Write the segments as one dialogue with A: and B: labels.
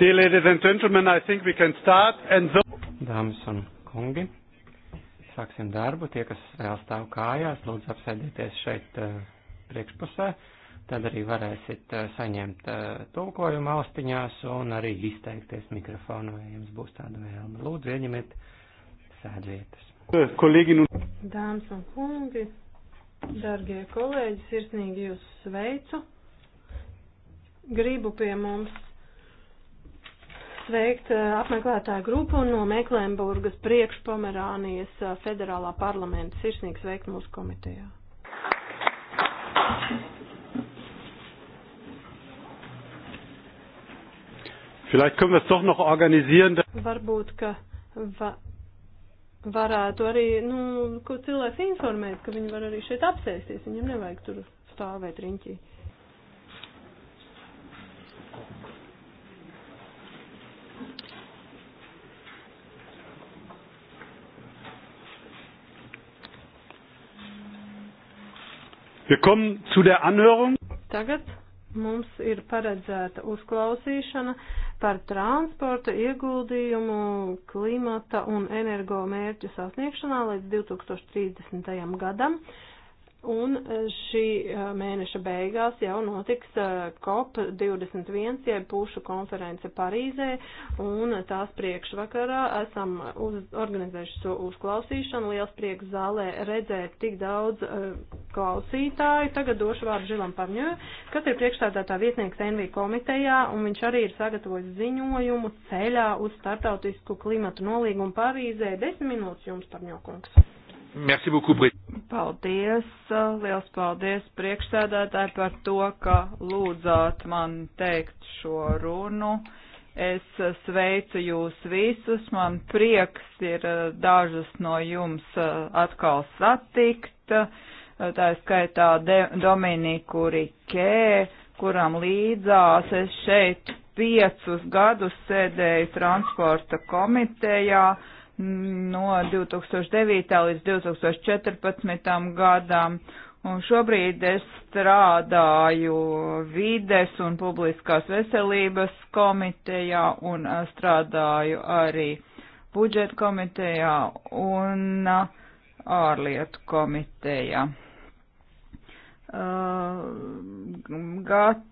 A: Dear ladies and gentlemen, I think we can start and so... Dāmas un kungi, sāksim darbu. Tie, kas vēl stāv kājās, lūdzu apsēdieties šeit uh, priekšpusē. Tad arī varēsit uh, saņemt uh, eh, tulkojumu austiņās un arī izteikties mikrofonu, ja jums būs tāda vēlme. Lūdzu, ieņemiet sēdvietas. Kolēģi, nu...
B: Dāmas un kungi, dargie kolēģi, sirsnīgi jūs sveicu. Gribu pie mums sveikt eh, apmeklētāju grupu no Meklēmburgas priekšpomerānijas eh, federālā parlamenta. Sirsnīgi sveikt mūsu komitejā.
A: Vielleicht können wir es doch noch organisieren.
B: Varbūt, ka va varētu arī, nu, ko cilvēks informēt, ka viņi var arī šeit apsēsties, viņiem nevajag tur stāvēt riņķī.
A: Wir kommen zu der Anhörung.
B: Tagad mums ir paredzēta uzklausīšana par transporta ieguldījumu klimata un energo mērķu sasniegšanā līdz 2030. gadam. Un e, šī e, mēneša beigās jau notiks e, COP21, jeb pušu konference Parīzē, un tās priekšvakarā esam uz, organizējuši šo uzklausīšanu. Liels prieks zālē redzēt tik daudz uh, klausītāju. Tagad došu vārdu Žilam Pamņē, kas ir priekšstādātā vietnieks NV komitejā, un viņš arī ir sagatavojis ziņojumu ceļā uz startautisku klimatu nolīgumu
C: Parīzē. Desmit minūtes jums, Pamņokungs.
A: Merci beaucoup,
C: Paldies, uh, liels paldies priekšsēdētāji par to, ka lūdzāt man teikt šo runu. Es uh, sveicu jūs visus, man prieks ir uh, dažus no jums atkal satikt, tā skaitā De Dominiku Rikē, kuram līdzās es šeit piecus gadus sēdēju transporta komitejā no 2009. līdz 2014. gadam. Un šobrīd es strādāju vides un publiskās veselības komitejā un strādāju arī budžeta komitejā un ārlietu komitejā. Uh, gat,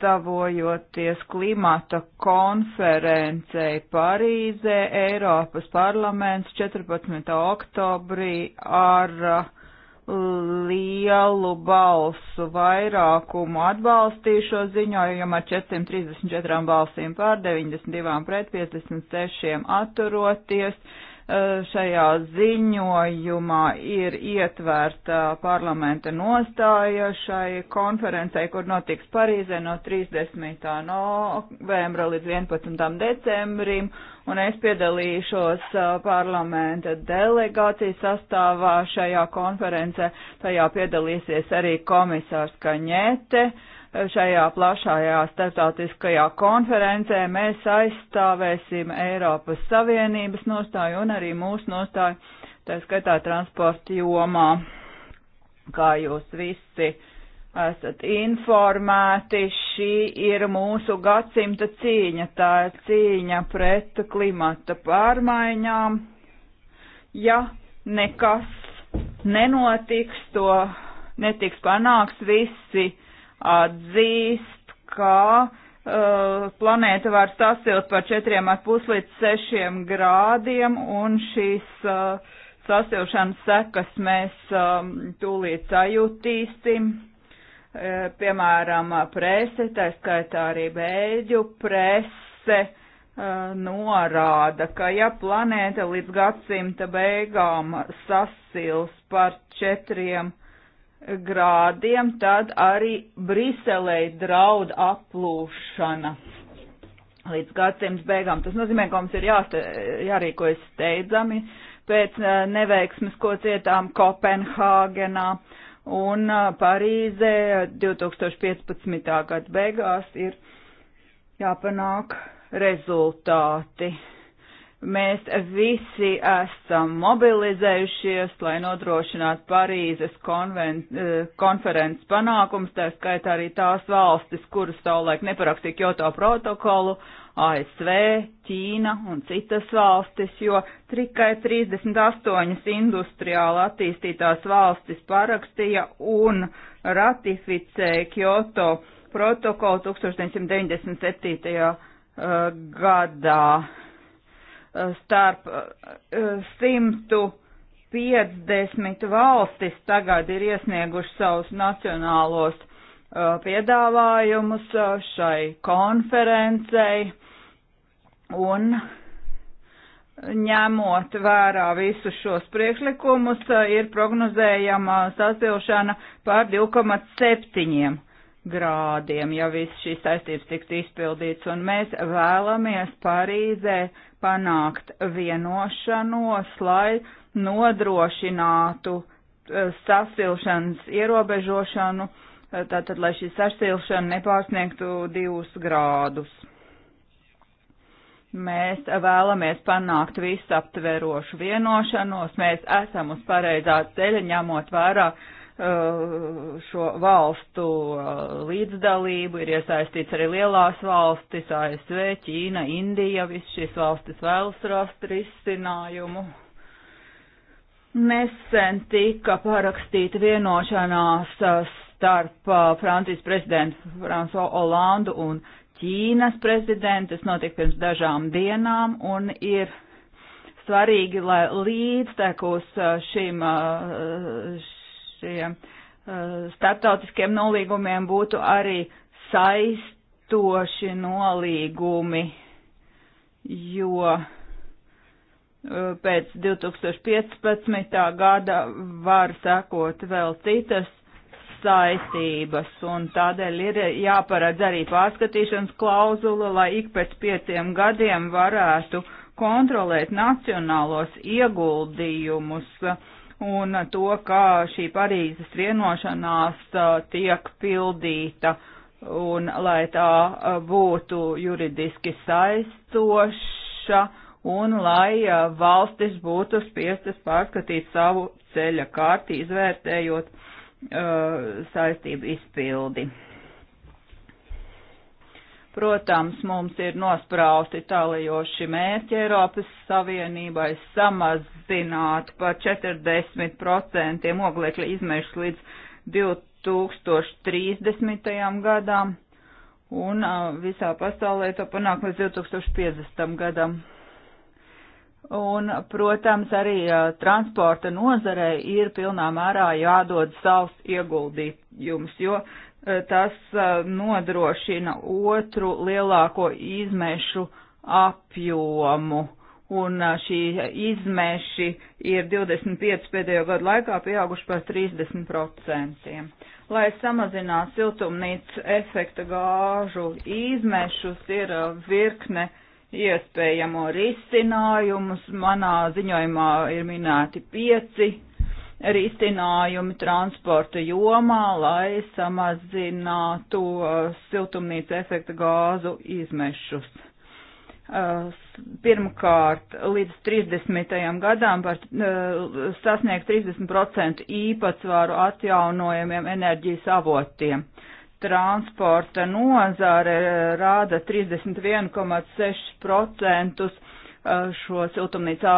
C: gatavojoties klimata konferencei Parīzē, Eiropas parlaments 14. oktobrī ar uh, lielu balsu vairākumu atbalstīja šo ziņojumu ar 434 balsīm pār 92 pret 56 atturoties Eh, šajā ziņojumā ir ietverta parlamenta nostāja šai konferencei, kur notiks Parīzē no 30. novembra līdz 11. decembrim, un es piedalīšos eh, parlamenta delegācijas sastāvā šajā konferencē. Tajā piedalīsies arī komisārs Kaņete. Uh, šajā plašajā starptautiskajā konferencē mēs aizstāvēsim Eiropas Savienības nostāju un arī mūsu nostāju, tā skaitā transporta jomā, kā jūs visi esat informēti, šī ir mūsu gadsimta cīņa, tā ir cīņa pret klimata pārmaiņām. Ja nekas nenotiks, to netiks panāks visi atzīst, ka uh, planēta var sasilt par 4,5 līdz 6 grādiem, un šīs uh, sasilšanas sekas mēs um, tūlīt sajutīsim. E, piemēram, prese, tā skaitā arī bēļu prese, e, norāda, ka ja planēta līdz gadsimta beigām sasils par četriem grādiem, tad arī Briselei draud aplūšana līdz gadsimta beigām. Tas nozīmē, ka mums ir jāste, jārīkojas steidzami pēc eh, neveiksmes, ko cietām Kopenhāgenā un eh, Parīzē 2015. gada beigās ir jāpanāk rezultāti. Mēs visi esam mobilizējušies, lai nodrošinātu Parīzes konven, eh, konferences panākums, tā skaitā arī tās valstis, kuras savulaik neparakstīja Kyoto protokolu, ASV, Ķīna un citas valstis, jo tikai 38 industriāli attīstītās valstis parakstīja un ratificēja Kyoto protokolu 1997. Eh, gadā Eh, starp 150 eh, valstis tagad ir iesnieguši savus nacionālos eh, piedāvājumus šai konferencei un ņemot vērā visus šos priekšlikumus, ir prognozējama sasilšana par 2,7 grādiem, ja viss šīs saistības tiks izpildīts, un mēs vēlamies Parīzē panākt vienošanos, lai nodrošinātu eh, sasilšanas ierobežošanu, eh, tātad, lai šī sasilšana nepārsniegtu divus grādus. Mēs vēlamies panākt visaptverošu vienošanos, mēs esam uz pareizā ceļa ņemot vairāk Uh, šo valstu uh, līdzdalību, ir iesaistīts arī lielās valstis, ASV, Ķīna, Indija, visas šīs valstis vēlas rast risinājumu. Nesen tika parakstīta vienošanās uh, starp Francijas prezidentu Franso Olandu un Ķīnas prezidentu. Tas notika pirms dažām dienām un ir svarīgi, lai līdztekus šim, šiem eh, starptautiskiem nolīgumiem būtu arī saistoši nolīgumi, jo eh, pēc 2015. gada var sekot vēl citas saistības, un tādēļ ir jāparedz arī pārskatīšanas klauzula, lai ik pēc pieciem gadiem varētu kontrolēt nacionālos ieguldījumus uh, un to, kā šī Parīzes vienošanās tiek pildīta un lai tā būtu juridiski saistoša un lai valstis būtu spiestas pārskatīt savu ceļa kārti, izvērtējot uh, saistību izpildi. Protams, mums ir nosprausti tālajoši mērķi Eiropas Savienībai samazināt par 40% oglekļa izmešus līdz 2030. gadam un visā pasaulē to panāk līdz 2050. gadam. Un, protams, arī transporta nozarei ir pilnā mērā jādod savs ieguldījums, jo Eh, tas eh, nodrošina otru lielāko izmešu apjomu. Un eh, šī izmeši ir 25 pēdējo gadu laikā pieauguši par 30%. Lai samazinātu siltumnīcas efekta gāžu izmešus, ir virkne iespējamo risinājumus. Manā ziņojumā ir minēti pieci risinājumi transporta jomā, lai samazinātu uh, siltumnīca efekta gāzu izmešus. Uh, pirmkārt, līdz 30. gadām var uh, sasniegt 30% īpatsvaru atjaunojamiem enerģijas avotiem transporta nozare rāda 31,6% šo siltumnīcā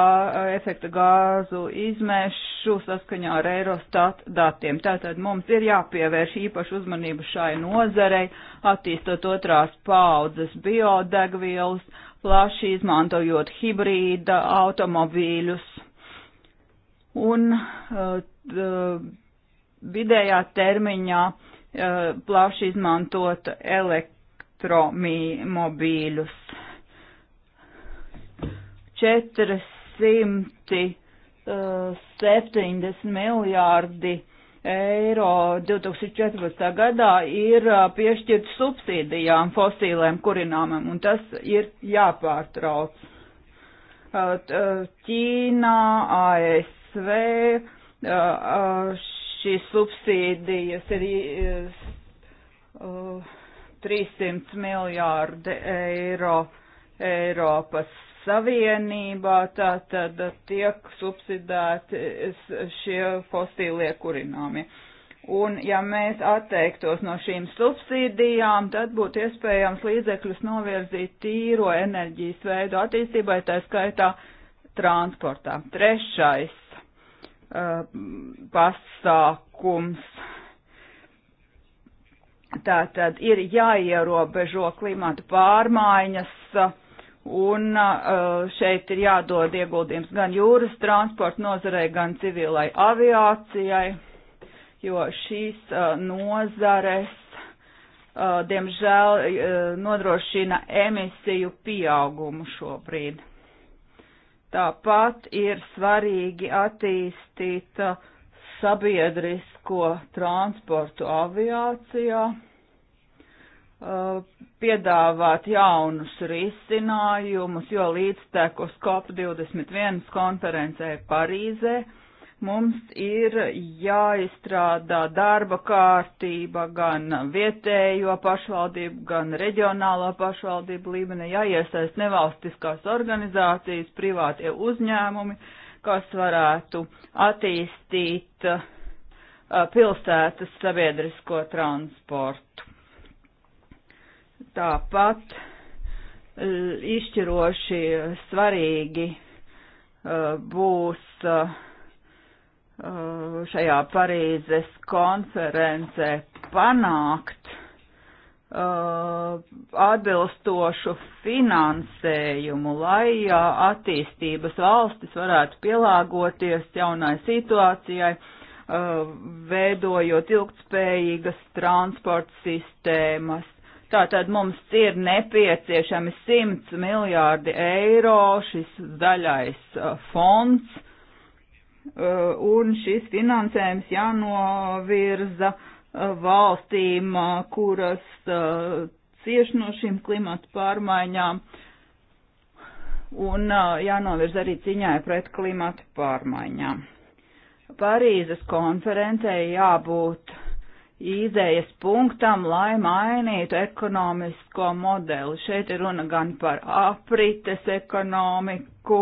C: efekta gāzu izmešu saskaņā ar Eurostat datiem. Tātad mums ir jāpievērš īpaši uzmanību šai nozarei, attīstot otrās paudzes biodegvielas, plaši izmantojot hibrīda automobīļus. Un uh, vidējā termiņā uh, plaši izmantot elektromobīļus 470 uh, miljārdi eiro 2014. gadā ir uh, piešķirt subsīdijām fosīlēm kurināmam, un tas ir jāpārtrauc. Uh, Ķīnā, ASV šīs subsīdijas ir 300 miljārdi eiro Eiropas Savienībā, tātad tiek subsidēti šie fosīlie kurināmie. Un ja mēs atteiktos no šīm subsīdijām, tad būtu iespējams līdzekļus novirzīt tīro enerģijas veidu attīstībai, tā skaitā transportā. Trešais uh, pasākums. Tā tad ir jāierobežo klimata pārmaiņas uh, Un uh, šeit ir jādod ieguldījums gan jūras transporta nozarei, gan civilai aviācijai, jo šīs uh, nozares, uh, diemžēl, nodrošina emisiju pieaugumu šobrīd. Tāpat ir svarīgi attīstīt sabiedrisko transportu aviācijā Uh, piedāvāt jaunus risinājumus, jo līdztekus COP21 konferencē Parīzē mums ir jāizstrādā darba kārtība gan vietējo pašvaldību, gan reģionālā pašvaldību līmenī, jāiesaist nevalstiskās organizācijas, privātie uzņēmumi, kas varētu attīstīt uh, pilsētas sabiedrisko transportu Tāpat e, izšķiroši svarīgi e, būs e, šajā Parīzes konferencē panākt atbilstošu finansējumu, lai attīstības valstis varētu pielāgoties jaunai situācijai, veidojot ilgtspējīgas transporta sistēmas, Tātad mums ir nepieciešami 100 miljārdi eiro šis zaļais uh, fonds, uh, un šis finansējums jānovirza uh, valstīm, kuras cieš no šīm klimatu pārmaiņām, un jānovirza arī ciņai pret klimatu pārmaiņām. Parīzes konferencei jābūt izējas punktam, lai mainītu ekonomisko modeli. Šeit ir runa gan par aprites ekonomiku,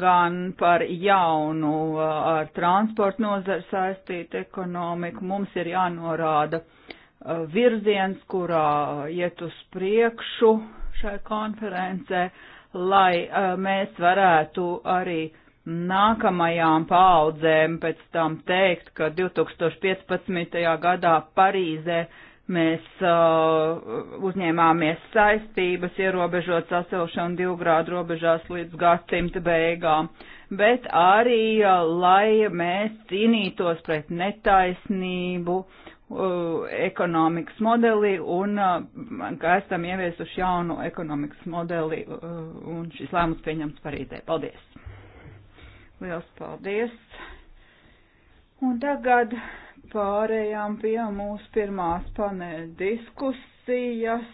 C: gan par jaunu uh, ar transportu nozaru saistītu ekonomiku. Mums ir jānorāda uh, virziens, kurā iet uz priekšu šai konferencē, lai uh, mēs varētu arī uh, nākamajām paaudzēm pēc tam teikt, ka 2015. gadā Parīzē mēs uh, uzņēmāmies saistības ierobežot sasilšanu divu grādu robežās līdz gadsimta beigām, bet arī, uh, lai mēs cīnītos pret netaisnību uh, ekonomikas modeli un uh, ka esam ieviesuši jaunu ekonomikas modeli uh, un šis lēmums pieņemts Parīzē. Paldies! Liels paldies! Un tagad pārējām pie mūsu pirmās paneļa diskusijas,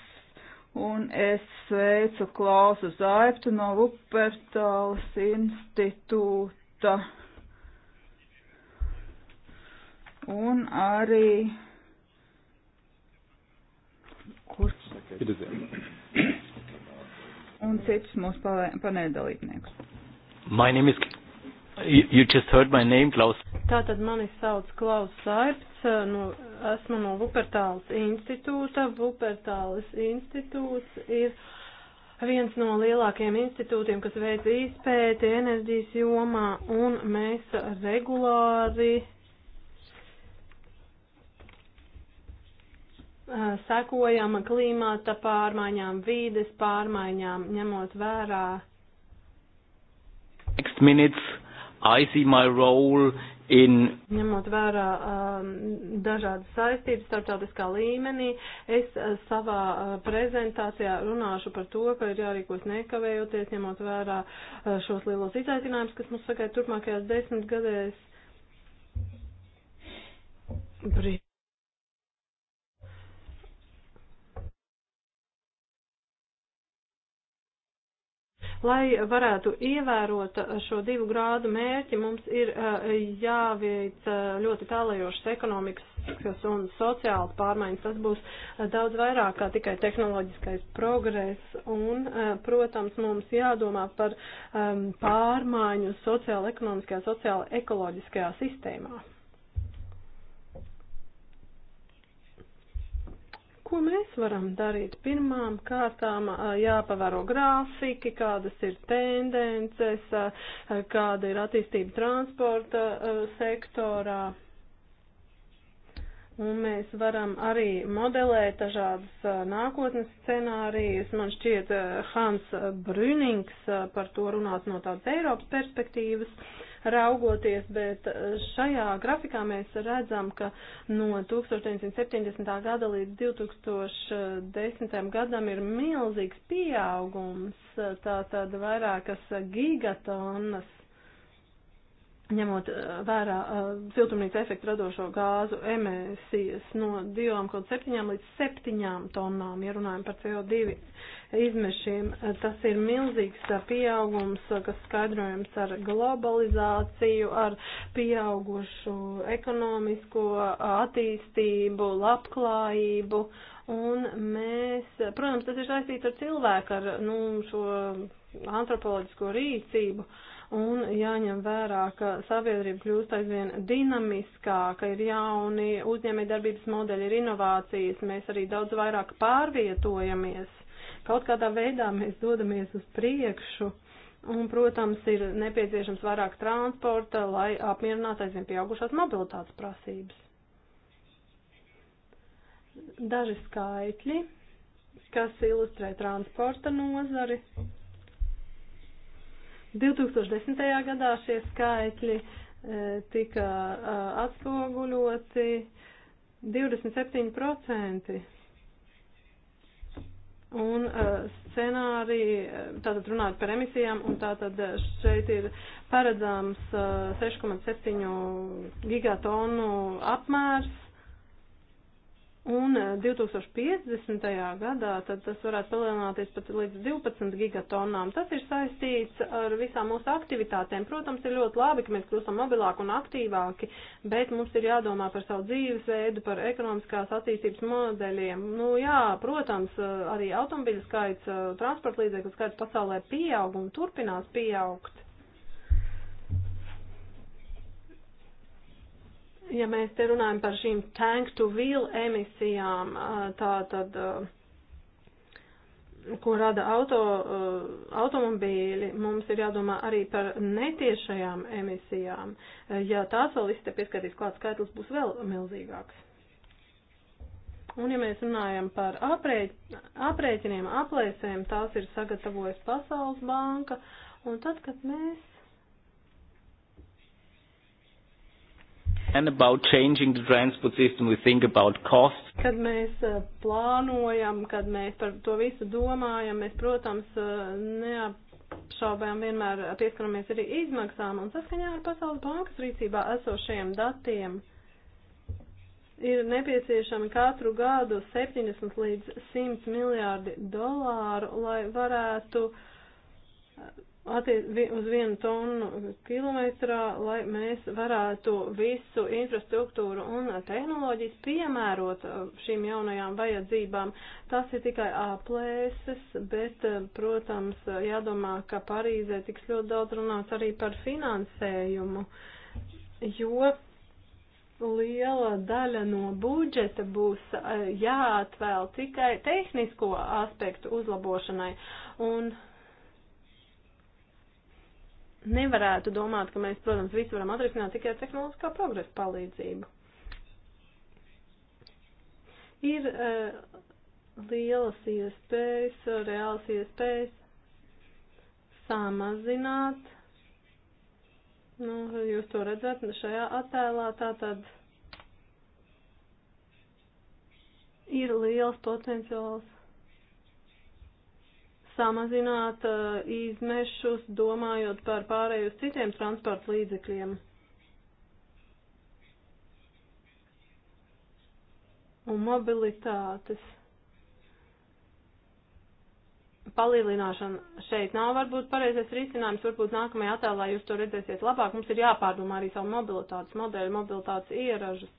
C: un es sveicu Klausu Zaiptu no Lupertālas institūta, un arī kur un citus mūsu paneļa dalībniekus.
A: My name is You, you just heard my name, Klaus.
C: Tātad mani sauc Klaus Saipts, eh, no, nu,
B: esmu no Vupertāles institūta. Vupertāles institūts ir viens no lielākajiem institūtiem, kas veic izpēti enerģijas jomā, un mēs regulāri eh, sekojam klimata pārmaiņām, vīdes pārmaiņām, ņemot vērā.
A: Next minutes I see my role in.
B: Ņemot vērā um, dažādas saistības starptautiskā līmenī, es uh, savā uh, prezentācijā runāšu par to, ka ir jārīkos nekavējoties, ņemot vērā uh, šos lielos izaicinājumus, kas mums sagaida turpmākajās desmit gadēs. Brīd. Lai varētu ievērot šo divu grādu mērķi, mums ir eh, jāveic eh, ļoti tālajošas ekonomikas un sociāla pārmaiņas. Tas būs eh, daudz vairāk kā tikai tehnoloģiskais progress un, protams, mums jādomā par pārmaiņu sociāla ekonomiskajā, sociāla ekoloģiskajā sistēmā. Ko mēs varam darīt? Pirmām kārtām jāpavēro grafiki, kādas ir tendences, kāda ir attīstība transporta sektorā. Un mēs varam arī modelēt dažādas nākotnes scenārijas. Man šķiet, Hans Brünings par to runās no tādas Eiropas perspektīvas raugoties, bet šajā grafikā mēs redzam, ka no 1970. gada līdz 2010. gadam ir milzīgs pieaugums, tātad vairākas gigatonnas ņemot eh, vērā uh, siltumnīca efektu radošo gāzu emisijas no 2,7 līdz 7 tonnām, ja runājam par CO2 izmešiem. Eh, tas ir milzīgs pieaugums, kas skaidrojams ar globalizāciju, ar pieaugušu ekonomisko attīstību, labklājību. Un mēs, protams, tas ir saistīts ar cilvēku, ar nu, šo antropoloģisko rīcību. Uh, un jāņem vērā, ka sabiedrība kļūst aizvien dinamiskāka, ir jauni uzņēmējdarbības modeļi, ir inovācijas, mēs arī daudz vairāk pārvietojamies. Kaut kādā veidā mēs dodamies uz priekšu. Un, protams, ir nepieciešams vairāk transporta, lai apmierinātu aizvien pieaugušās mobilitātes prasības. Daži skaitļi, kas ilustrē transporta nozari. 2010. gadā šie skaitļi e, tika atspoguļoti 27%. Un uh, scenārija, e, tātad runājot par emisijām, un tātad šeit ir paredzams uh, 6,7 gigatonu apmērs, Un 2050. Eh, gadā tad tas varētu palielināties pat līdz 12 gigatonām. Tas ir saistīts ar visām mūsu aktivitātēm. Protams, ir ļoti labi, ka mēs kļūstam mobilāki un aktīvāki, bet mums ir jādomā par savu dzīvesveidu, par ekonomiskās attīstības modeļiem. Nu jā, protams, eh, arī automobiļu skaits, eh, transporta līdzekļu skaits pasaulē pieaug un turpinās pieaugt. ja mēs te runājam par šīm tank to wheel emisijām, eh, tā tad, eh, ko rada auto, eh, automobīļi, mums ir jādomā arī par netiešajām emisijām. Ja tās vēl viss te pieskaitīs klāt, skaitlis būs vēl milzīgāks. Un, ja mēs runājam par aprēķiniem, aplēsēm, tās ir sagatavojusi Pasaules banka. Un tad, kad mēs
A: System,
B: kad mēs uh, plānojam, kad mēs par to visu domājam, mēs, protams, uh, neapšaubām vienmēr pieskaramies arī izmaksām un saskaņā ar Pasaules bankas rīcībā esošajiem datiem ir nepieciešami katru gadu 70 līdz 100 miljārdi dolāru, lai varētu uz vienu tonu kilometrā, lai mēs varētu visu infrastruktūru un tehnoloģijas piemērot uh, šīm jaunajām vajadzībām. Tas ir tikai aplēses, bet, uh, protams, uh, jādomā, ka Parīzē tiks ļoti daudz runāts arī par finansējumu, jo liela daļa no budžeta būs jāatvēl tikai tehnisko aspektu uzlabošanai. Un nevarētu domāt, ka mēs, protams, visu varam atrisināt tikai ar tehnoloģiskā progresa palīdzību. Ir uh, lielas iespējas, reāls iespējas samazināt, nu, jūs to redzat šajā attēlā, tātad ir liels potenciāls samazināt uh, izmešus, domājot par pārēju uz citiem transporta līdzekļiem. Un mobilitātes palielināšana šeit nav varbūt pareizais risinājums, varbūt nākamajā attēlā jūs to redzēsiet labāk. Mums ir jāpārdomā arī savu mobilitātes modeļu, mobilitātes ieražas.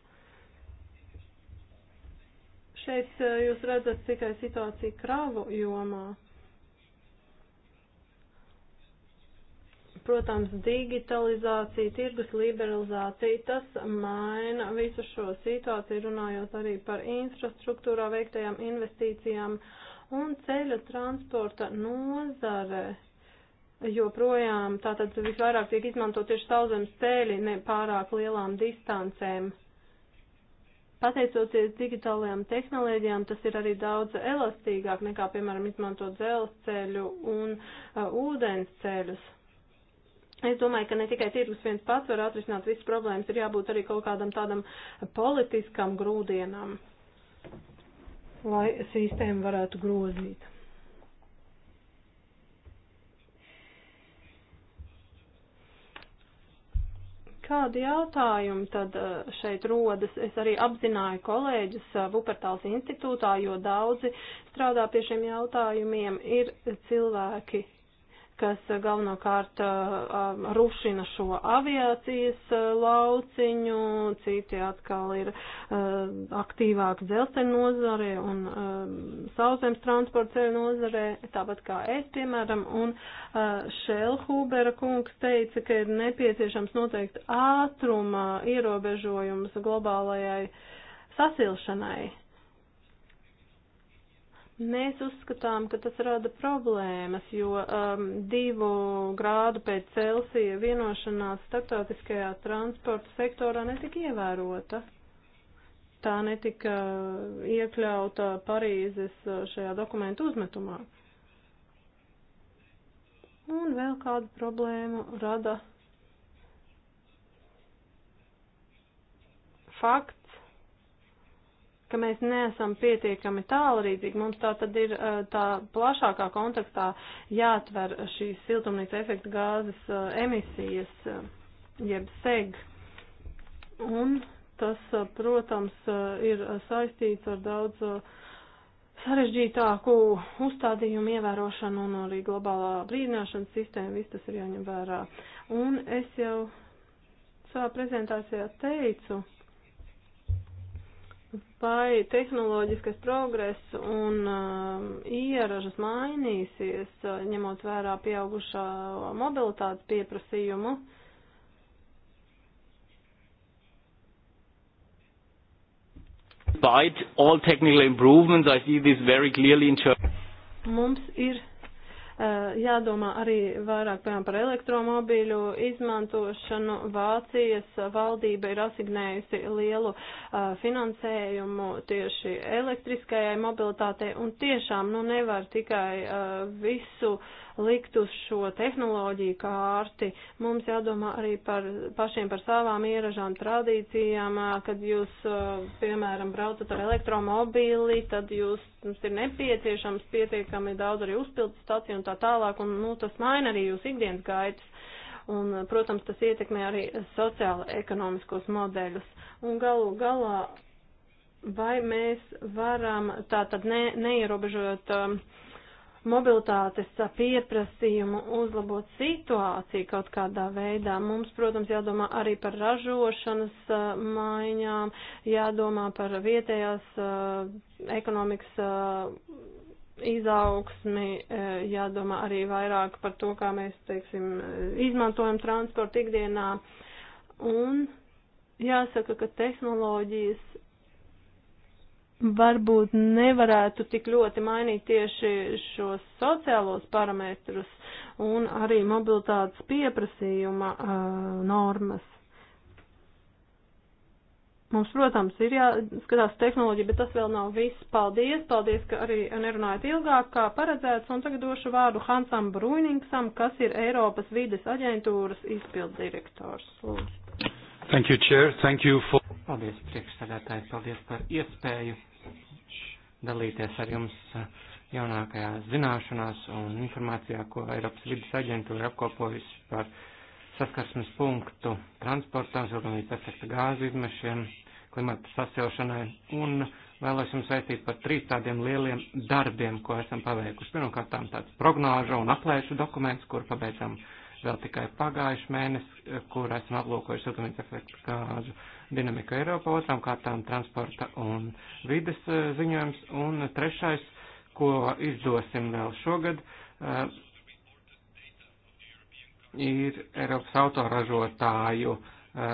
B: Šeit eh, jūs redzat tikai situāciju kravu jomā. Protams, digitalizācija, tirgus liberalizācija, tas maina visu šo situāciju, runājot arī par infrastruktūrā veiktajām investīcijām un ceļu transporta nozare joprojām tātad visvairāk tiek izmantot tieši sauszemes ceļi, ne pārāk lielām distancēm. Pateicoties digitālajām tehnoloģijām, tas ir arī daudz elastīgāk nekā, piemēram, izmantot dzelzceļu un uh, ūdens ceļus. Es domāju, ka ne tikai tirgus viens pats var atrisināt visas problēmas, ir jābūt arī kaut kādam tādam politiskam grūdienam, lai sistēmu varētu grozīt. Kādi jautājumi tad eh, šeit rodas? Es arī apzināju kolēģus eh, Vupertāls institūtā, jo daudzi strādā pie šiem jautājumiem. Ir cilvēki, kas galvenokārt rušina šo aviācijas lauciņu, citi atkal ir aktīvāk dzelzceļa nozare un sauszemes transporta ceļu nozare, tāpat kā es, piemēram, un Šelhūbera kungs teica, ka ir nepieciešams noteikti ātruma ierobežojums globālajai sasilšanai Mēs uzskatām, ka tas rada problēmas, jo um, divu grādu pēc Celsija vienošanās starptautiskajā transporta sektorā netika ievērota. Tā netika uh, iekļauta Parīzes uh, šajā dokumentu uzmetumā. Un vēl kādu problēmu rada fakts ka mēs neesam pietiekami tālrīdzīgi. Mums tā tad ir eh, tā plašākā kontekstā jāatver šīs siltumnīca efekta gāzes eh, emisijas, eh, jeb seg. Un tas, protams, ir saistīts ar daudz sarežģītāku uzstādījumu ievērošanu un arī globālā brīdināšanas sistēma, viss tas ir jāņem vērā. Un es jau savā prezentācijā teicu, vai tehnoloģiskais progress un um, ieražas mainīsies, uh, ņemot vērā pieaugušā mobilitātes pieprasījumu.
A: Despite all technical improvements, I see this very clearly in Germany.
B: Mums ir Eh, jādomā arī vairāk piemēram, par elektromobīļu izmantošanu. Vācijas valdība ir asignējusi lielu eh, finansējumu tieši elektriskajai mobilitātei un tiešām nu, nevar tikai eh, visu uh, likt uz šo tehnoloģiju kārti. Mums jādomā arī par pašiem par savām ieražām, tradīcijām, kad jūs, piemēram, braucat ar elektromobīli, tad jūs, jums ir nepieciešams pietiekami daudz arī uzpildu stāciju un tā tālāk, un, nu, tas maina arī jūs ikdienas gaitas un, protams, tas ietekmē arī sociāla ekonomiskos modeļus. Un galu galā, vai mēs varam tā tad ne, neierobežot um, uh, mobilitātes pieprasījumu uzlabot situāciju kaut kādā veidā. Mums, protams, jādomā arī par ražošanas maiņām, jādomā par vietējās ekonomikas izaugsmi, e, jādomā arī vairāk par to, kā mēs, teiksim, izmantojam transportu ikdienā. Un jāsaka, ka tehnoloģijas varbūt nevarētu tik ļoti mainīt tieši šos sociālos parametrus un arī mobilitātes pieprasījuma uh, normas. Mums, protams, ir jāskatās tehnoloģija, bet tas vēl nav viss. Paldies, paldies, ka arī nerunājat ilgāk, kā paredzēts, un tagad došu vārdu Hansam Bruiningsam, kas ir Eiropas vides aģentūras izpilddirektors.
A: Lūdzu. Thank you, Chair. Thank you for. Paldies, priekšsēdētāji. Paldies par iespēju dalīties ar jums uh, jaunākajās zināšanās un informācijā, ko Eiropas vidas aģentūra apkopojusi par saskarsmes punktu transportam, zilganīta efekta gāzu izmešiem, klimata sasilšanai un vēlos jums veicīt par trīs tādiem lieliem darbiem, ko esam paveikuši. Pirmkārt, tāds prognožu un aplēšu dokuments, kur pabeidzam vēl tikai pagājuši mēnesi, kur esam aplūkojuši siltumnīca efekta gāzu dinamika Eiropā, otrām kārtām transporta un vides e, ziņojums, un trešais, ko izdosim vēl šogad, e, ir Eiropas autoražotāju e,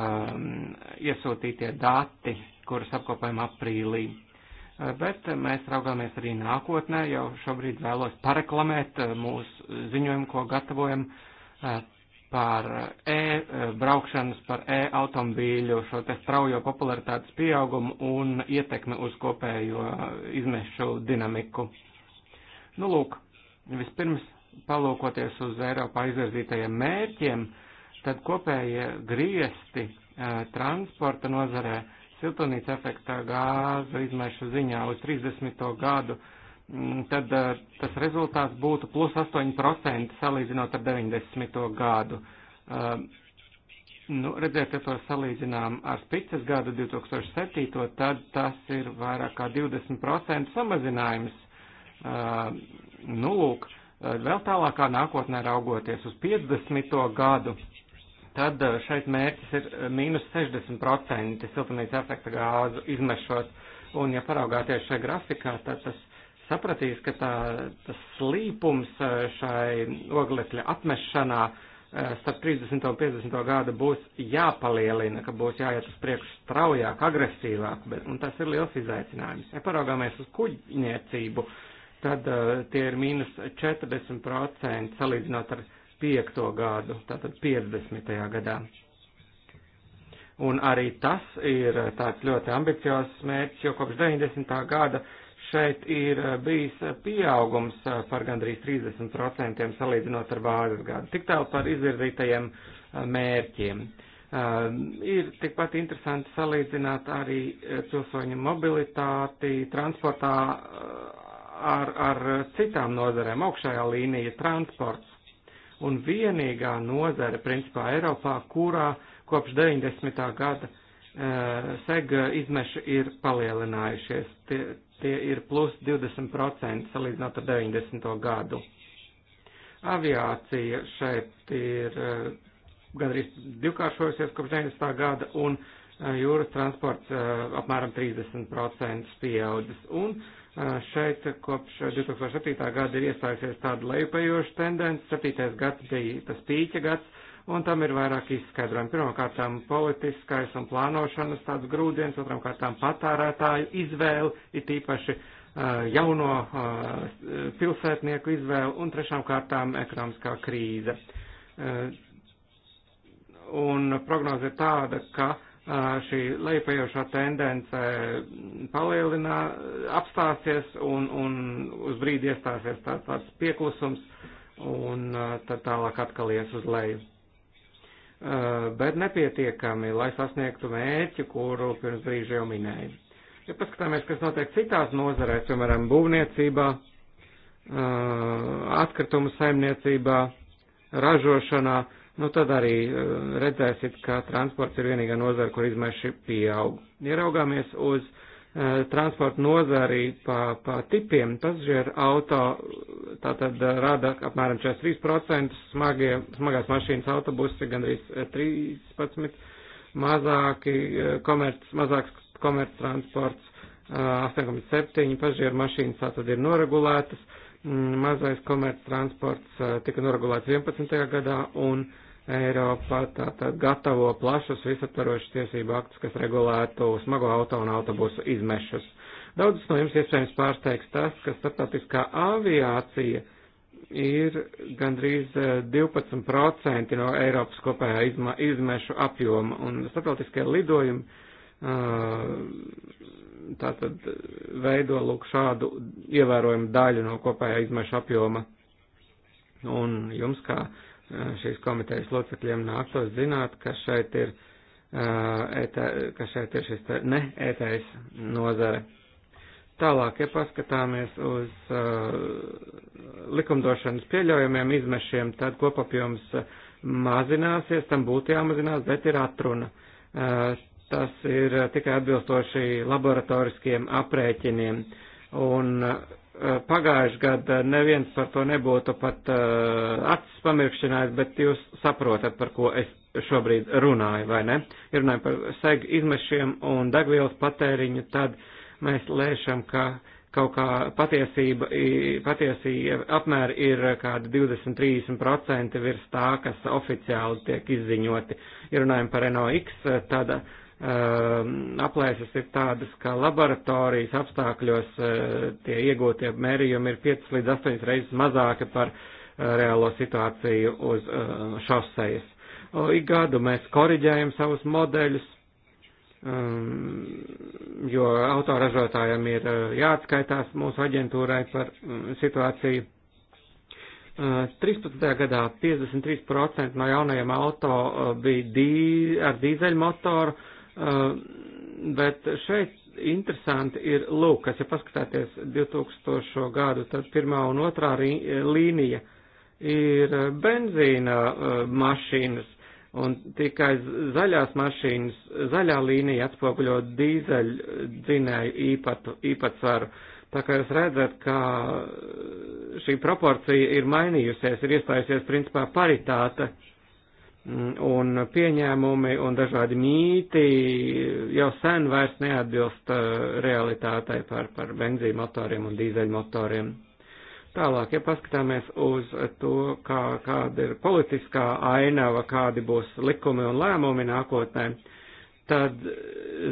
A: iesūtītie dati, kurus apkopējam aprīlī bet mēs raugāmies arī nākotnē, jau šobrīd vēlos pareklamēt mūsu ziņojumu, ko gatavojam par e-braukšanas, eh, eh, par e-automobīļu šo te straujo popularitātes pieaugumu un ietekmi uz kopējo eh, izmešu dinamiku. Nu lūk, vispirms palūkoties uz Eiropā izvirzītajiem mērķiem, tad kopējie griesti transporta nozarē siltumnīca efekta gāzu izmešu ziņā uz 30. gadu Mm, tad eh, tas rezultāts būtu plus 8% salīdzinot ar 90. gadu. Eh, nu, redziet, ja to salīdzinām ar spicas gadu 2007, tad tas ir vairāk kā 20% samazinājums. Eh, nu, lūk, vēl tālākā nākotnē raugoties uz 50. gadu, tad šeit mērķis ir mīnus 60% siltumnīca efekta gāzu izmešot. Un, ja paraugāties šajā grafikā, tad tas sapratīs, ka tā, tas slīpums šai oglekļa atmešanā starp 30 un 50 gadu būs jāpalielina, ka būs jāiet uz priekšu straujāk, agresīvāk, bet, un tas ir liels izaicinājums. Ja paraugāmies uz kuģniecību, tad uh, tie ir mīnus 40% salīdzinot ar 5. gadu, tātad 50. gadā. Un arī tas ir tāds ļoti ambiciozs mērķis, jo kopš 90. gada uh, Šeit ir eh, bijis eh, pieaugums eh, par gandrīz 30% salīdzinot ar bāzes gadu. Tik tālu par izvirzītajiem mērķiem. Ir tikpat interesanti salīdzināt arī pilsoņu mobilitāti transportā ar, ar citām nozarēm. Augšējā līnija transports un vienīgā nozare principā Eiropā, kurā kopš 90. gada sega izmeši ir palielinājušies. Tie, tie ir plus 20% salīdzinot ar 90. gadu. Aviācija šeit ir eh, gandrīz divkāršojusies kopš 90. gada un eh, jūras transports eh, apmēram 30% pieaudzis. Un šeit kopš 2007. gada ir iestājusies tāda lejupējoša tendence. 7. gads bija tas pīķa gads un tam ir vairāk izskaidrojumi. Pirmkārtām politiskais un plānošanas tāds grūdienis, otram kārtām patārētāju izvēle, it īpaši uh, jauno uh, pilsētnieku izvēle un trešām kārtām ekonomiskā krīze. Uh, un prognoze ir tāda, ka šī lejupējošā tendence palielinā, apstāsies un, un uz brīdi iestāsies tāds, tāds pieklusums un tad tālāk atkal ies uz leju. Eh, bet nepietiekami, lai sasniegtu mērķi, kuru pirms brīža jau minēju. Ja paskatāmies, kas notiek citās nozarēs, piemēram, būvniecībā, eh, atkritumu saimniecībā, ražošanā, nu tad arī eh, redzēsit, ka transports ir vienīgā nozara, kur izmeši pieaug. Ieraugāmies uz Eh, transporta nozari pa, pa tipiem pasažieru auto tātad eh, rada apmēram 43%, smagie, smagās mašīnas autobusi gandrīz 13%, eh, mazāki komerc, mazāks komerctransports 8,7, pasažieru mašīnas tātad ir noregulētas, mm, mazais komerctransports tika noregulēts 11. gadā un uh, Eiropa tātad gatavo plašus visaptvarošus tiesību aktus, kas regulētu smago auto un autobusu izmešus. Daudzus no jums iespējams pārsteigts tas, ka starptautiskā aviācija ir gandrīz 12% eh, no Eiropas kopējā izma, izmešu apjoma, un starptautiskie lidojumi eh, tātad veido lūk šādu ievērojumu daļu no kopējā izmešu apjoma. Un jums kā uh, šīs komitejas locekļiem nāktos zināt, ka šeit ir, e ka šeit ir šis ne ETS nozare. Tālāk, ja paskatāmies uz likumdošanas pieļaujamiem izmešiem, tad kopapjoms mazināsies, tam būtu jāmazinās, bet ir atruna. Tas ir tikai atbilstoši laboratoriskiem aprēķiniem. Un Eh, pagājuši gadu eh, neviens par to nebūtu pat eh, acis pamirkšanājis, bet jūs saprotat, par ko es šobrīd runāju, vai ne? Ja runājam par segu izmešiem un degvielas patēriņu, tad mēs lēšam, ka kaut kā patiesība, patiesība apmēra ir kāda 20-30% virs tā, kas oficiāli tiek izziņoti. Ja runājam par NOx, tad Ehm, aplēses ir tādas, ka laboratorijas apstākļos eh, tie iegūtie mērījumi ir 5 līdz 8 reizes mazāki par eh, reālo situāciju uz eh, šosejas. Ik gadu mēs koriģējam savus modeļus, ehm, jo autoražotājiem ir jāatskaitās mūsu aģentūrai par mm, situāciju. 13. Ehm, gadā 53% no jaunajiem auto bija dī, ar dīzeļmotoru, Ehm, bet šeit interesanti ir Lūkas, ja paskatāties 2000. gadu, tad pirmā un otrā līnija ir benzīna ehm, mašīnas, un tikai zaļās mašīnas, zaļā līnija atspoguļo dīzeļu dzinēju īpatu, īpatsvaru. Tā kā jūs redzat, ka šī proporcija ir mainījusies, ir iestājusies principā paritāte. Uh, un pieņēmumi un dažādi mīti jau sen vairs neatbilst uh, realitātei par, par benzīmotoriem un dīzeļmotoriem. Tālāk, ja paskatāmies uz to, kā, kāda ir politiskā ainava, kādi būs likumi un lēmumi nākotnē, tad,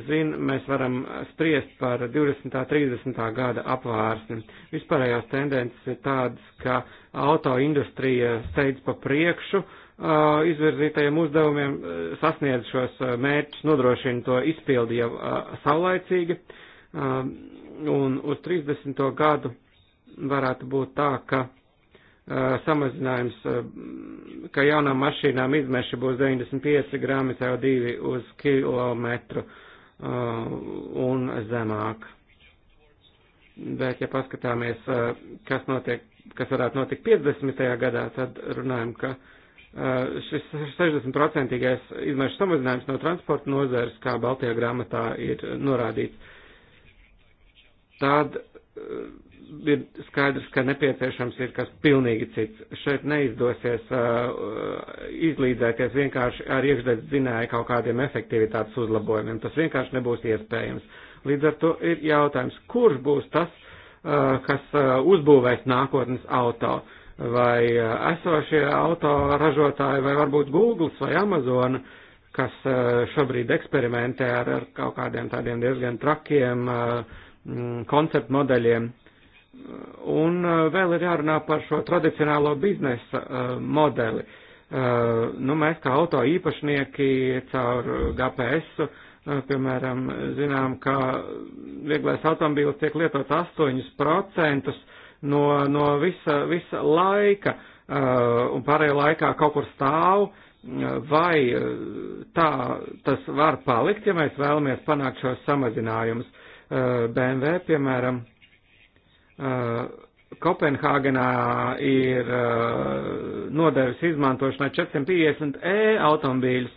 A: zin, mēs varam spriest par 20. 30. gada apvārsni. Vispārējās tendences ir tādas, ka auto industrija steidz pa priekšu, uh, izvirzītajiem uzdevumiem sasniedz šos mērķus, nodrošina to izpildi jau saulaicīgi. Un uz 30. gadu varētu būt tā, ka samazinājums, ka jaunām mašīnām izmeši būs 95 grāmi CO2 uz kilometru un zemāk. Bet, ja paskatāmies, kas, notiek, kas varētu notikt 50. gadā, tad runājam, ka uh, Eh, šis 60-procentīgais izmešu samazinājums no transporta nozares, kā Baltijā grāmatā ir norādīts, tad eh, ir skaidrs, ka nepieciešams ir kas pilnīgi cits. Šeit neizdosies uh, izlīdzēties vienkārši ar iekšdēļ zināju kaut kādiem efektivitātes uzlabojumiem. Tas vienkārši nebūs iespējams. Līdz ar to ir jautājums, kurš būs tas, uh, kas uh, uzbūvēs nākotnes auto. Uh, vai eh, esošie autoražotāji, vai varbūt Google vai Amazon, kas eh, šobrīd eksperimentē ar, ar kaut kādiem tādiem diezgan trakiem eh, mm, konceptu modeļiem. Un vēl ir jārunā par šo tradicionālo biznesa modeli. Nu, mēs kā auto īpašnieki caur GPS, piemēram, zinām, ka vieglais automobīls tiek lietots 8% no, no visa, visa laika uh, un pārējā laikā kaut kur stāv, uh, vai uh, tā tas var palikt, ja mēs vēlamies panākt šos samazinājumus. BMW, piemēram, Kopenhāgenā ir nodevis izmantošanai 450 e automobīļus,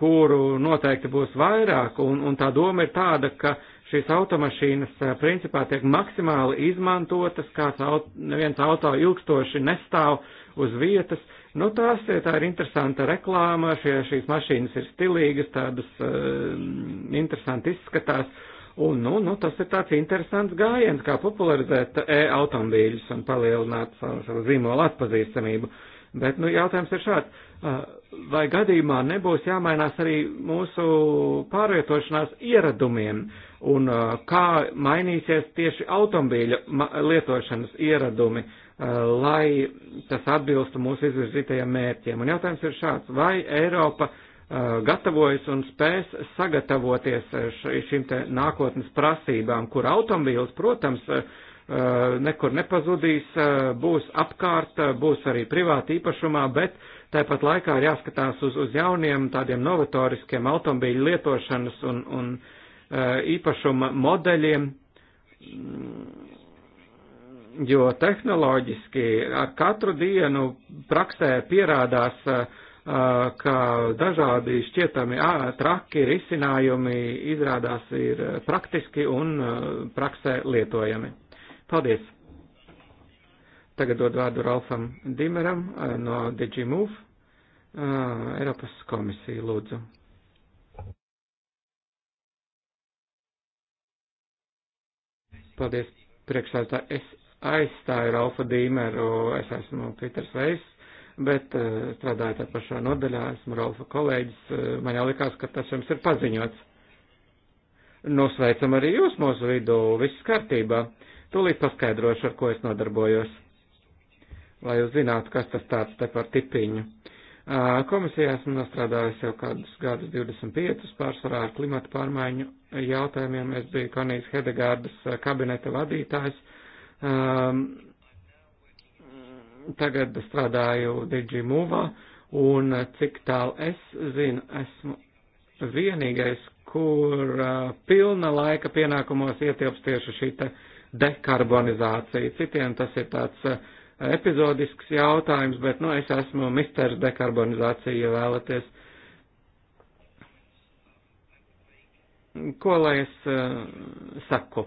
A: kuru noteikti būs vairāk, un, un tā doma ir tāda, ka uh, šīs automašīnas principā tiek maksimāli izmantotas, kāds aut, neviens auto ilgstoši nestāv uz vietas. Nu, tās, tā ir interesanta reklāma, šie, šīs mašīnas ir stilīgas, tādas uh, interesanti izskatās. Un, nu, nu, tas ir tāds interesants gājiens, kā popularizēt e-automobīļus un palielināt savu, savu zīmolu atpazīstamību. Uh, Bet, nu, jautājums ir šāds. Uh, vai gadījumā nebūs jāmainās arī mūsu pārvietošanās ieradumiem un uh, kā mainīsies tieši automobīļa lietošanas ieradumi, uh, lai tas atbilstu mūsu izvirzītajiem mērķiem? Un jautājums ir šāds. Vai Eiropa gatavojas un spēs sagatavoties šīm te nākotnes prasībām, kur automobīls, protams, uh, Eh, nekur nepazudīs, eh, būs apkārt, eh, būs arī privāti īpašumā, bet tāpat laikā ir jāskatās uz, uz jauniem tādiem novatoriskiem automobīļu lietošanas un, un īpašuma modeļiem, mm, jo tehnoloģiski ar katru dienu praksē pierādās, ka dažādi šķietami traki risinājumi izrādās ir praktiski un praksē lietojami. Paldies! Tagad dod vārdu Ralfam Dimeram eh, no DigiMove, eh, Eiropas komisija lūdzu. Paldies, priekšsētā. Es aizstāju Ralfa Dīmeru, es esmu Pīters Veis, bet uh, eh, strādāju tā pašā nodaļā, esmu Ralfa kolēģis, uh, man jau likās, ka tas jums ir paziņots. Nu, sveicam arī jūs mūsu vidū, viss kārtībā. Uh, Tūlīt paskaidrošu, ar ko es nodarbojos, lai jūs zinātu, kas tas tāds te par tipiņu. Komisijā esmu nostrādājis jau kādus gadus 25 pārsvarā ar klimatu pārmaiņu jautājumiem. Es biju Konijas Hedegārdas kabineta vadītājs. Tagad strādāju DigiMove un cik tālu es zinu, esmu vienīgais, kur pilna laika pienākumos ietilps tieši šī te dekarbonizāciju. Citiem tas ir tāds eh, epizodisks jautājums, bet, nu, es esmu misters dekarbonizācija, ja vēlaties. Ko lai es uh, saku?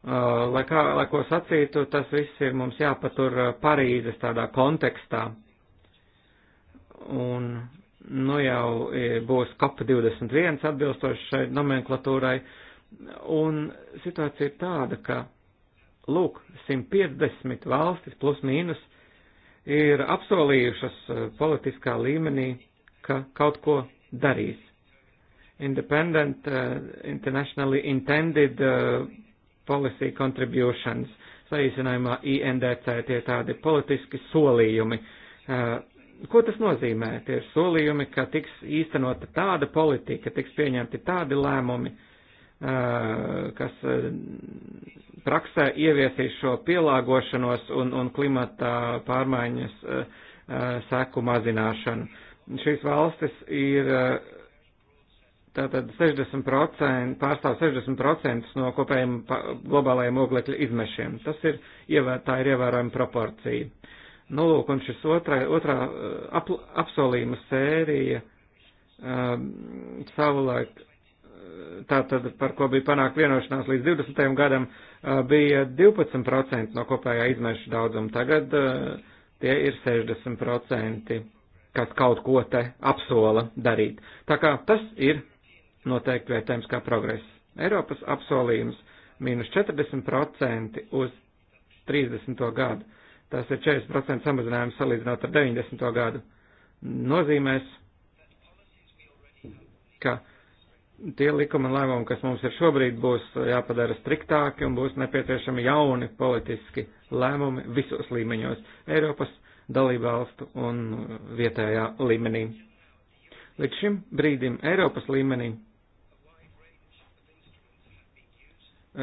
A: Uh, lai, kā, lai ko sacītu, tas viss ir mums jāpatur Parīzes tādā kontekstā. Un nu jau būs COP21 atbilstoši šai nomenklatūrai. Uh, Un situācija ir tāda, ka, lūk, 150 valstis plus mīnus ir apsolījušas e, politiskā līmenī, ka kaut ko darīs. Independent, uh, internationally intended uh, policy contributions, saīsinājumā INDC tie tādi politiski solījumi. Uh, ko tas nozīmē? Tie ir solījumi, ka tiks īstenota tāda politika, tiks pieņemti tādi lēmumi, uh, Eh, kas eh, praksē ieviesīs šo pielāgošanos un, un klimata pārmaiņas eh, seku mazināšanu. Šīs valstis ir tātad 60%, pārstāv 60% no kopējiem globālajiem oglekļa izmešiem. Tas ir, tā ir ievērojama proporcija. Nu, lūk, un šis otrā, otrā ap, apsolījuma sērija um, savulaik tātad par ko bija panākt vienošanās līdz 20. gadam, bija 12% no kopējā izmešu daudzuma. Tagad tie ir 60%, kas kaut ko te apsola darīt. Tā kā tas ir noteikti vērtējums kā progress. Eiropas apsolījums mīnus 40% uz 30. gadu. Tas ir 40% samazinājums salīdzinot ar 90. gadu. Nozīmēs, ka tie likuma lēmumi, kas mums ir šobrīd, būs jāpadara striktāki un būs nepieciešami jauni politiski lēmumi visos līmeņos - Eiropas, dalībvalstu un vietējā līmenī. Līdz šim brīdim Eiropas līmenī uh,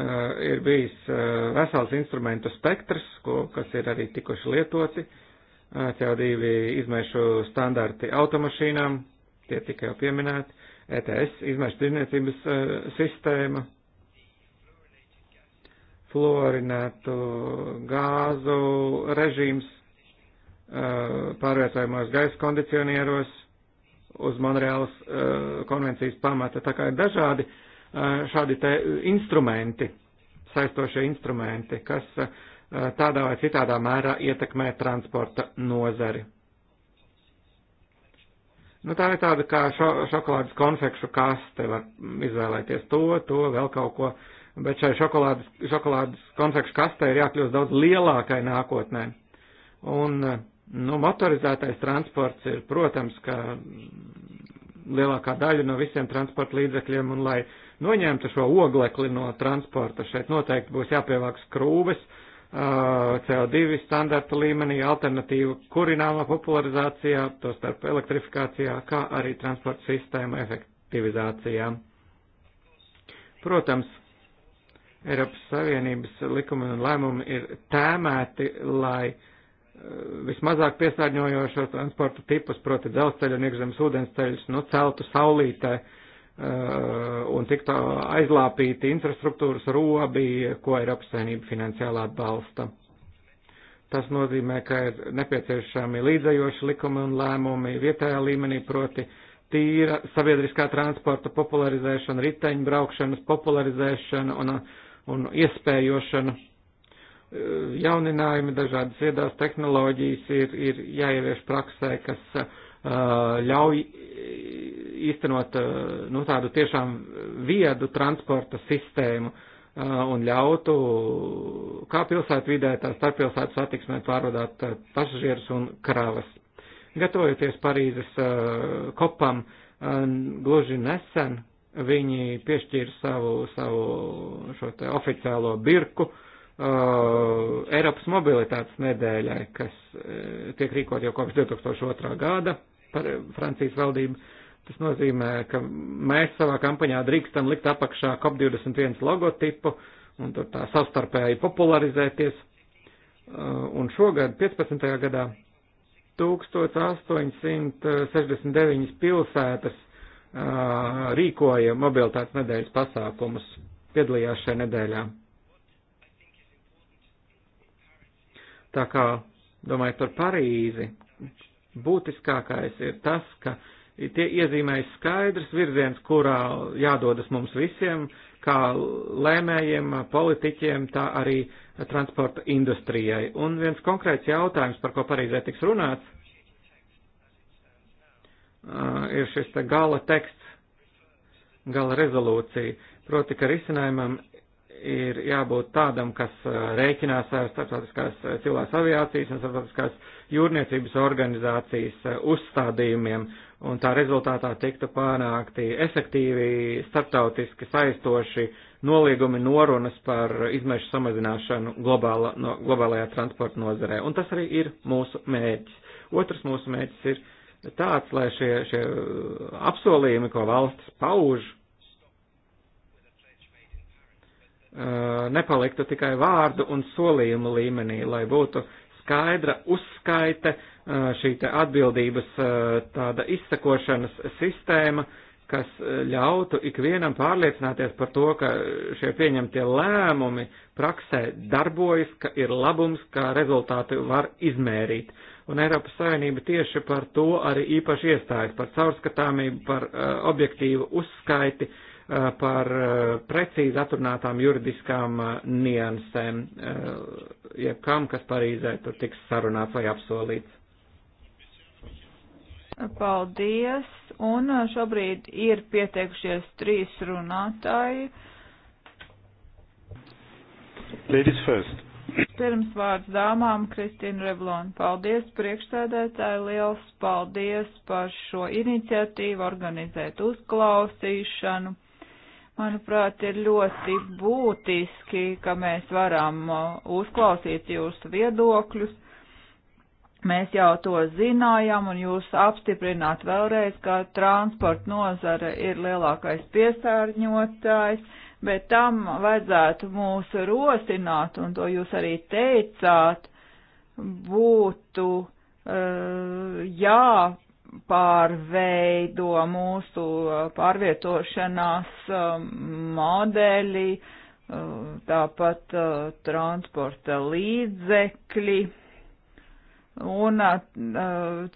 A: ir bijis uh, vesels instrumentu spektrs, ko, kas ir arī tikuši lietoti, uh, CO2 izmēšu standarti automašīnām, tie tika jau pieminēti, ETS izmēršu tirniecības e, sistēma, fluorinētu gāzu režīms, e, pārvietojumos gaisa kondicionieros uz Monreālas e, konvencijas pamata. Tā kā ir dažādi šādi te instrumenti, saistošie instrumenti, kas tādā vai citādā mērā ietekmē transporta nozari. Nu, tā ir tāda kā šo, šokolādes konfekšu kaste, var izvēlēties to, to, vēl kaut ko, bet šai šokolādes, šokolādes konfekšu kastē ir jākļūst daudz lielākai nākotnē. Un, nu, motorizētais transports ir, protams, ka lielākā daļa no visiem transporta līdzekļiem, un lai noņemtu šo oglekli no transporta, šeit noteikti būs jāpievāks krūves, uh, CO2 standarta līmenī, alternatīvu kurināmā popularizācijā, to starp elektrifikācijā, kā arī transporta sistēma efektivizācijā. Protams, Eiropas Savienības likumi un lēmumi ir tēmēti, lai vismazāk piesārņojošos transporta tipus, proti dzelzceļu un iekšzemes ūdensceļus, nu, celtu saulītē uh, Eh, un tiktu aizlāpīti infrastruktūras robi, ko Eiropas Savienība finansiāli atbalsta. Tas nozīmē, ka ir nepieciešami līdzējoši likumi un lēmumi vietējā līmenī, proti tīra sabiedriskā transporta popularizēšana, riteņbraukšanas popularizēšana un, un iespējošana. Eh, jauninājumi dažādas viedās tehnoloģijas ir, ir jāievieš praksē, kas uh, Uh, ļauj īstenot uh, nu, tādu tiešām viedu transporta sistēmu uh, un ļautu kā pilsētu vidē, tā starppilsētu satiksmē pārvadāt pasažierus un kravas. Gatavojoties Parīzes kopam, gluži nesen viņi piešķīra savu, savu šo te oficiālo birku uh, Eiropas mobilitātes nedēļai, kas uh, tiek rīkot jau kopš 2002. gada par eh, Francijas valdību. Tas nozīmē, ka mēs savā kampaņā drīkstam likt apakšā COP21 logotipu un tur tā savstarpēji popularizēties. Eh, un šogad, 15. gadā, 1869 pilsētas eh, rīkoja mobilitātes nedēļas pasākumus, piedalījās šajā nedēļā. Tā kā, domājot par Parīzi, būtiskākais ir tas, ka tie iezīmējas skaidrs virziens, kurā jādodas mums visiem, kā lēmējiem, politiķiem, tā arī transporta industrijai. Un viens konkrēts jautājums, par ko Parīzē tiks runāts, ir šis te gala teksts, gala rezolūcija. Proti, ka risinājumam ir jābūt tādam, kas uh, rēķinās ar starptautiskās uh, cilvēks aviācijas un starptautiskās jūrniecības organizācijas uh, uzstādījumiem, un tā rezultātā tiktu panākti efektīvi starptautiski saistoši nolīgumi norunas par izmešu samazināšanu globāla, no, globālajā transporta nozarē. Un tas arī ir mūsu mērķis. Otrs mūsu mērķis ir tāds, lai šie, šie apsolījumi, ko valsts pauž, Eh, nepaliktu tikai vārdu un solījumu līmenī, lai būtu skaidra uzskaite, eh, šī te atbildības eh, tāda izsakošanas sistēma, kas ļautu ikvienam pārliecināties par to, ka šie pieņemtie lēmumi praksē darbojas, ka ir labums, ka rezultāti var izmērīt. Un Eiropas Savienība tieši par to arī īpaši iestājas, par caurskatāmību, par objektīvu uzskaiti, uh, Eh, par eh, precīzi atrunātām juridiskām eh, niansēm, jeb kam, kas Parīzē tur tiks sarunāts vai apsolīts.
C: Paldies, un šobrīd ir pieteikušies trīs runātāji.
A: Ladies first.
C: Pirms vārds dāmām, Kristīna Revlon, paldies priekšsēdētāji, liels paldies par šo iniciatīvu organizēt uzklausīšanu. Manuprāt, ir ļoti būtiski, ka mēs varam uh, uzklausīt jūsu viedokļus. Mēs jau to zinājām, un jūs apstiprināt vēlreiz, ka transporta nozara ir lielākais piesārņotājs, bet tam vajadzētu mūs rosināt, un to jūs arī teicāt, būtu uh, jā jāpārveido mūsu uh, pārvietošanās um, modeļi, uh, tāpat uh, transporta līdzekļi. Un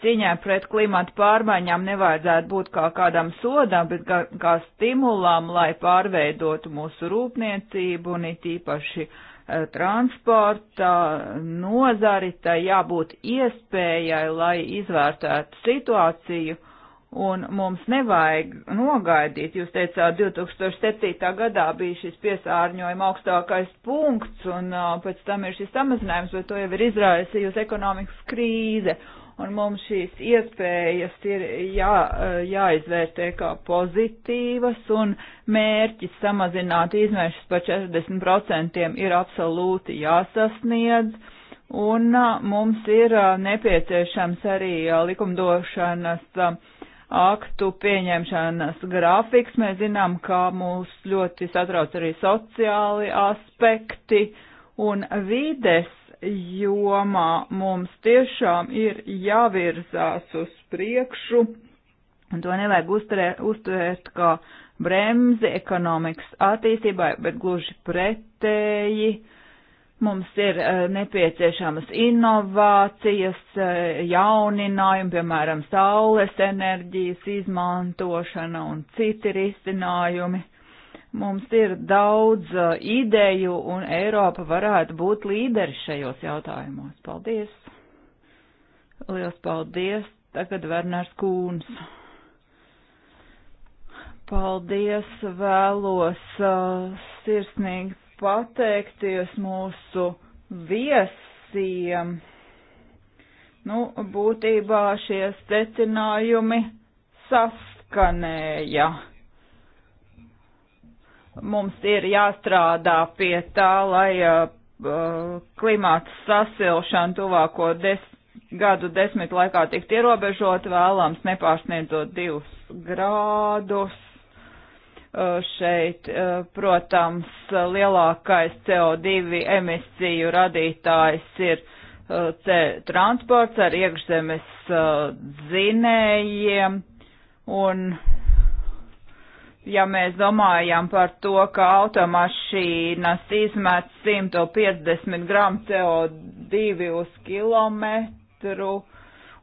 C: cīņā pret klimatu pārmaiņām nevajadzētu būt kā kādam sodam, bet kā, kā stimulam, lai pārveidotu mūsu rūpniecību un it īpaši uh, Eh, transporta nozari, tai jābūt iespējai, lai izvērtētu situāciju, un mums nevajag nogaidīt. Jūs teicāt, 2007. gadā bija šis piesārņojuma augstākais punkts, un uh, pēc tam ir šis samazinājums, bet to jau ir izraisījusi ekonomikas krīze un mums šīs iespējas ir jā, eh, jāizvērtē kā pozitīvas, un mērķis samazināt izmešus par 40% ir absolūti jāsasniedz, un eh, mums ir eh, nepieciešams arī likumdošanas aktu pieņemšanas grafiks. Mēs zinām, ka mūs ļoti satrauc arī sociāli aspekti un vides jomā mums tiešām ir jāvirzās uz priekšu, un to nevajag uzturēt, uzturēt kā bremzi ekonomikas attīstībai, bet gluži pretēji. Mums ir eh, nepieciešamas inovācijas, eh, jauninājumi, piemēram, saules enerģijas izmantošana un citi risinājumi. Mums ir daudz uh, ideju, un Eiropa varētu būt līderi šajos jautājumos. Paldies! Lielas paldies! Tagad Vernārs Kūns. Paldies! Vēlos uh, sirsnīgi pateikties mūsu viesiem. Nu, būtībā šie secinājumi saskanēja Mums ir jāstrādā pie tā, lai uh, uh, klimāts sasilšana tuvāko des, gadu desmit laikā tikt ierobežot, vēlams nepārsniedzot divus grādus. Uh, šeit, uh, protams, lielākais CO2 emisiju radītājs ir uh, transports ar iekšzemes dzinējiem uh, un ja mēs domājam par to, ka automašīnas izmet 150 gram CO2 uz kilometru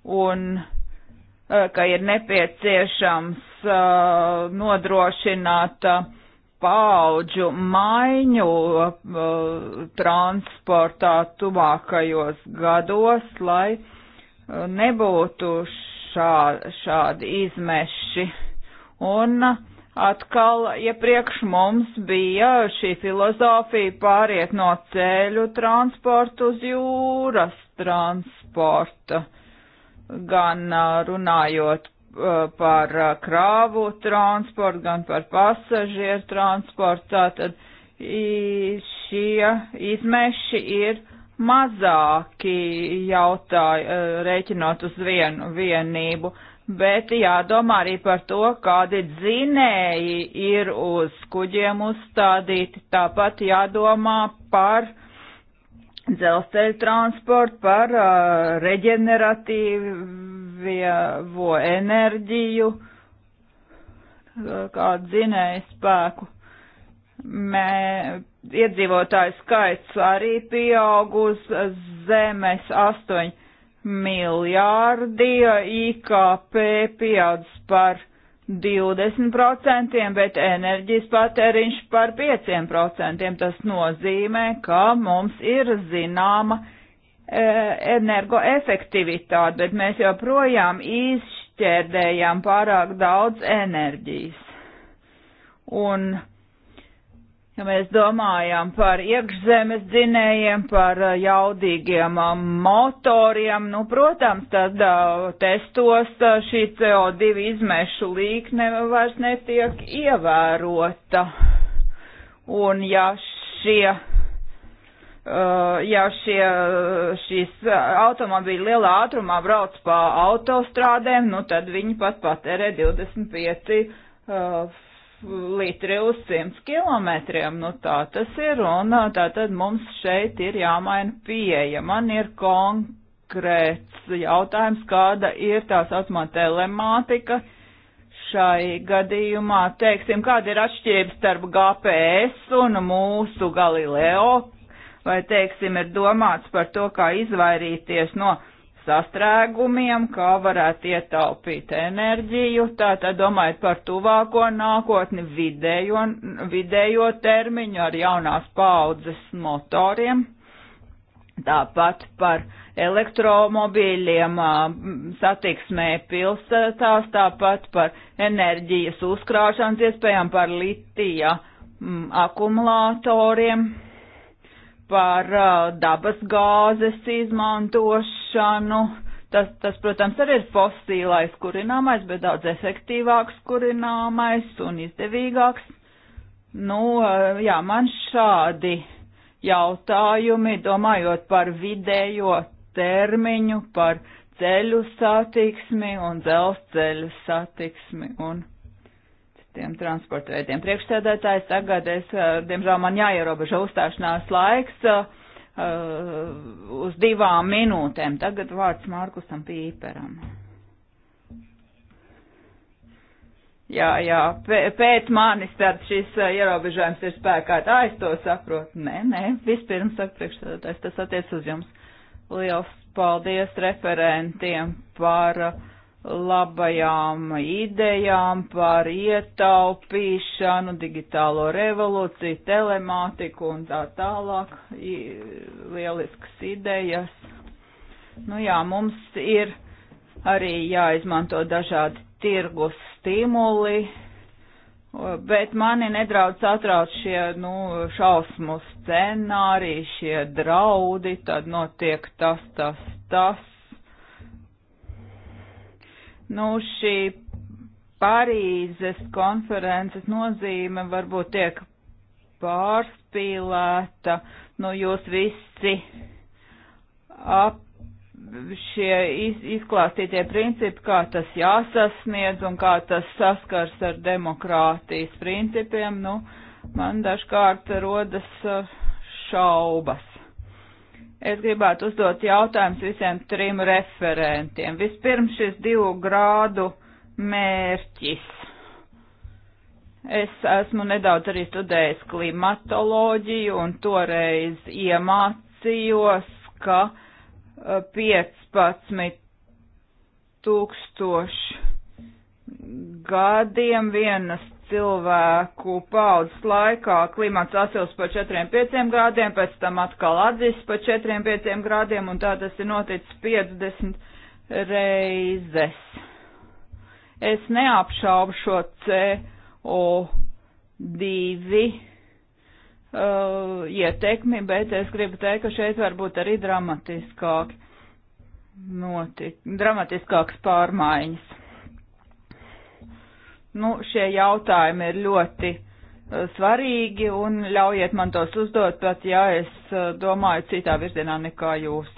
C: un eh, ka ir nepieciešams uh, nodrošināt uh, eh, paudžu maiņu uh, transportā tuvākajos gados, lai nebūtā šā, šādi izmeši. Un uh, atkal iepriekš mums bija šī filozofija pāriet no ceļu transportu uz jūras transporta, gan runājot par krāvu transportu, gan par pasažieru transportu. Tātad šie izmeši ir mazāki jautāj, rēķinot uz vienu vienību bet jādomā arī par to, kādi dzinēji ir uz kuģiem uzstādīti. Tāpat jādomā par dzelzceļa transportu, par uh, reģeneratīvo enerģiju, kā dzinēju spēku. Mē, iedzīvotāju skaits arī pieaug uz zemes astoņu miljārdi, IKP pieaudz par 20%, bet enerģijas patēriņš par 5%. Tas nozīmē, ka mums ir zināma e, energoefektivitāte, bet mēs joprojām izšķērdējām pārāk daudz enerģijas. Un ja mēs domājam par iekšzemes dzinējiem, par uh, jaudīgiem um, motoriem, nu, protams, tad uh, testos uh, šī CO2 izmešu līkne vairs netiek ievērota. Un ja šie, ja šie, šīs automobīļi lielā ātrumā brauc pa autostrādēm, nu, tad viņi pat patērē 25 līdz 300 kilometriem, nu tā tas ir, un tā tad mums šeit ir jāmaina pieeja. Man ir konkrēts jautājums, kāda ir tā saucamā telemātika šai gadījumā, teiksim, kāda ir atšķirība starp GPS un mūsu Galileo, vai, teiksim, ir domāts par to, kā izvairīties no sastrēgumiem, kā varētu ietaupīt enerģiju, tātad domājot par tuvāko nākotni, vidējo, vidējo termiņu ar jaunās paudzes motoriem, tāpat par elektromobīļiem satiksmē pilsētās, tāpat par enerģijas uzkrāšanas iespējām, par litija akumulatoriem par uh, dabas gāzes izmantošanu. Tas, tas, protams, arī ir fosīlais kurināmais, bet daudz efektīvāks kurināmais un izdevīgāks. Nu, uh, jā, man šādi jautājumi, domājot par vidējo termiņu, par ceļu satiksmi un dzelzceļu satiksmi un citiem transporta veidiem. Priekšsēdētājs tagad es, eh, diemžēl man jāierobežo uzstāšanās laiks uh, uz divām minūtēm. Tagad vārds Mārkusam Pīperam. Jā, jā, pēc manis tad šis ierobežojums ir spēkā. Tā es to saprotu. Nē, nē, vispirms saka priekšsēdētājs, tas attiec uz jums. Liels paldies referentiem par uh, labajām idejām par ietaupīšanu, digitālo revolūciju, telemātiku un tā tālāk. Lielisks idejas. Nu jā, mums ir arī jāizmanto dažādi tirgus stimuli, bet mani nedraudz atrauc šie, nu, šausmu scenāriji, šie draudi, tad notiek tas, tas, tas Nu, šī Parīzes konferences nozīme varbūt tiek pārspīlēta, nu, jūs visi ap šie iz, izklāstītie principi, kā tas jāsasniedz un kā tas saskars ar demokrātijas principiem, nu, man dažkārt rodas uh, šaubas. Es gribētu uzdot jautājumus visiem trim referentiem. Vispirms šis divu grādu mērķis. Es esmu nedaudz arī studējis klimatoloģiju un toreiz iemācījos, ka 15 e, tūkstoši gadiem vienas cilvēku paudzes laikā klimats atsils pa 4-5 grādiem, pēc tam atkal atzis pa 4-5 grādiem, un tā tas ir noticis 50 reizes. Es neapšaubu šo CO2 uh, ietekmi, bet es gribu teikt, ka šeit var būt arī dramatiskāk notik, dramatiskāks pārmaiņas. Nu, šie jautājumi ir ļoti eh, svarīgi un ļaujiet man tos uzdot, pat ja es eh, domāju citā virzienā nekā jūs.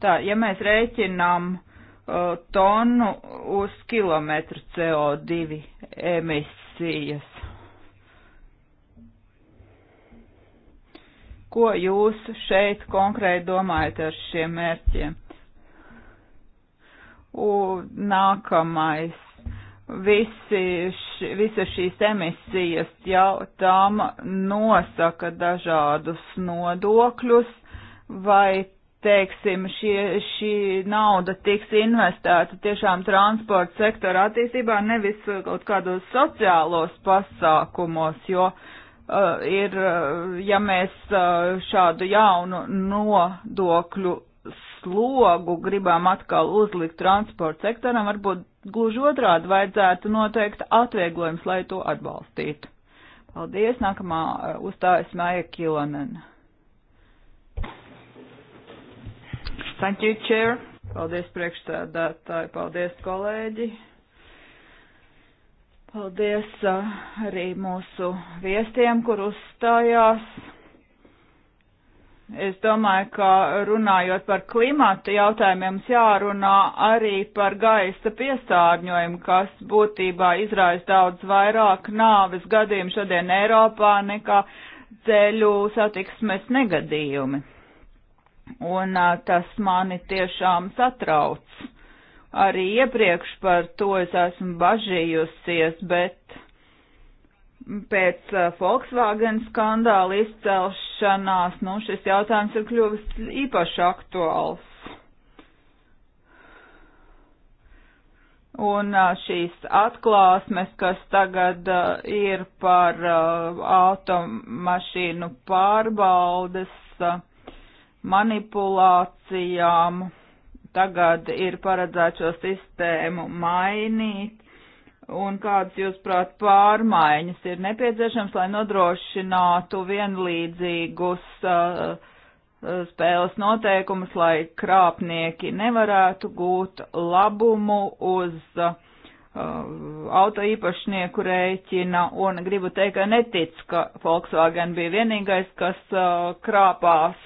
C: Tā, ja mēs rēķinām uh, tonu uz kilometru CO2 emisijas, ko jūs šeit konkrēti domājat ar šiem mērķiem? U, nākamais visi, š, visa šīs emisijas jau tam nosaka dažādus nodokļus, vai, teiksim, šie, šī nauda tiks investēta tiešām transporta sektora attīstībā, nevis kaut kādos sociālos pasākumos, jo uh, ir, uh, ja mēs uh, šādu jaunu nodokļu slogu gribam atkal uzlikt transporta sektoram, varbūt gluži otrādi vajadzētu noteikt atvieglojums, lai to atbalstītu. Paldies, nākamā uh, uzstājas Maija Kilonen. Thank you, Chair. Paldies priekšstādātāji, paldies kolēģi. Paldies uh, arī mūsu viestiem, kur uzstājās. Es domāju, ka runājot par klimata jautājumiem, jārunā arī par gaisa piesārņojumu, kas būtībā izraisa daudz vairāk nāves gadījumu šodien Eiropā nekā ceļu satiksmes negadījumi. Un tas mani tiešām satrauc. Arī iepriekš par to es esmu bažījusies, bet pēc uh, Volkswagen skandāla izcelšanās, nu, šis jautājums ir kļuvis īpaši aktuāls. Un uh, šīs atklāsmes, kas tagad uh, ir par automašīnu pārbaudes manipulācijām, tagad ir paredzēts šo sistēmu mainīt un kādas, jūs prāt, pārmaiņas ir nepieciešams, lai nodrošinātu vienlīdzīgus uh, uh, spēles noteikumus, lai krāpnieki nevarētu gūt labumu uz uh, auto īpašnieku rēķina, un gribu teikt, ka netic, ka Volkswagen bija vienīgais, kas uh, krāpās,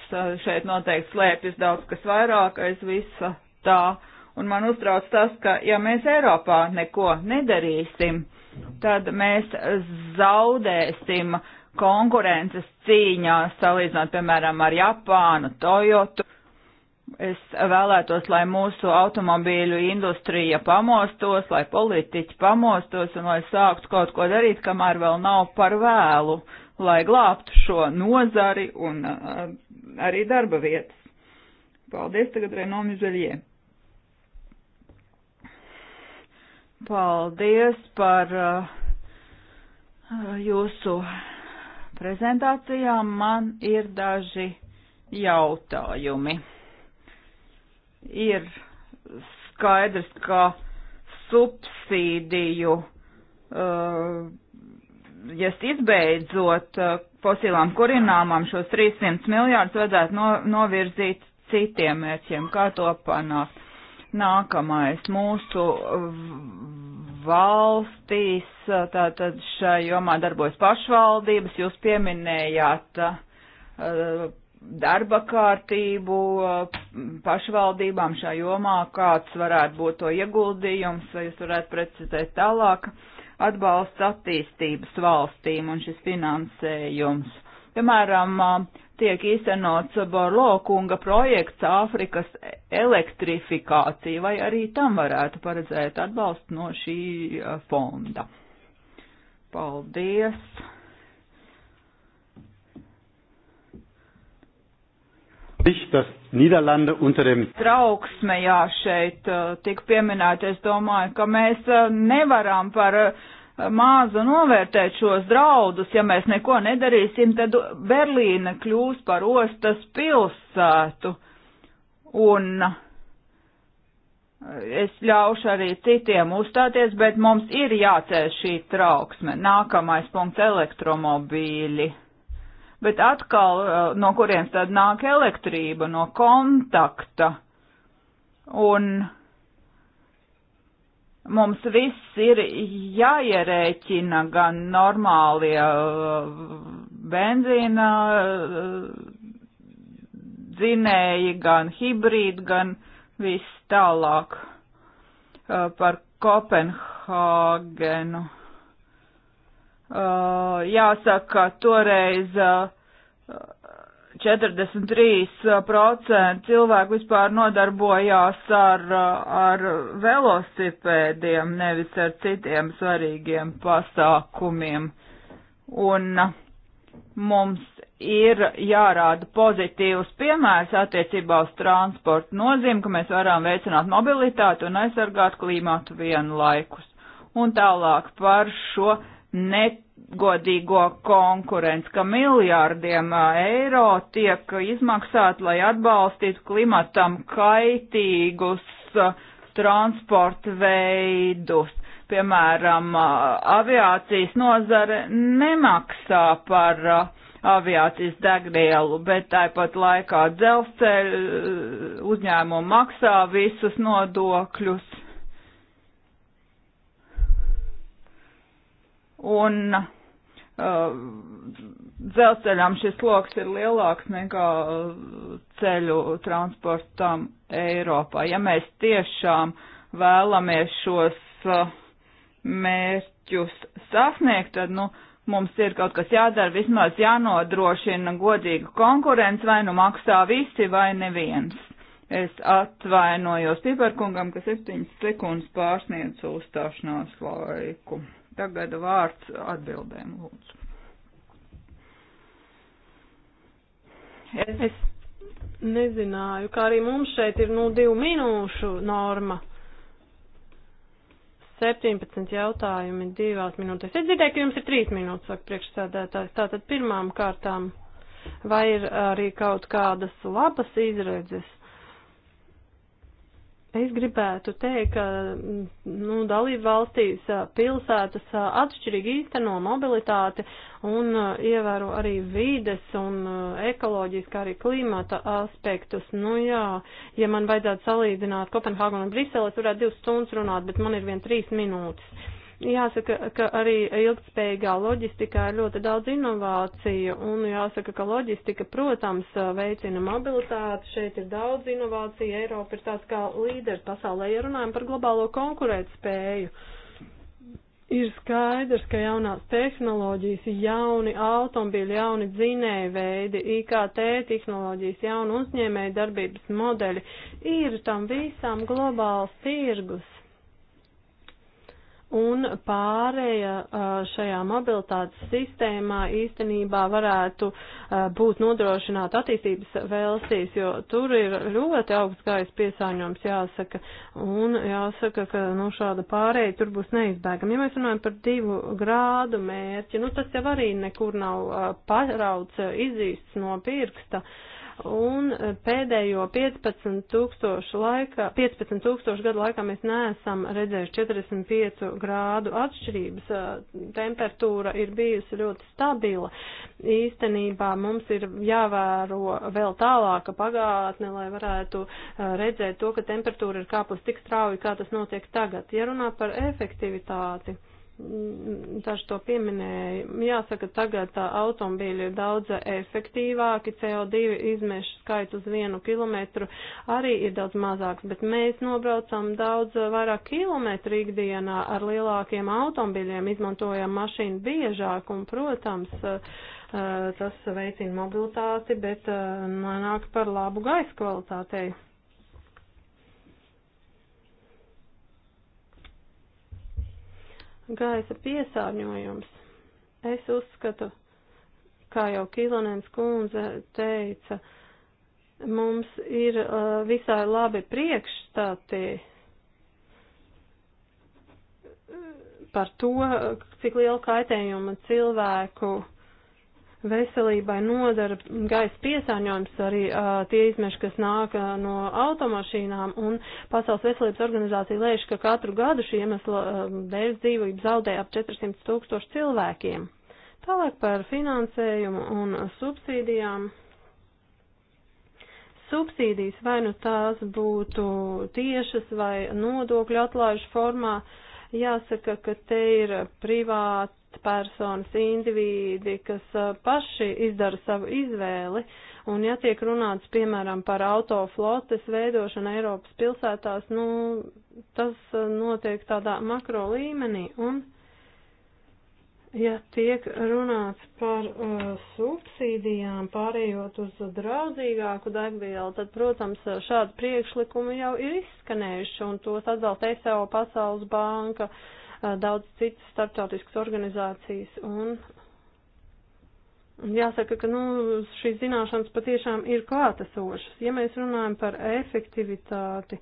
C: šeit noteikti slēpjas daudz kas vairāk aiz visa tā. Uh, Un man uztrauc tas, ka ja mēs Eiropā neko nedarīsim, tad mēs zaudēsim konkurences cīņā, salīdzinot, piemēram, ar Japānu, Toyotu. Es vēlētos, lai mūsu automobīļu industrija pamostos, lai politiķi pamostos un lai sāktu kaut ko darīt, kamēr vēl nav par vēlu, lai glābtu šo nozari un uh, arī darba vietas. Paldies tagad Renomiju Žaļie. Paldies par uh, uh, jūsu prezentācijām. Man ir daži jautājumi. Ir skaidrs, ka subsīdiju, uh, ja izbeidzot uh, fosilām kurināmām šos 300 miljārdus vajadzētu no, novirzīt citiem mērķiem, kā to panākt. Nākamais mūsu valstīs, tātad šai jomā darbojas pašvaldības, jūs pieminējāt eh, darba kārtību eh, pašvaldībām šā jomā, kāds varētu būt to ieguldījums, vai jūs varētu precizēt tālāk atbalsts attīstības valstīm un šis finansējums. Piemēram, tiek īstenots Borlokunga projekts Āfrikas elektrifikācija, vai arī tam varētu paredzēt atbalstu no šī fonda. Paldies!
B: dass Nīderlanda unter dem
C: Trauksme jā šeit tika pieminēta. Es domāju, ka mēs nevaram par mazu novērtēt šos draudus. Ja mēs neko nedarīsim, tad Berlīna kļūs par ostas pilsētu. Un eh, es ļaušu arī citiem uzstāties, bet mums ir jācēl šī trauksme. Nākamais punkts - elektromobīļi. Bet atkal, eh, no kurienes tad nāk elektrība? No kontakta. Un Mums viss ir jāierēķina gan normālie uh, benzīna uh, dzinēji, gan hibrīdi, gan viss tālāk uh, par Kopenhāgenu. Jāsaka, toreiz 43% cilvēku vispār nodarbojās ar, ar velosipēdiem, nevis ar citiem svarīgiem pasākumiem. Un mums ir jārāda pozitīvs piemērs attiecībā uz transportu nozīmi, ka mēs varam veicināt mobilitāti un aizsargāt klimatu vienlaikus. Un tālāk par šo net negodīgo konkurenci, ka miljārdiem eiro tiek izmaksāt, lai atbalstītu klimatam kaitīgus transporta veidus. Piemēram, aviācijas nozare nemaksā par aviācijas degvielu, bet tāpat laikā dzelzceļu uzņēmumu maksā visus nodokļus. Un Uh, dzelzceļām šis sloks ir lielāks nekā uh, ceļu transportam Eiropā. Ja mēs tiešām vēlamies šos uh, mērķus sasniegt, tad, nu, mums ir kaut kas jādara, vismaz jānodrošina godīga konkurence, vai nu maksā visi vai neviens. Es atvainojos Piperkungam, ka 7 sekundes pārsniedz uzstāšanās laiku. Tagad vārds atbildēm, lūdzu. Es
B: nezināju, kā arī mums šeit ir, nu, divu minūšu norma. 17 jautājumi divās minūtēs. Es dzirdēju, ka jums ir trīs minūtes, saka priekšsēdētājs. Tātad pirmām kārtām, vai ir arī kaut kādas labas izredzes Es gribētu teikt, ka nu, dalību valstīs pilsētas atšķirīgi īsteno mobilitāti un ievēro arī vīdes un ekoloģiski arī klimata aspektus. Nu jā, ja man vajadzētu salīdzināt Kopenhāgenu un Briseli, es varētu divas stundas runāt, bet man ir vien trīs minūtes. Jāsaka, ka arī ilgspējīgā loģistikā ir ļoti daudz inovāciju, un jāsaka, ka loģistika, protams, veicina mobilitāti, šeit ir daudz inovāciju, Eiropa ir tāds kā līderis pasaulē, ja runājam par globālo konkurētspēju. Ir skaidrs, ka jaunās tehnoloģijas, jauni automobīļi, jauni dzinēji veidi, IKT tehnoloģijas, jauni uzņēmēji darbības modeļi, ir tam visām globāls tirgus un pārēja šajā mobilitātes sistēmā īstenībā varētu būt nodrošināta attīstības vēlstīs, jo tur ir ļoti augsts gaisa piesāņojums jāsaka, un jāsaka, ka nu, šāda pārēja tur būs neizbēgama. Ja mēs runājam par divu grādu mērķi, nu tas jau arī nekur nav parauts izīsts no pirksta. Uh, un e, pēdējo 15 tūkstošu, laika, 15 tūkstošu gadu laikā mēs neesam redzējuši 45 grādu atšķirības. E, temperatūra ir bijusi ļoti stabila. Īstenībā mums ir jāvēro vēl tālāka pagātne, lai varētu e, redzēt to, ka temperatūra ir kāpus tik strauji, kā tas notiek tagad. Ja runā par efektivitāti, daži mm, to pieminēja. Jāsaka, tagad automobīļi ir daudz efektīvāki, CO2 izmešu skaits uz vienu kilometru arī ir daudz mazāks, bet mēs nobraucam daudz vairāk kilometru ikdienā ar lielākiem automobīļiem, izmantojam mašīnu biežāk un, protams, uh, uh, tas veicina mobilitāti, bet uh, nāk par labu gaisa kvalitātei. gaisa piesārņojums. Es uzskatu, kā jau Kilonēns kundze teica, mums ir uh, visai labi priekšstāti par to, cik liela kaitējuma cilvēku veselībai nodara gaisa piesārņojums, arī uh, tie izmeši, kas nāk uh, no automašīnām, un Pasaules veselības organizācija lēš, ka katru gadu šī iemesla uh, dēļ dzīvību zaudē ap 400 tūkstoši cilvēkiem. Tālāk par finansējumu un subsīdijām. Subsīdijas vai nu tās būtu tiešas vai nodokļu atlaižu formā, jāsaka, ka te ir privāti personas, indivīdi, kas uh, paši izdara savu izvēli. Un ja tiek runāts, piemēram, par autoflotes veidošanu Eiropas pilsētās, nu, tas uh, notiek tādā makro līmenī. Un, ja tiek runāts par uh, subsīdijām, pārējot uz draudzīgāku degvielu, tad, protams, uh, šādi priekšlikumi jau ir izskanējuši, un tos atbalsta SEO Pasaules banka. Uh, daudz citas starptautiskas organizācijas un Jāsaka, ka nu, šīs zināšanas patiešām ir klātesošas. Ja mēs runājam par efektivitāti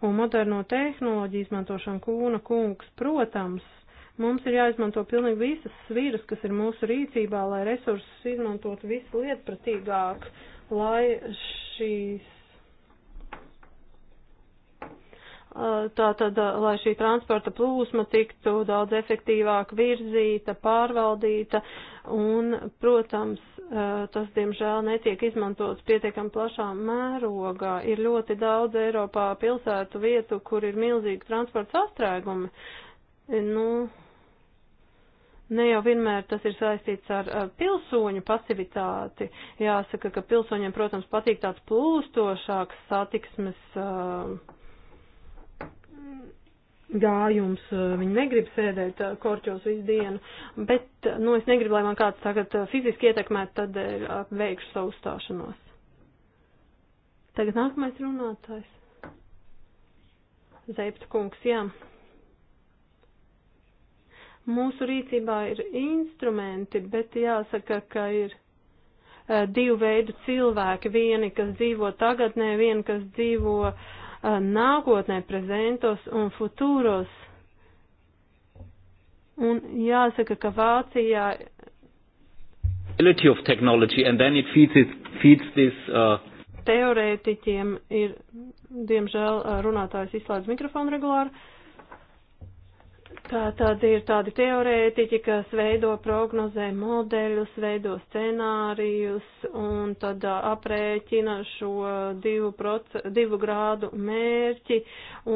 B: un moderno tehnoloģiju izmantošanu, kūna kungs, protams, mums ir jāizmanto pilnīgi visas svīras, kas ir mūsu rīcībā, lai resursus izmantotu vislietpratīgāk, lai šīs tātad, lai šī transporta plūsma tiktu daudz efektīvāk virzīta, pārvaldīta, un, protams, tas, diemžēl, netiek izmantots pietiekam plašā mērogā. Ir ļoti daudz Eiropā pilsētu vietu, kur ir milzīgi transporta sastrēgumi. Nu, Ne jau vienmēr tas ir saistīts ar pilsoņu pasivitāti. Jāsaka, ka pilsoņiem, protams, patīk tāds plūstošāks satiksmes uh, gājums, eh, viņi negrib sēdēt eh, korķos visu dienu, bet, eh, nu, es negribu, lai man kāds tagad fiziski ietekmētu, tad veikšu savu stāšanos. Tagad nākamais runātājs. Zeipta kungs, jā. Mūsu rīcībā ir instrumenti, bet jāsaka, ka ir divu veidu cilvēki. Vieni, kas dzīvo tagadnē, vieni, kas dzīvo uh, Uh, nākotnē, prezentos un futūros. Un jāsaka, ka Vācijā.
A: Of technology, and then it feeds, it, feeds this, uh...
B: Teorētiķiem ir, diemžēl, uh, runātājs izslēdz mikrofonu regulāri. Uh, Tā tad ir tādi teorētiķi, kas veido prognozē modeļus, veido scenārijus un tad aprēķina šo divu, proc, divu grādu mērķi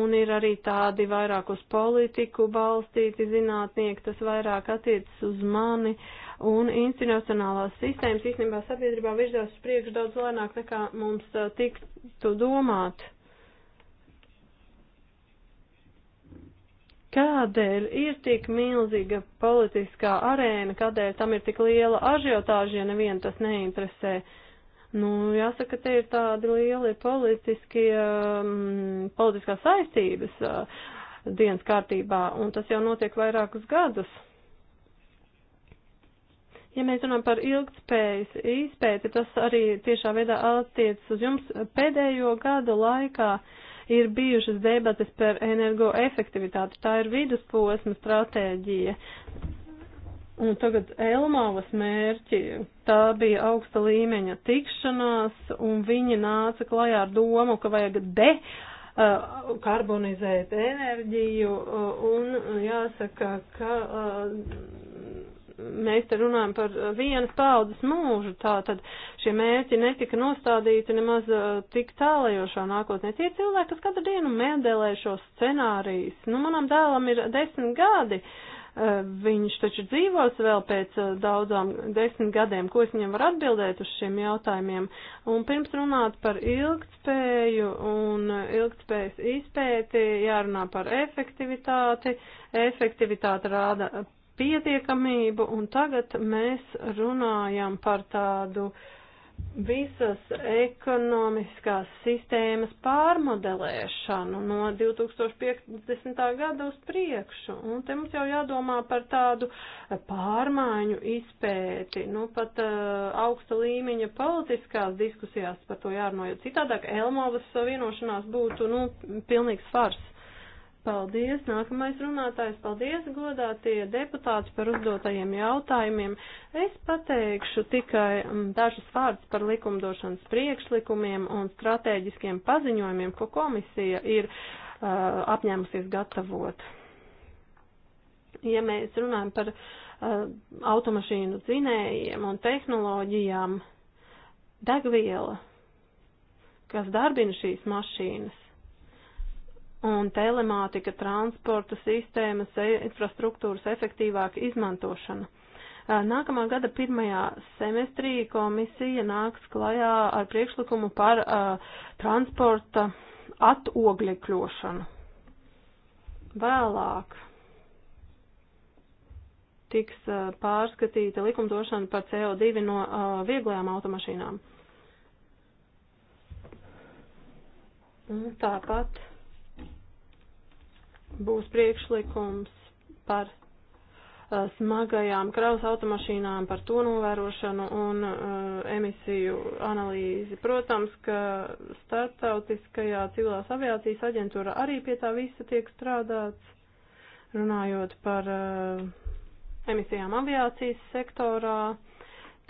B: un ir arī tādi vairāk uz politiku balstīti zinātnieki, tas vairāk attiecas uz mani un institucionālās sistēmas īstenībā sabiedrībā virzās uz priekšu daudz lēnāk nekā mums tiktu domāt. Kādēļ ir tik milzīga politiskā arēna, kādēļ tam ir tik liela ažiotāža, ja nevienu tas neinteresē? Nu, jāsaka, te ir tādi lieli politiskie, um, politiskās saistības uh, dienas kārtībā, un tas jau notiek vairākus gadus. Ja mēs runājam par ilgtspējas izpēti, tas arī tiešā veidā attiecas uz jums pēdējo gadu laikā. Uh, ir bijušas debates par energoefektivitāti. Tā ir vidusposma stratēģija. Un tagad Elmāvas mērķi, tā bija augsta līmeņa tikšanās, un viņi nāca klajā ar domu, ka vajag de uh, karbonizēt enerģiju, uh, un jāsaka, ka uh, mēs te runājam par uh, vienas paudzes mūžu, tā tad šie mērķi netika nostādīti nemaz uh, tik tālajošā nākotnē. Tie ir cilvēki, kas katru dienu mēdelē šos scenārijus. Nu, manam dēlam ir desmit gadi, uh, viņš taču dzīvos vēl pēc daudzām desmit gadiem, ko es viņam varu atbildēt uz šiem jautājumiem. Un pirms runāt par ilgtspēju un ilgtspējas izpēti, jārunā par efektivitāti. Efektivitāte rāda pietiekamību, un tagad mēs runājam par tādu visas ekonomiskās sistēmas pārmodelēšanu no 2050. gada uz priekšu. Un te mums jau jādomā par tādu pārmaiņu izpēti, nu pat uh, augsta līmeņa politiskās diskusijās par to jārunājot. Citādāk Elmovas vienošanās būtu, nu, pilnīgs fars. Paldies, nākamais runātājs. Paldies, godātie deputāti par uzdotajiem jautājumiem. Es pateikšu tikai mm, dažas vārdas par likumdošanas priekšlikumiem un strateģiskiem paziņojumiem, ko komisija ir uh, apņēmusies gatavot. Ja mēs runājam par uh, automašīnu dzinējiem un tehnoloģijām, degviela, kas darbina šīs mašīnas, un telemātika transporta sistēmas e, infrastruktūras efektīvāka izmantošana. Nākamā gada pirmajā semestrī komisija nāks klajā ar priekšlikumu par uh, transporta atogļekļošanu. Vēlāk tiks uh, pārskatīta likumdošana par CO2 no uh, vieglajām automašīnām. Un tāpat būs priekšlikums par uh, smagajām kravas automašīnām par to novērošanu un uh, emisiju analīzi. Protams, ka startautiskajā civilās aviācijas aģentūra arī pie tā visa tiek strādāts, runājot par uh, emisijām aviācijas sektorā. Uh,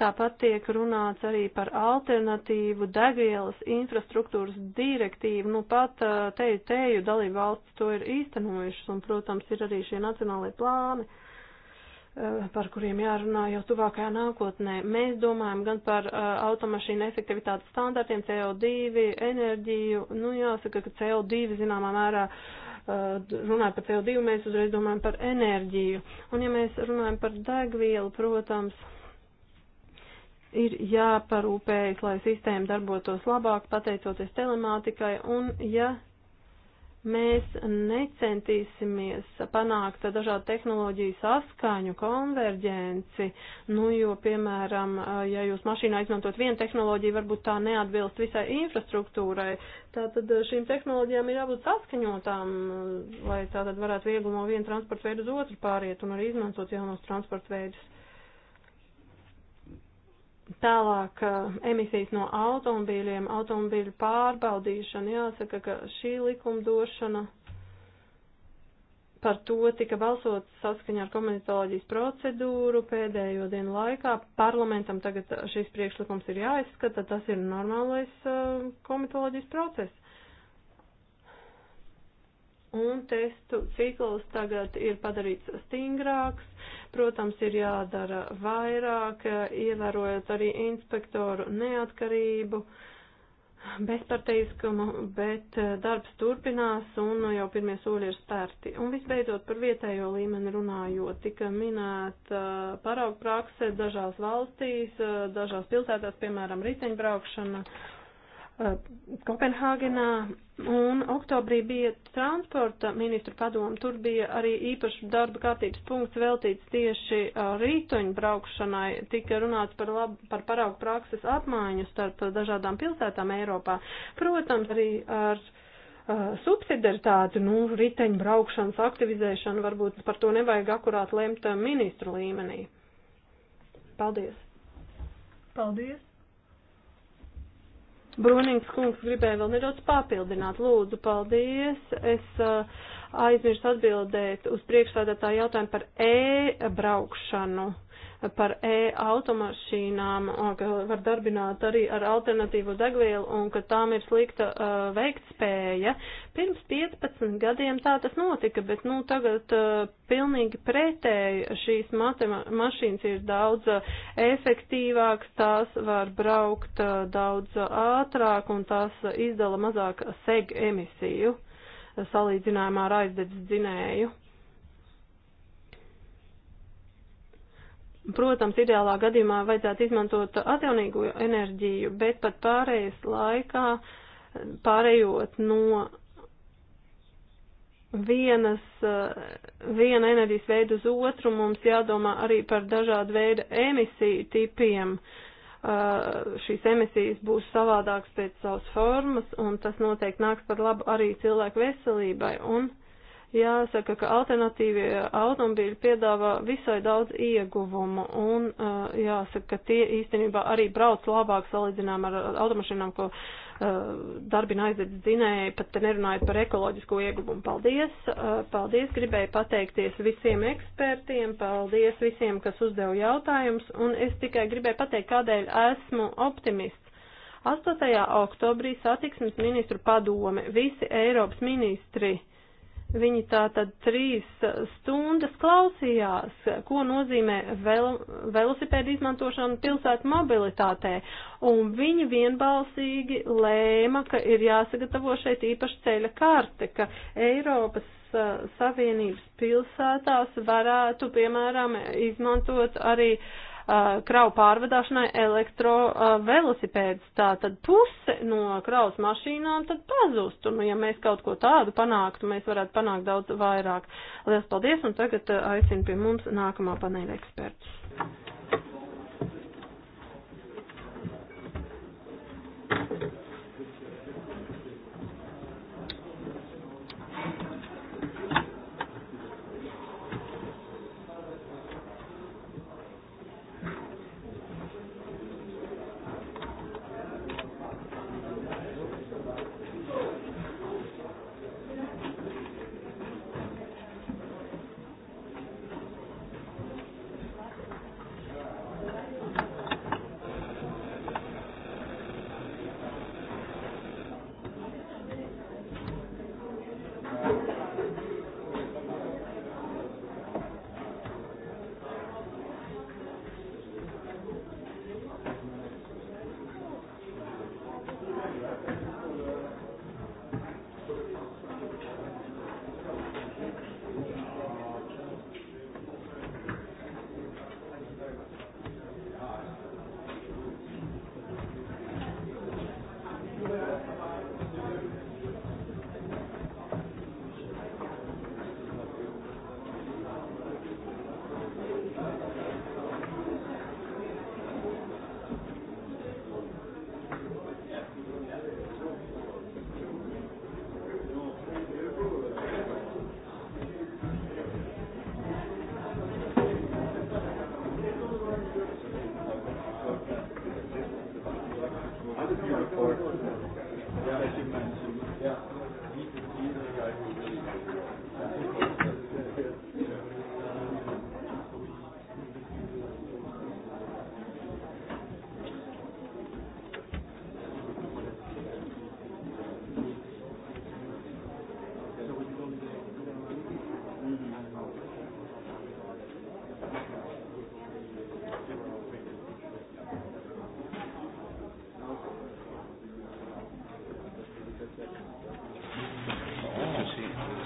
B: Tāpat tiek runāts arī par alternatīvu degvielas infrastruktūras direktīvu. Nu, pat teju, teju dalību valsts to ir īstenojušas, un, protams, ir arī šie nacionālie plāni, par kuriem jārunā jau tuvākajā nākotnē. Mēs domājam gan par automašīnu efektivitātes standartiem, CO2, enerģiju. Nu, jāsaka, ka CO2 zināmā mērā runājot par CO2, mēs uzreiz domājam par enerģiju. Un, ja mēs runājam par degvielu, protams, ir jāparūpējas, lai sistēma darbotos labāk, pateicoties telemātikai, un ja mēs necentīsimies panākt dažādu tehnoloģiju saskaņu, konverģenci, nu jo, piemēram, ja jūs mašīnā izmantot vienu tehnoloģiju, varbūt tā neatbilst visai infrastruktūrai, tātad šīm tehnoloģijām ir jābūt saskaņotām, lai tātad varētu viegli no viena transporta veida uz otru pāriet un arī izmantot jaunos transporta veidus. Tālāk eh, emisijas no automobīļiem, automobīļu pārbaudīšana, jāsaka, ka šī likumdošana par to tika balsots saskaņā ar komunitoloģijas procedūru pēdējo dienu laikā. Parlamentam tagad šis priekšlikums ir jāizskata, tas ir normālais eh, komitoloģijas process un testu cikls tagad ir padarīts stingrāks. Protams, ir jādara vairāk, ievērojot arī inspektoru neatkarību, bezparteiskumu, bet eh, darbs turpinās un jau pirmie soļi ir spērti. Un visbeidzot par vietējo līmeni runājot, tika minēta eh, paraugu prakse dažās valstīs, eh, dažās pilsētās, piemēram, riteņbraukšana. Kopenhāgenā Un oktobrī bija transporta ministru padomu, tur bija arī īpaši darba kārtības punkts veltīts tieši rītoņu braukšanai, tika runāts par, lab, par paraugu prakses apmaiņu starp dažādām pilsētām Eiropā. Protams, arī ar uh, subsidiaritāti, nu, riteņu braukšanas aktivizēšanu, varbūt par to nevajag akurāt lemt ministru līmenī. Paldies! Paldies! Brunings kungs gribēja vēl nedaudz papildināt. Lūdzu, paldies. Es uh, aizmirsu atbildēt uz priekšsādātāju jautājumu par e-braukšanu par e-automašīnām, ka var darbināt arī ar alternatīvu degvielu un ka tām ir slikta uh, veiktspēja. Pirms 15 gadiem tā tas notika, bet nu tagad uh, pilnīgi pretēji šīs mašīnas ir daudz efektīvākas, tās var braukt uh, daudz ātrāk un tās izdala mazāk seg emisiju salīdzinājumā ar aizdedzinājumu. Protams, ideālā gadījumā vajadzētu izmantot atjaunīgo enerģiju, bet pat pārējais laikā, pārējot no vienas, viena enerģijas veidu uz otru, mums jādomā arī par dažādu veidu emisiju tipiem. Uh, šīs emisijas būs savādākas pēc savas formas, un tas noteikti nāks par labu arī cilvēku veselībai. Un, uh, Jāsaka, ka alternatīvie automobīļi piedāvā visai daudz ieguvumu un uh, jāsaka, ka tie īstenībā arī brauc labāk salīdzinām ar automašīnām, ko uh, darbina aizdedz dzinēji, pat te nerunājot par ekoloģisko ieguvumu. Paldies! Uh, paldies! Gribēju pateikties visiem ekspertiem, paldies visiem, kas uzdeva jautājumus, un es tikai gribēju pateikt, kādēļ esmu optimists. 8. oktobrī satiksmes ministru padome, visi Eiropas ministri Viņi tā tad trīs stundas klausījās, ko nozīmē vel, velosipēdu izmantošana pilsētu mobilitātē, un viņi vienbalsīgi lēma, ka ir jāsagatavo šeit īpaši ceļa karte, ka Eiropas uh, Savienības pilsētās varētu, piemēram, izmantot arī uh, Uh, kravu pārvadāšanai elektrovelosipēdus. Tā tad puse no kravas mašīnām tad pazustu. Nu, ja mēs kaut ko tādu panāktu, mēs varētu panākt daudz vairāk. Lielas paldies, un tagad uh, aicinu pie mums nākamā paneļa ekspertus.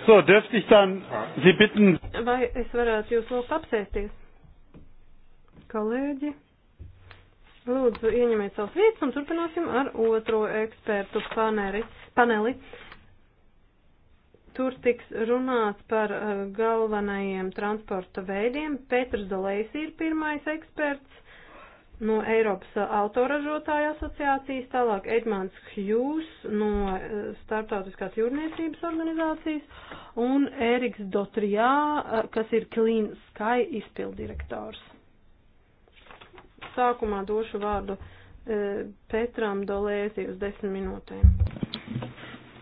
B: So, dürfte ich dann Sie bitten. Vai es varētu jūs lūgt apsēsties? Kolēģi, lūdzu ieņemiet savus vietas un turpināsim ar otro ekspertu paneri, paneli. Tur tiks runāts par eh, galvenajiem transporta veidiem. Petrs Dolejs ir pirmais eksperts no Eiropas autoražotāja asociācijas, tālāk Edmunds Hughes no eh, Startautiskās jūrniecības organizācijas un Eriks Dotrijā, eh, kas ir Clean Sky izpildirektors. Sākumā došu vārdu eh, Petram Dolēzi uz desmit minūtēm.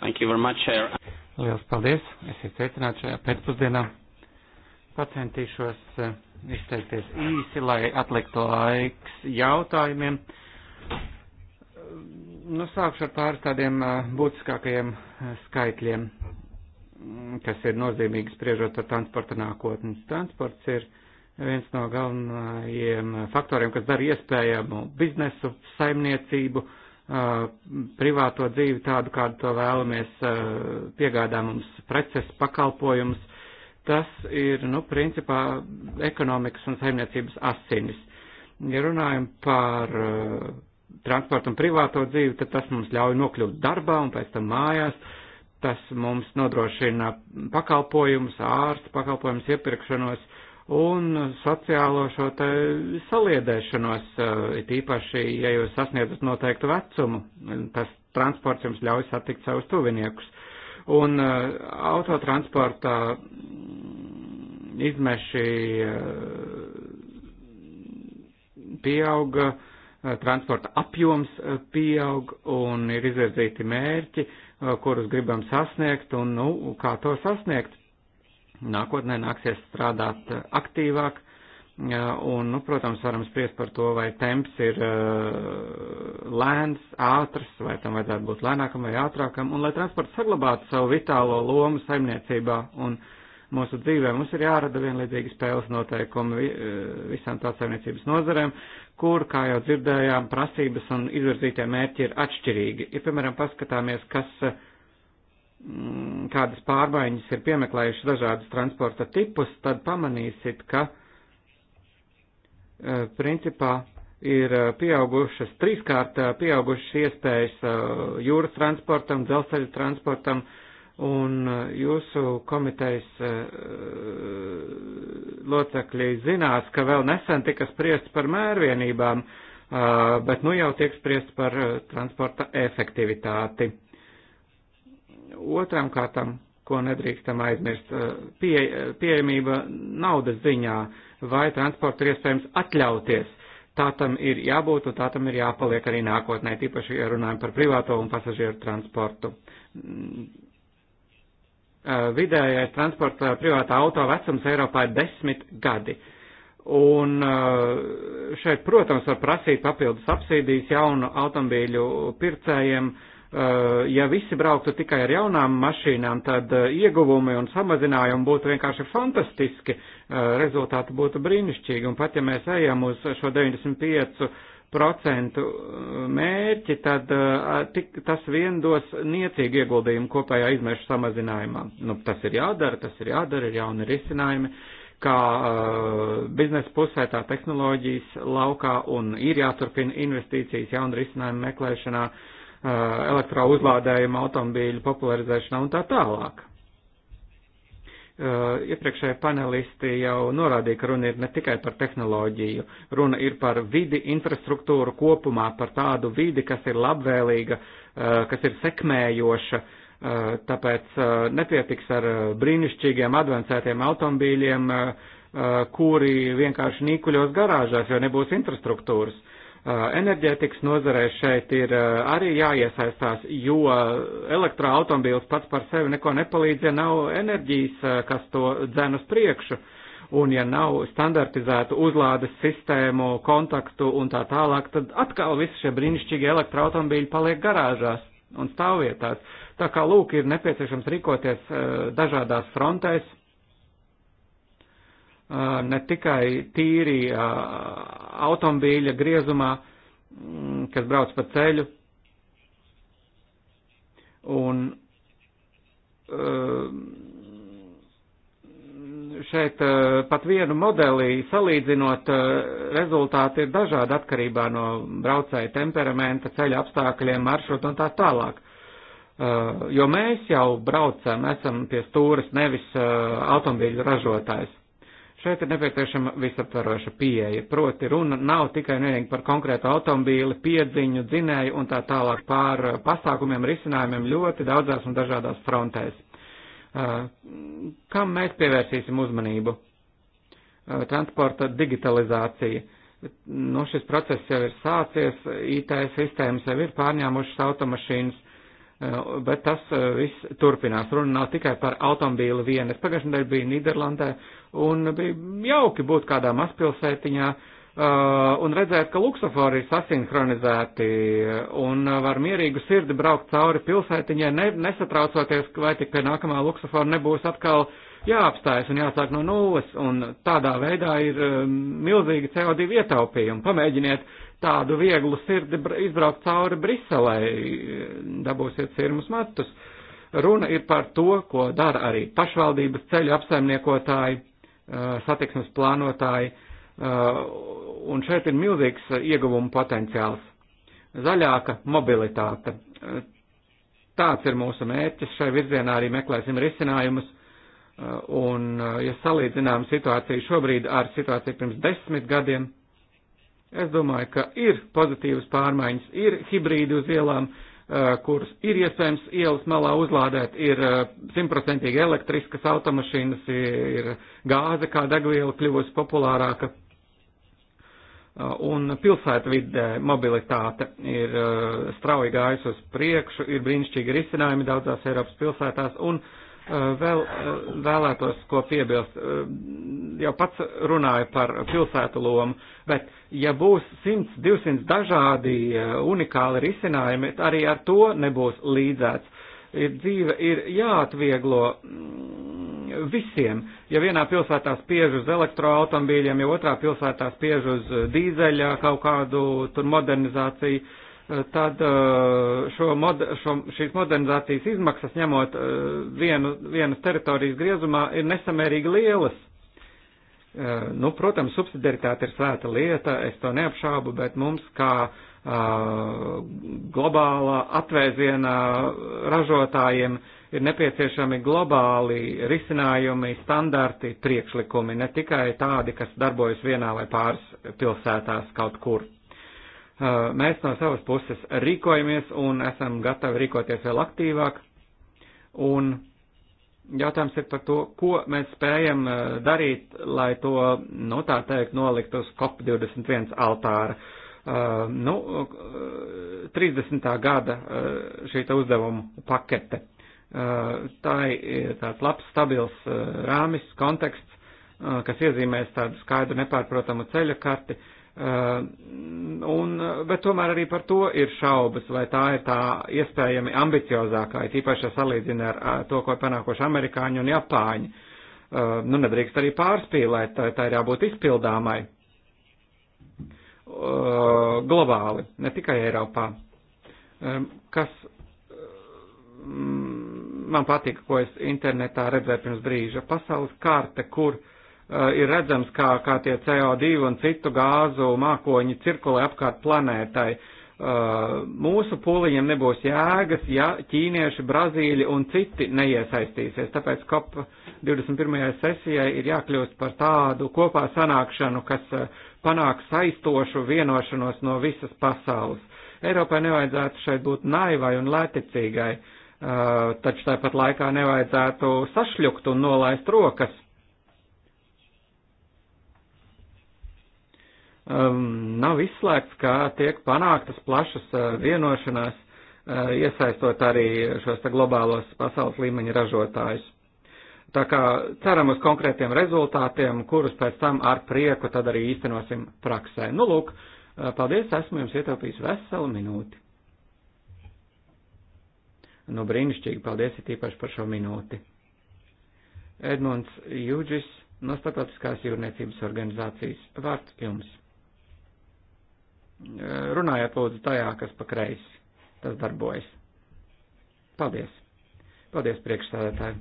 A: Thank you very much, Chair. Liels paldies! Es esmu sveicināts šajā pēcpusdienā. Pacentīšos uh, izteikties īsi, lai atliktu laiks jautājumiem. Nu, sākšu ar pāris tādiem būtiskākajiem skaitļiem, kas ir nozīmīgi spriežot par transporta nākotnes. Transports ir viens no galvenajiem faktoriem, kas dara iespējamu biznesu, saimniecību, privāto dzīvi tādu, kādu to vēlamies, piegādā mums preces, pakalpojumus tas ir, nu, principā ekonomikas un saimniecības asinis. Ja runājam par uh, transportu un privāto dzīvi, tad tas mums ļauj nokļūt darbā un pēc tam mājās. Tas mums nodrošina pakalpojumus, ārsts pakalpojumus, iepirkšanos un sociālo šo te saliedēšanos, uh, it īpaši, ja jūs sasniedzat noteiktu vecumu, tas transports jums ļauj satikt savus tuviniekus Un eh, autotransportā mm, izmeši eh, pieauga, eh, transporta apjoms pieaug un ir izvirzīti mērķi, kurus gribam sasniegt un, nu, kā to sasniegt. Nākotnē nāksies strādāt aktīvāk, Un, nu, protams, varam spriest par to, vai temps ir uh, lēns, ātrs, vai tam vajadzētu būt lēnākam vai ātrākam. Un, lai transports saglabātu savu vitālo lomu saimniecībā un mūsu dzīvē, mums ir jārada vienlīdzīgi spēles noteikumi uh, visām tās saimniecības nozarēm, kur, kā jau dzirdējām, prasības un izvirzītie mērķi ir atšķirīgi. Ja, piemēram, paskatāmies, kas uh, kādas pārmaiņas ir piemeklējuši dažādas transporta tipus, tad pamanīsit, ka uh, Eh, principā ir eh, pieaugušas trīskārt eh, pieaugušas iespējas jūras transportam, dzelzceļa transportam, un jūsu komitejas locekļi zinās, ka vēl nesen tika spriests par mērvienībām, bet nu jau tiek spriests par transporta efektivitāti. Otram kārtam, ko nedrīkstam aizmirst, pie, pieejamība naudas ziņā vai transportu ir iespējams atļauties. Tā tam ir jābūt un tā tam ir jāpaliek arī nākotnē, tīpaši, ja runājam par privāto un pasažieru transportu. Mm. Eh, vidējais transporta eh, privātā auto vecums Eiropā ir desmit gadi. Un eh, šeit, protams, var prasīt papildus apsīdīs jaunu automobīļu pircējiem. Ja visi brauktu tikai ar jaunām mašīnām, tad ieguvumi un samazinājumi būtu vienkārši fantastiski. Eh, rezultāti būtu brīnišķīgi. Un pat ja mēs ejam uz šo 95% eh, mērķi, tad eh, tik, tas vien dos niecīgu ieguldījumu kopējā izmešu samazinājumā. Nu, tas ir jādara, tas ir jādara, ir jauni risinājumi kā uh, biznesa pusē, tā tehnoloģijas laukā un ir jāturpina investīcijas jaunu risinājumu meklēšanā, uh, elektrouzlādējuma automobīļu popularizēšanā un tā tālāk. Eh, Iepriekšēji panelisti jau norādīja, ka runa ir ne tikai par tehnoloģiju, runa ir par vidi, infrastruktūru kopumā, par tādu vidi, kas ir labvēlīga, eh, kas ir sekmējoša, eh, tāpēc nepietiks ar brīnišķīgiem advancētiem automobīļiem, kuri vienkārši nīkuļos garāžās, jo nebūs infrastruktūras enerģētikas nozarē šeit ir arī jāiesaistās, jo elektroautomobīls pats par sevi neko nepalīdz, ja nav enerģijas, kas to dzēn uz priekšu. Un ja nav standartizētu uzlādes sistēmu, kontaktu un tā tālāk, tad atkal visi šie brīnišķīgi elektroautomobīļi paliek garāžās un stāvvietās. Tā kā lūk, ir nepieciešams rīkoties dažādās frontēs, ne tikai tīri automobīļa griezumā, mm, kas brauc pa ceļu, un šeit pat vienu modeli salīdzinot rezultāti ir dažādi atkarībā no braucēja temperamenta, ceļa apstākļiem, maršrutu un tā tālāk. Jo mēs jau braucam, esam pie stūras, nevis automobīļu ražotājs. Šeit ir nepieciešama visaptvaroša pieeja, proti runa nav tikai un vienīgi par konkrētu automobīli, piedziņu, dzinēju un tā tālāk pār eh, pasākumiem, risinājumiem ļoti daudzās un dažādās frontēs. Eh, kam mēs pievērsīsim uzmanību? Eh, transporta digitalizācija. Nu, šis process jau ir sācies, IT sistēmas jau ir pārņēmušas automašīnas, bet tas viss turpinās. Runa nav tikai par automobīlu vienu. Es pagājušajā nedēļā biju Nīderlandē, un bija jauki būt kādā mazpilsētiņā uh, un redzēt, ka luksofori ir sasinhronizēti un uh, var mierīgu sirdi braukt cauri pilsētiņai, ne, nesatraucoties, vai tik pie nākamā luksofora nebūs atkal jāapstājas un jāsāk no nulles, un tādā veidā ir um, milzīgi CO2 ietaupījumi. Pamēģiniet tādu vieglu sirdi izbraukt cauri Briselē, dabūsiet sirmus matus. Runa ir par to, ko dara arī pašvaldības ceļu apsaimniekotāji Uh, satiksmes plānotāji, uh, un šeit ir milzīgs uh, ieguvuma potenciāls. Zaļāka mobilitāte. Tāds ir mūsu mērķis, šai virzienā arī meklēsim risinājumus, un, ja salīdzinām situāciju šobrīd ar situāciju pirms desmit gadiem, es domāju, ka ir pozitīvas pārmaiņas, ir hibrīdi uz ielām, uh, Uh, kurus ir iespējams ielas malā uzlādēt, ir uh, simtprocentīgi elektriskas automašīnas, ir gāze kā degviela kļuvusi populārāka. Uh, un pilsētvidē mobilitāte ir strauji gājusi uz priekšu, ir brīnišķīgi risinājumi daudzās Eiropas pilsētās, un uh, Eh, vēl eh, vēlētos ko piebilst. Eh, jau pats runāju par pilsētu lomu, bet ja būs 100, 200 dažādi unikāli risinājumi, arī ar to nebūs līdzēts. Ir dzīve ir jāatvieglo mm, visiem. Ja vienā pilsētā spiež uz elektroautomobīļiem, ja otrā pilsētā spiež uz dīzeļa kaut kādu tur modernizāciju, uh, Eh, tad eh, šo mod, šo, šīs modernizācijas izmaksas ņemot eh, vienu, vienas teritorijas griezumā ir nesamērīgi lielas. Nu, protams, subsidiaritāte ir svēta lieta, es to neapšābu, bet mums kā globālā atvēziena ražotājiem ir nepieciešami globāli risinājumi, standarti, priekšlikumi, ne tikai tādi, kas darbojas vienā vai pāris pilsētās kaut kur. Eh, mēs no savas puses rīkojamies un esam gatavi rīkoties vēl aktīvāk. Un jautājums ir par to, ko mēs spējam eh, darīt, lai to, nu tā teikt, nolikt uz COP21 altāra. Uh, nu, 30. gada šī uzdevuma pakete. Uh, tā ir tāds labs, stabils rāmis, konteksts, kas iezīmēs tādu skaidru nepārprotamu ceļa karti, Eh, un, bet tomēr arī par to ir šaubas, vai tā ir tā iespējami ambiciozākā, it īpaši salīdzina ar eh, to, ko panākoši amerikāņi un japāņi. Eh, nu, nedrīkst arī pārspīlēt, tā, tā ir jābūt izpildāmai globāli, ne tikai Eiropā. Kas mm, man patika, ko es internetā redzēju pirms brīža, pasaules kārta, kur uh, Eh, ir redzams, kā, kā tie CO2 un citu gāzu mākoņi cirkulē apkārt planētai. Eh, mūsu pūliņiem nebūs jēgas, ja ķīnieši, brazīļi un citi neiesaistīsies. Tāpēc COP 21. sesijai ir jākļūst par tādu kopā sanākšanu, kas eh, panāk saistošu vienošanos no visas pasaules. Eiropai nevajadzētu šeit būt naivai un lēticīgai, taču tāpat laikā nevajadzētu sašļukt un nolaist rokas um, nav izslēgts, ka tiek panāktas plašas uh, vienošanās, uh, iesaistot arī šos te globālos pasaules līmeņa ražotājus. Tā kā ceram uz konkrētiem rezultātiem, kurus pēc tam ar prieku tad arī īstenosim praksē. Nu, lūk, uh, paldies, esmu jums ietaupījis veselu minūti. Nu, brīnišķīgi, paldies it īpaši par šo minūti. Edmunds Jūģis no Startautiskās jūrniecības organizācijas. Vārds jums. Runājiet lūdzu tajā, kas pa kreisi. Tas darbojas. Paldies. Paldies priekšstādātāji.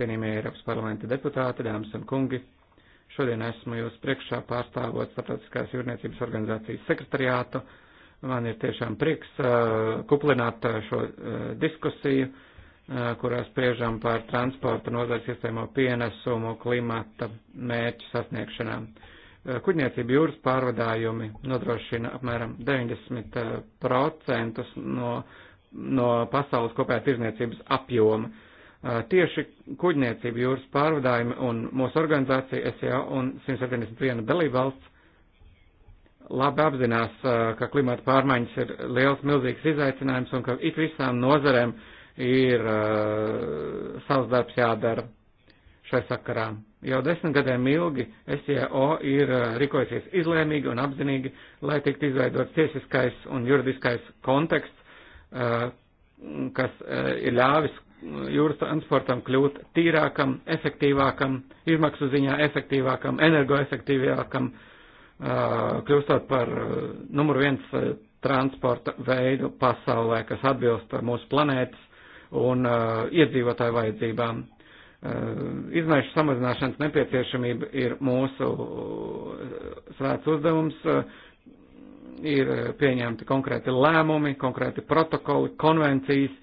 A: Cienījamie Eiropas parlamenta deputāti, dāmas un kungi. Šodien esmu jūs priekšā pārstāvot Starptautiskās jūrniecības organizācijas sekretariātu. Man ir tiešām prieks uh, kuplināt šo uh, diskusiju, uh, kurā spriežam par transporta nozares iespējamo pienesumu klimata mērķu sasniegšanām. Uh, Eh, kuģniecība jūras pārvadājumi nodrošina apmēram 90% eh, no, no pasaules kopējā tirzniecības apjoma. Eh, tieši kuģniecība jūras pārvadājumi un mūsu organizācija SEA un 171 dalībvalsts labi apzinās, ka klimata pārmaiņas ir liels, milzīgs izaicinājums un ka it visām nozarēm ir uh, savs darbs jādara šai sakarā. Jau desmit gadiem ilgi SJO e ir uh, rīkojusies izlēmīgi un apzinīgi, lai tiktu izveidots tiesiskais un juridiskais konteksts, uh, kas uh, ir ļāvis jūras transportam kļūt tīrākam, efektīvākam, izmaksu ziņā efektīvākam, energoefektīvākam, kļūstot par numur viens transporta veidu pasaulē, kas atbilst mūsu planētas un iedzīvotāju vajadzībām. Eh, Izmaiņu samazināšanas nepieciešamība ir mūsu eh, svēts uzdevums, eh, ir pieņemti konkrēti lēmumi, konkrēti protokoli, konvencijas,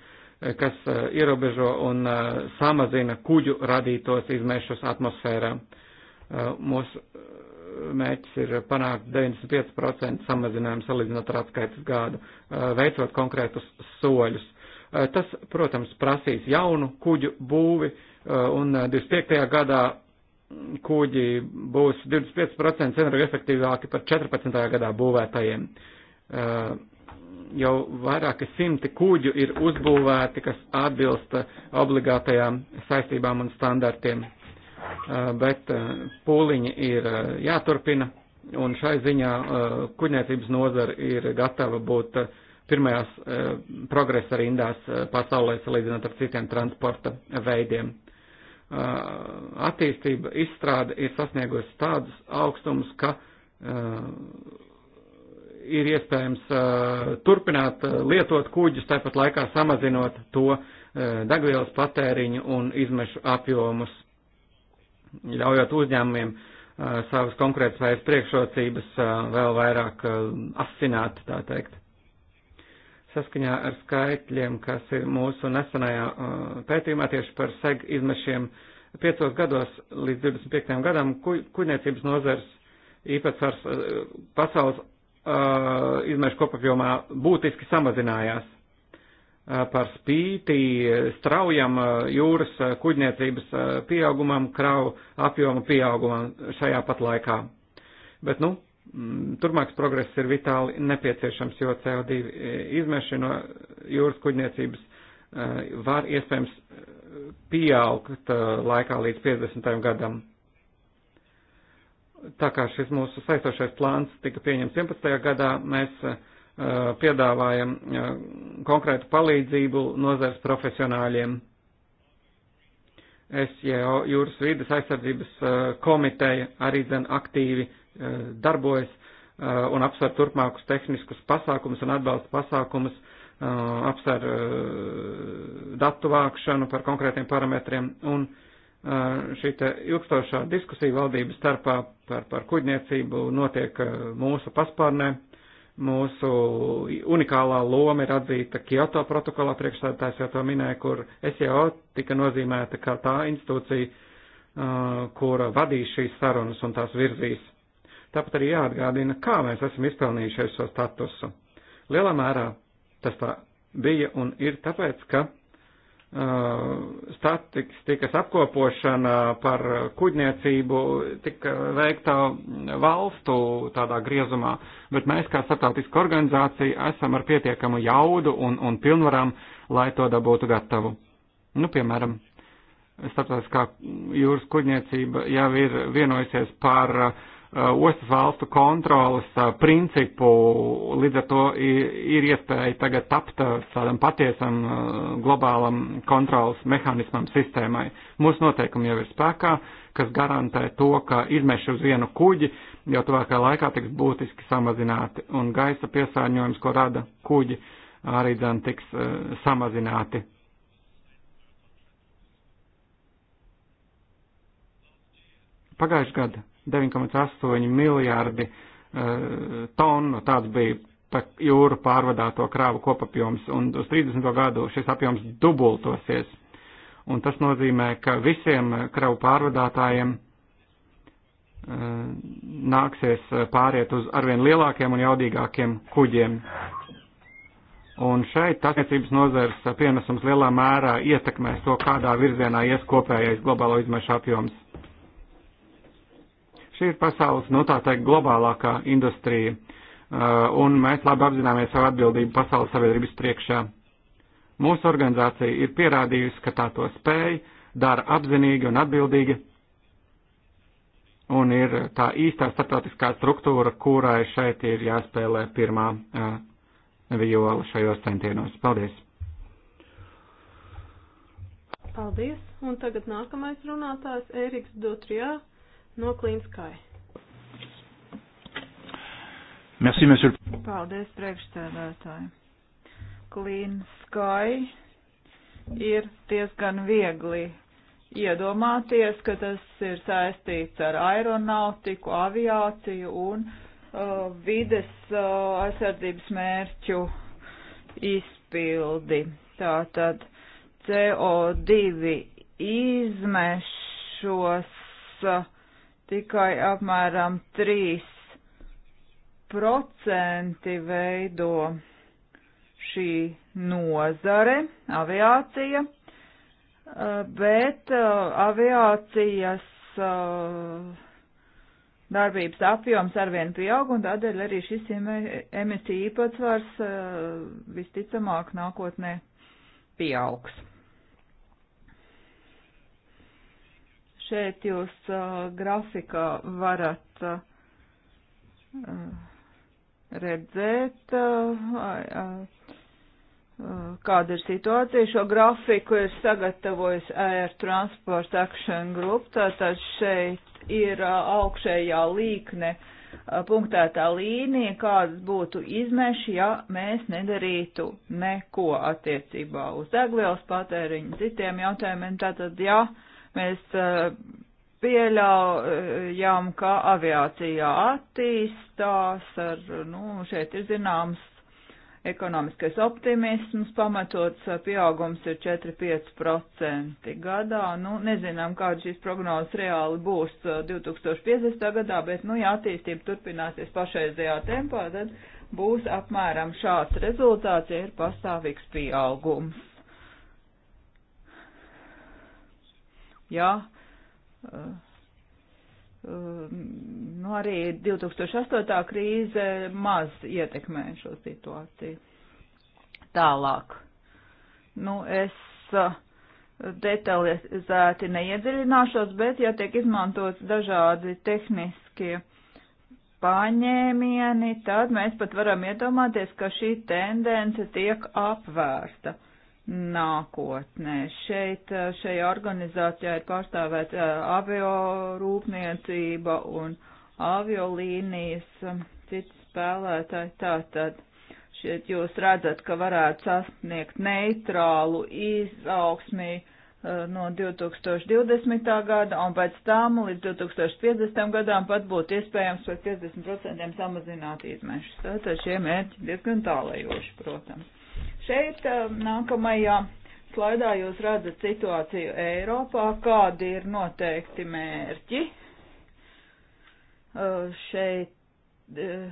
A: kas ierobežo un samazina kuģu radītos izmešus atmosfērā. Mūsu mērķis ir panākt 95% samazinājumu salīdzinot ar atskaitas gādu, veicot konkrētus soļus. Tas, protams, prasīs jaunu kuģu būvi, uh, Uh, un 25. Uh, gadā kuģi būs 25% energoefektīvāki par 14. gadā būvētajiem. Uh, jau vairāki simti kuģu ir uzbūvēti, kas atbilst obligātajām saistībām un standartiem. Bet pūliņi ir jāturpina, un šai ziņā kuģniecības nozara ir gatava būt pirmajās progresa rindās pasaulē salīdzinot ar citiem transporta veidiem attīstība, izstrāde ir sasniegusi tādus augstumus, ka ir iespējams turpināt lietot kuģus, tāpat laikā samazinot to degvielas patēriņu un izmešu apjomus, ļaujot uzņēmumiem savas konkrētas vairs priekšrocības vēl vairāk asināt, tā teikt saskaņā ar skaitļiem, kas ir mūsu nesenajā uh, pētījumā tieši par seg izmešiem piecos gados līdz 25. gadam, kuģniecības nozars īpatsvars uh, pasaules uh, izmešu kopapjomā būtiski samazinājās par spīti straujam jūras kuģniecības pieaugumam, kravu apjomu pieaugumam šajā pat laikā. Bet, nu, Mm, Turmāks progress ir vitāli nepieciešams, jo CO2 izmeši no jūras kuģniecības eh, var iespējams eh, pieaugt eh, laikā līdz 50. gadam. Tā kā šis mūsu saistošais plāns tika pieņemts 11. gadā, mēs piedāvājam konkrētu palīdzību nozares profesionāļiem. SJO jūras vides aizsardzības komiteja arī dzen aktīvi Eh, darbojas eh, un apsver turpmākus tehniskus pasākumus un atbalsta pasākumus, eh, apsver datu vākšanu par konkrētiem parametriem un šī ilgstošā diskusija valdības starpā par, par kuģniecību notiek mūsu paspārnē. Mūsu unikālā loma ir atzīta Kyoto protokolā, priekšstādātājs jau to minēja, kur SEO tika nozīmēta kā tā institūcija, kura vadīs šīs sarunas un tās virzīs Tāpat arī jāatgādina, kā mēs esam izpelnījušies šo statusu. Lielā mērā tas tā bija un ir tāpēc, ka uh, statistikas apkopošana par kuģniecību tika veikta valstu tādā griezumā, bet mēs kā startautiska organizācija esam ar pietiekamu jaudu un, un pilnvaram, lai to dabūtu gatavu. Nu, piemēram, starptautiskā jūras kuģniecība jau ir vienojusies par uh, Uh, ostas valstu kontrolas uh, principu, līdz ar to ir, ir iespēja tagad tapt uh, tādam patiesam globālam kontrolas mehānismam sistēmai. Mūsu noteikumi jau ir spēkā, kas garantē to, ka izmeši uz vienu kuģi jau tuvākajā laikā tiks būtiski samazināti un gaisa piesārņojums, ko rada kuģi, arī dzen tiks uh, samazināti. Pagājuši gadu 9,8 miljārdi eh, tonu, tāds bija pa jūru pārvadāto krāvu kopapjoms, un uz 30. gadu šis apjoms dubultosies. Un tas nozīmē, ka visiem eh, kravu pārvadātājiem eh, nāksies pāriet uz arvien lielākiem un jaudīgākiem kuģiem. Un šeit tasniecības nozars pienesums lielā mērā ietekmēs to, kādā virzienā ies kopējais globālo izmešu apjoms. Šī ir pasaules, nu tā teikt, globālākā industrija, uh, un mēs labi apzināmies savu atbildību pasaules sabiedrības priekšā. Mūsu organizācija ir pierādījusi, ka tā to spēj, dara apzinīgi un atbildīgi, un ir tā īstā starptautiskā struktūra, kurai šeit ir jāspēlē pirmā uh, viola šajos centienos. Paldies!
B: Paldies! Un tagad nākamais runātājs Ēriks Dotrijā,
C: no Klinskai. Merci, monsieur. Paldies, priekšstādātāji. Klinskai ir diezgan viegli iedomāties, ka tas ir saistīts ar aeronautiku, aviāciju un uh, vides uh, aizsardzības mērķu izpildi. Tātad CO2 izmešos uh, tikai apmēram 3% veido šī nozare, aviācija, eh, bet eh, aviācijas eh, darbības apjoms arvien pieaug, un tādēļ arī šis emisiju īpatsvars visticamāk nākotnē pieaugs. Šeit jūs uh, grafikā varat uh, redzēt, uh, kāda ir situācija. Šo grafiku ir sagatavojis Air Transport Action Group, tātad šeit ir augšējā līkne punktētā līnija, kādas būtu izmeši, ja mēs nedarītu neko attiecībā uz degvielas patēriņu, citiem jautājumiem. Tātad, ja Mēs pieļaujam, ka aviācijā attīstās ar, nu, šeit ir zināms ekonomiskais optimisms, pamatots pieaugums ir 4-5% gadā. Nu, nezinām, kāda šīs prognozes reāli būs 2050. gadā, bet, nu, ja attīstība turpināsies pašreizajā tempā, tad būs apmēram šāds rezultāts, ja ir pastāvīgs pieaugums. Jā, eh, eh, nu arī 2008. krīze maz ietekmē šo situāciju. Tālāk. Nu, es uh, detalizēti neiedziļināšos, bet ja tiek izmantots dažādi tehniskie paņēmieni, tad mēs pat varam iedomāties, ka šī tendence tiek apvērsta nākotnē. Šeit, eh, šajā organizācijā ir pārstāvēt eh, avio rūpniecība un aviolīnijas eh, citi spēlētāji. Tātad šeit jūs redzat, ka varētu sasniegt neitrālu izaugsmī no 2020. gada, un pēc tam līdz 2050. gadām pat būtu iespējams par 50% samazināt izmešus. Tātad šie mērķi diezgan tālajoši, protams. Šeit eh, nākamajā slaidā jūs redzat situāciju Eiropā, kādi ir noteikti mērķi. Eh, šeit eh,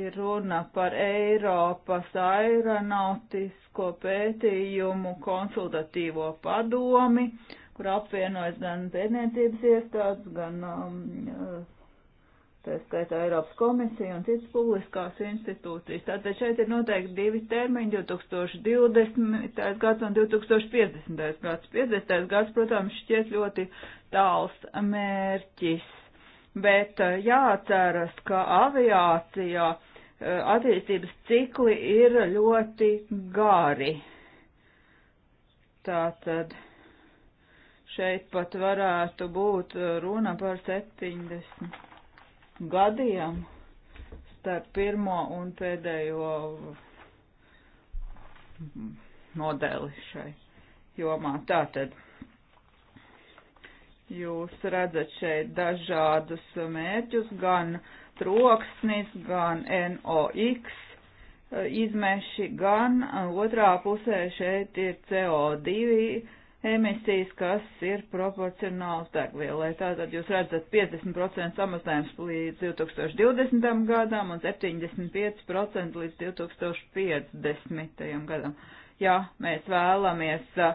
C: ir runa par Eiropas aeronautisko pētījumu konsultatīvo padomi, kur apvienojas gan pētniecības iestādes, gan um, tā skaitā Eiropas komisija un citas publiskās institūcijas. Tātad šeit ir noteikti divi termiņi - 2020. gads un 2050. gads. 50. gads, protams, šķiet ļoti tāls mērķis, bet eh, jāceras, ka aviācijā eh, attīstības cikli ir ļoti gari. Tātad šeit pat varētu būt eh, runa par 70 gadiem starp pirmo un pēdējo modeli šai jomā. Tātad jūs redzat šeit dažādus mērķus, gan troksnis, gan NOx izmeši, gan otrā pusē šeit ir CO2 emisijas, kas ir proporcionāls degvielai. Tātad jūs redzat 50% samazinājums līdz 2020. gadam un 75% līdz 2050. gadam. Ja mēs vēlamies uh,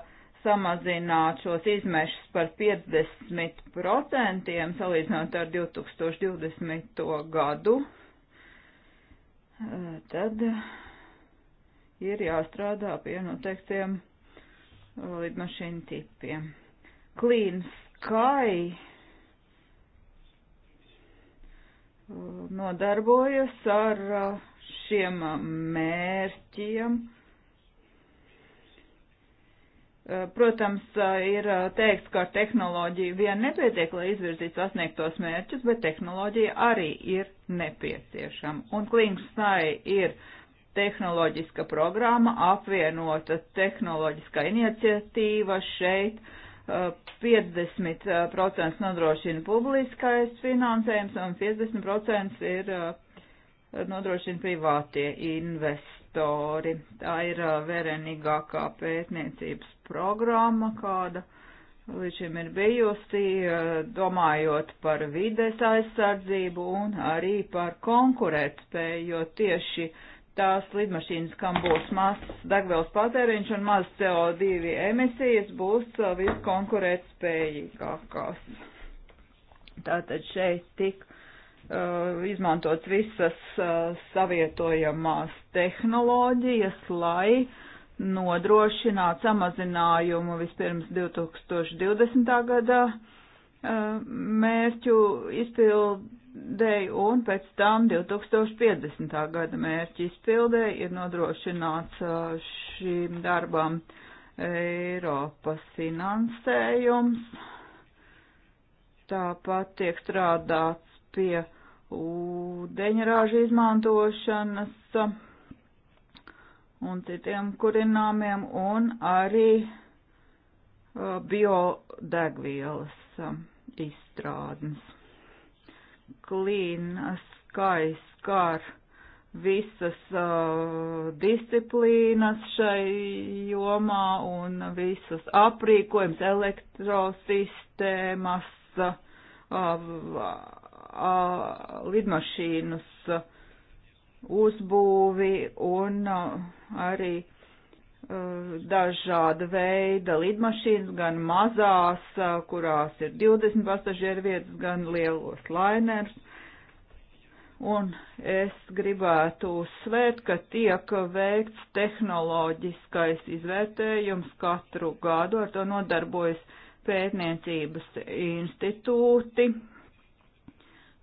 C: samazināt šos izmešus par 50% salīdzinot ar 2020. gadu, uh, tad ir jāstrādā pie noteiktiem. Nu, lidmašīnu tipiem. Clean Sky uh, nodarbojas ar uh, šiem uh, mērķiem. Protams, ir teikts, ka ar tehnoloģiju vien nepietiek, lai izvirzītu sasniegtos mērķus, bet tehnoloģija arī ir nepieciešama. Un Klingsai ir uh, tehnoloģiska programma, apvienota tehnoloģiskā iniciatīva šeit. 50% uh, uh, nodrošina publiskais finansējums un 50% ir uh, nodrošina privātie investori. Tā ir verenīgākā pētniecības programma, kāda līdz šim ir bijusi, domājot par vides aizsardzību un arī par konkurētspēju, jo tieši uh, tās lidmašīnas, kam būs mazs degvielas patēriņš un maz CO2 emisijas, būs uh, viskonkurēt spējīgākās. Tātad šeit tik uh, izmantots visas uh, savietojamās tehnoloģijas, lai nodrošināt samazinājumu vispirms 2020. gadā uh, mērķu izpildu dēļ un pēc tam 2050. gada mērķi izpildē ir nodrošināts šīm darbām Eiropas finansējums. Tāpat tiek strādāts pie ūdeņrāža izmantošanas un citiem kurināmiem un arī biodegvielas izstrādnes klīnas skaiskār visas uh, disciplīnas šai jomā un visas aprīkojums, elektrosistēmas, uh, uh, uh, lidmašīnas uh, uzbūvi un uh, arī Eh, dažāda veida lidmašīnas, gan mazās, eh, kurās ir 20 pasažieru vietas, gan lielos lainerus. Un es gribētu uzsvērt, ka tiek veikts tehnoloģiskais izvērtējums katru gadu, ar to nodarbojas pētniecības institūti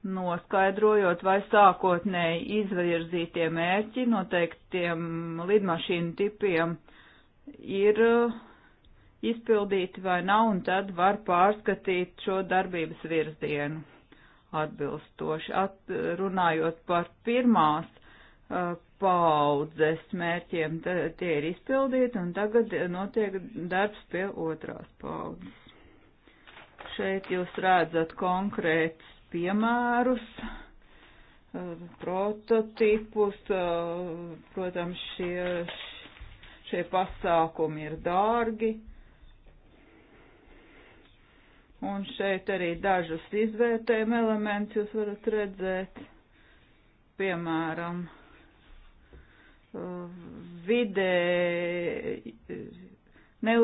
C: noskaidrojot, vai sākotnēji izvirzītie mērķi noteiktiem lidmašīnu tipiem ir uh, izpildīti vai nav, un tad var pārskatīt šo darbības virzienu atbilstoši. At, runājot par pirmās uh, paudzes mērķiem, tie ir izpildīti, un tagad notiek darbs pie otrās paudzes. Šeit jūs redzat konkrēts piemērus, eh, prototipus. Eh, protams, šie, šie pasākumi ir dārgi. Un šeit arī dažus izvērtējuma elementus jūs varat redzēt. Piemēram, eh, vidē, ne,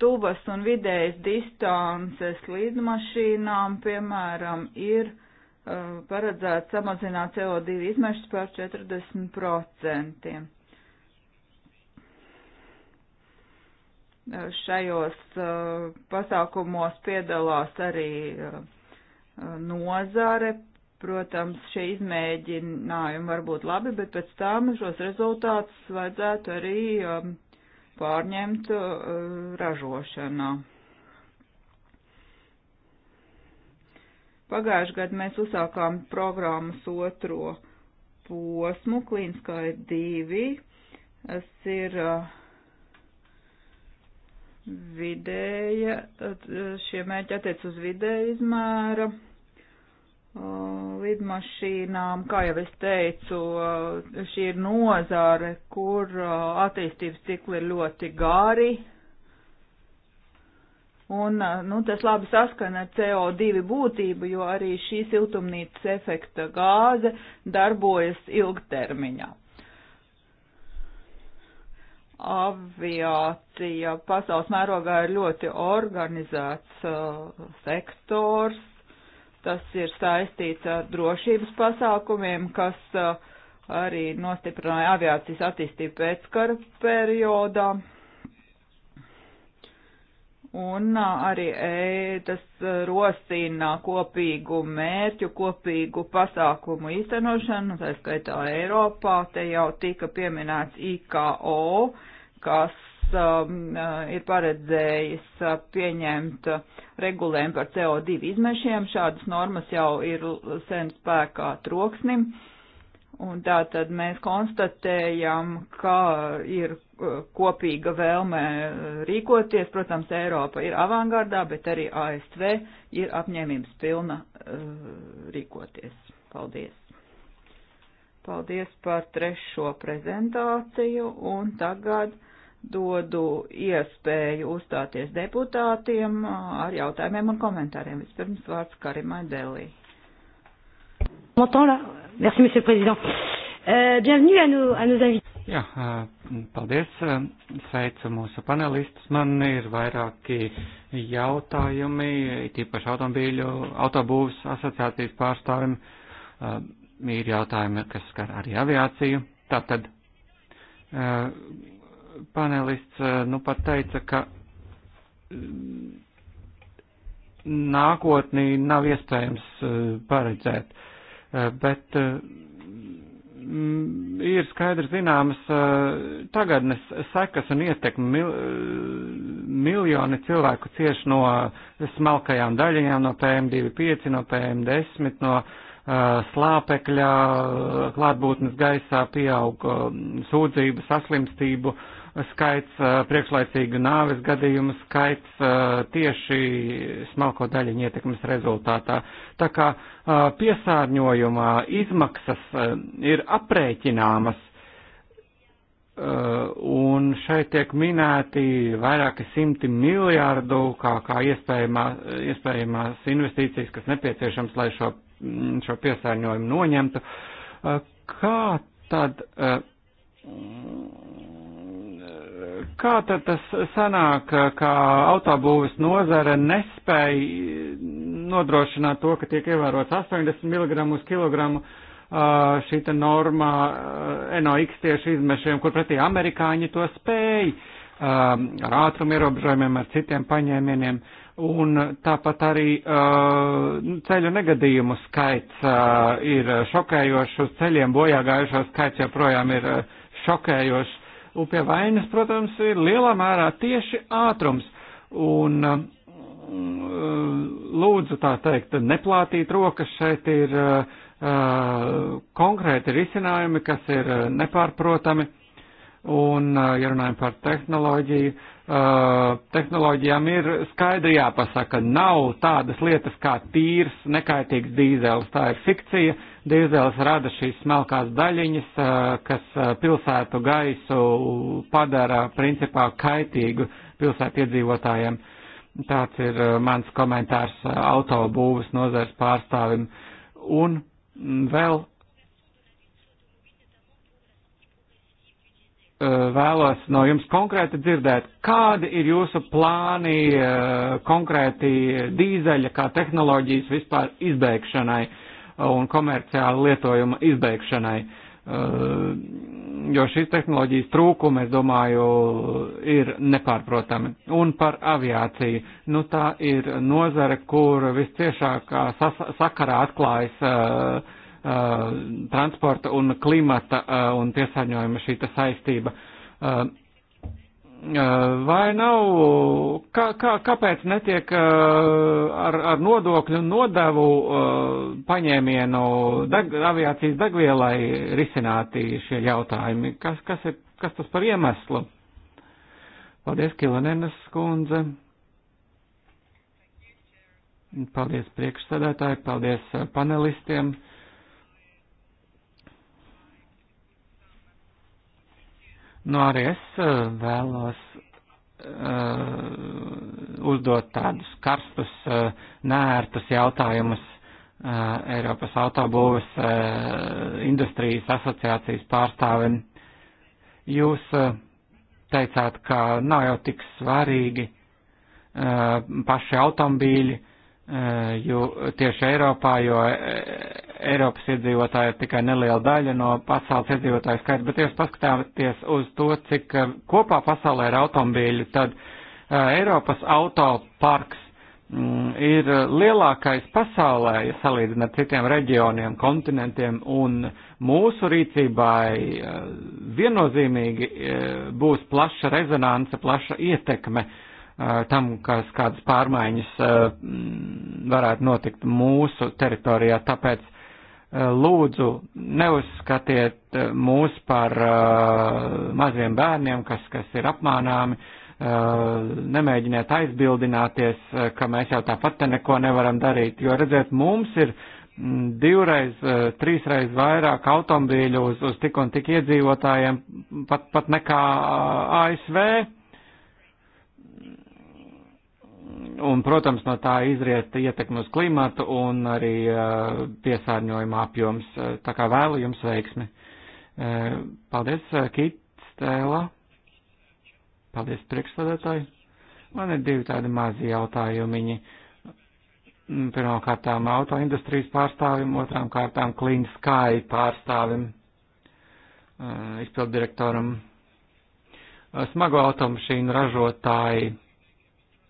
C: tuvas un vidējas distances lidmašīnām, piemēram, ir uh, paredzēts samazināt CO2 izmešus par 40%. Uh, šajos uh, pasākumos piedalās arī uh, uh, nozare. Protams, šie izmēģinājumi var būt labi, bet pēc tam šos rezultātus vajadzētu arī um, pārņemt eh, ražošanā. Pagājuši gadu mēs uzsākām programmas otro posmu, klīniskai divi. Tas ir eh, vidēja, eh, šie mērķi attiec uz vidēja izmēra Uh, lidmašīnām, kā jau es teicu, uh, šī ir nozare, kur uh, attīstības cikli ir ļoti gari. Un, nu, tas labi saskana ar CO2 būtību, jo arī šī siltumnīcas efekta gāze darbojas ilgtermiņā. Aviācija pasaules mērogā ir ļoti organizēts uh, sektors, Tas ir saistīts ar drošības pasākumiem, kas uh, arī nostiprināja aviācijas attīstību pēckara periodā. Un uh, arī e, tas uh, rosina kopīgu mērķu, kopīgu pasākumu īstenošanu, tā skaitā Eiropā, te jau tika pieminēts IKO, kas Um, uh, ir paredzējis uh, pieņemt uh, regulējumu par CO2 izmešiem. Šādas normas jau ir sen spēkā troksnim. Un tā tad mēs konstatējam, ka ir kopīga vēlme rīkoties. Protams, Eiropa ir avangardā, bet arī ASV ir apņēmības pilna rīkoties. Paldies! Paldies par trešo prezentāciju un tagad dodu iespēju uzstāties deputātiem ar jautājumiem un komentāriem. Vispirms vārds Karimai Delī. Merci, monsieur le président. Euh, bienvenue à nos, à nos invités.
A: Jā, paldies. Sveicu mūsu panelistus. Man ir vairāki jautājumi, tīpaši automobīļu, autobūvas asociācijas pārstāvim. Ir jautājumi, kas skar arī aviāciju. Tātad, panelists eh, nu pat teica, ka mm, nākotnī nav iespējams eh, paredzēt, eh, bet mm, ir skaidri zināmas tagadnes sekas un ietekmi. Mil, miljoni cilvēku cieši no smalkajām daļiņām, no PM2,5, no PM10, no uh, slāpekļa, klātbūtnes gaisā pieaug uh, sūdzību, saslimstību skaits, priekšlaicīgu nāves gadījumu skaits tieši smalko daļiņu ietekmes rezultātā. Tā kā piesārņojumā izmaksas ir aprēķināmas, un šeit tiek minēti vairāki simti miljārdu kā, kā iespējamā, iespējamās investīcijas, kas nepieciešams, lai šo, mm, šo piesārņojumu noņemtu. Kā tad kā tad tas sanāk, ka autobūves nozara nespēja nodrošināt to, ka tiek ievērots 80 mg uz kilogramu šī norma NOx tieši izmešiem, kur pretī amerikāņi to spēja ar ātrumu ierobežojumiem, ar citiem paņēmieniem. Un tāpat arī uh, ceļu negadījumu skaits uh, ir šokējošs, uz ceļiem bojā gājušo skaits joprojām ir uh, šokējošs Un pie vainas, protams, ir lielā mērā tieši ātrums. Un um, lūdzu tā teikt, neplātīt rokas šeit ir uh, konkrēti risinājumi, kas ir uh, nepārprotami. Un, uh, ja runājam par tehnoloģiju, Eh, tehnoloģijām ir skaidri jāpasaka, nav tādas lietas kā tīrs, nekaitīgs dīzels. Tā ir fikcija. Dīzels rada šīs smelkās daļiņas, eh, kas eh, pilsētu gaisu padara principā kaitīgu pilsētu iedzīvotājiem. Tāds ir mans komentārs autobūvas nozars pārstāvim. Un mm, vēl Eh, vēlos no jums konkrēti dzirdēt, kādi ir jūsu plāni eh, konkrēti dīzeļa kā tehnoloģijas vispār izbeigšanai eh, un komerciāla lietojuma izbeigšanai. Jo šīs tehnoloģijas trūkumi, es domāju, ir nepārprotami. Un par aviāciju. Nu, tā ir nozare, kur visciešākā sakarā atklājas Uh, transporta un klimata uh, un piesārņojuma šī saistība. Uh, vai nav, kā, kā, kāpēc netiek ar, ar nodokļu nodevu paņēmienu deg, aviācijas degvielai risināti šie jautājumi? Kas, kas, ir, kas tas par iemeslu? Paldies, Kilanenes kundze. Paldies priekšsēdētāji, paldies panelistiem Nu, arī es eh, vēlos uh, uzdot tādus karstus, uh, nērtus jautājumus uh, Eiropas autobūves uh, industrijas asociācijas pārstāvim. Jūs uh, teicāt, ka nav jau tik svarīgi uh, paši automobīļi, uh, jo tieši Eiropā, jo Eiropas iedzīvotāji ir tikai neliela daļa no pasaules iedzīvotāju skaita, bet, ja jūs paskatāties uz to, cik eh, kopā pasaulē ir automobīļu, tad eh, Eiropas autoparks mm, ir lielākais pasaulē, ja salīdzinām ar citiem reģioniem, kontinentiem, un mūsu rīcībai eh, viennozīmīgi būs plaša rezonance, plaša ietekme tam, kas kādas pārmaiņas varētu notikt mūsu teritorijā. Tāpēc Eh, lūdzu neuzskatiet eh, mūs par eh, maziem bērniem, kas, kas ir apmānāmi, nemēģiniet aizbildināties, ka mēs jau tāpat te neko nevaram darīt, jo redziet, mums ir mm, divreiz, trīsreiz vairāk automobīļu uz, uz tik un tik iedzīvotājiem, pat, pat nekā ASV un, protams, no tā izriet ietekmi uz klimatu un arī uh, piesārņojuma apjoms. Eh, tā kā vēlu jums veiksmi. Uh, paldies, Kit, Stēla. Paldies, priekšsēdētāji. Man ir divi tādi mazi jautājumiņi. Mm, Pirmām kārtām autoindustrijas pārstāvim, otrām kārtām Clean Sky pārstāvim, uh, izpildirektoram. Smago automašīnu ražotāji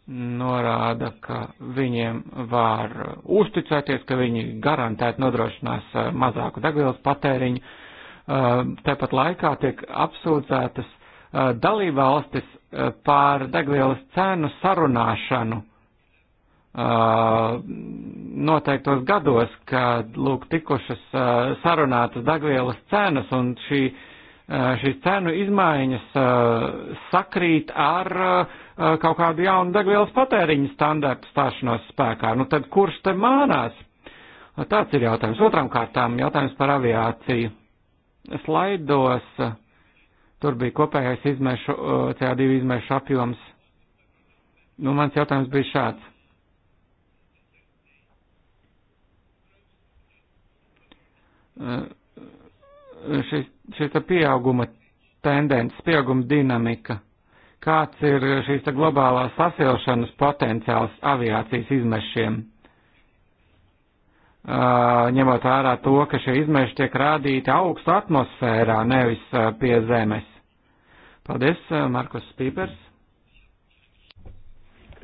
A: norāda, ka viņiem var uzticēties, ka viņi garantēti nodrošinās eh, mazāku degvielas patēriņu. Eh, Tāpat laikā tiek apsūdzētas eh, dalībvalstis par degvielas cēnu sarunāšanu noteiktos gados, kad lūk tikušas sarunātas degvielas cenas un šī uh, Eh, šīs cenu izmaiņas eh, sakrīt ar eh, kaut kādu jaunu degvielas patēriņu standartu stāšanos spēkā. Nu tad kurš te mānās? Tāds ir jautājums. Otram kārtām jautājums par aviāciju. Slaidos, tur bija kopējais izmešu, CO2 izmešu apjoms. Nu, mans jautājums bija šāds. Šis šī te pieauguma tendence, pieauguma dinamika? Kāds ir šīs te globālās sasilšanas potenciāls aviācijas izmešiem? Uh, ņemot vērā to, ka šie izmeši tiek rādīti augstu atmosfērā, nevis uh, pie zemes. Paldies, Markus Pīpers.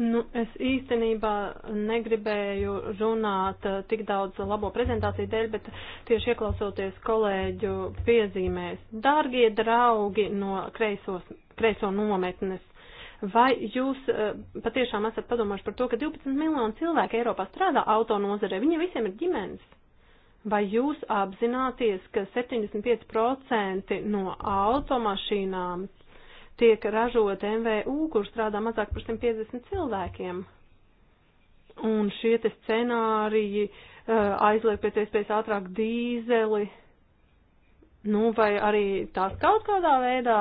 B: Nu, es īstenībā negribēju runāt eh, tik daudz labo prezentāciju dēļ, bet tieši ieklausoties kolēģu piezīmēs. Dārgie draugi no kreisos, kreiso nometnes, vai jūs eh, patiešām esat padomājuši par to, ka 12 miljonu cilvēku Eiropā strādā autonozarē, viņiem visiem ir ģimenes? Vai jūs apzināties, ka 75% no automašīnām tiek ražota MVU, kur strādā mazāk par 150 cilvēkiem. Un šie te scenāriji eh, aizliek pēc iespējas ātrāk dīzeli. Nu, vai arī tās kaut kādā veidā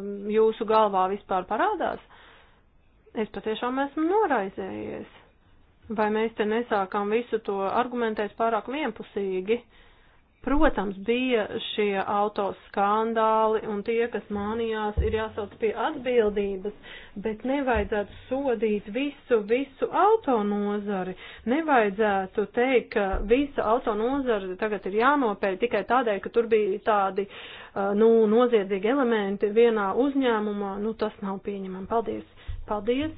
B: mm, jūsu galvā vispār parādās? Es patiešām esmu noraizējies. Vai mēs te nesākām visu to argumentēt pārāk vienpusīgi? Uh, Protams, bija šie autoskandāli un tie, kas mānījās, ir jāsauc pie atbildības, bet nevajadzētu sodīt visu, visu autonozari. Nevajadzētu teikt, ka visa autonozara tagad ir jānopēja tikai tādēļ, ka tur bija tādi, uh, nu, noziedzīgi elementi vienā uzņēmumā. Nu, tas nav pieņemam. Paldies! Paldies!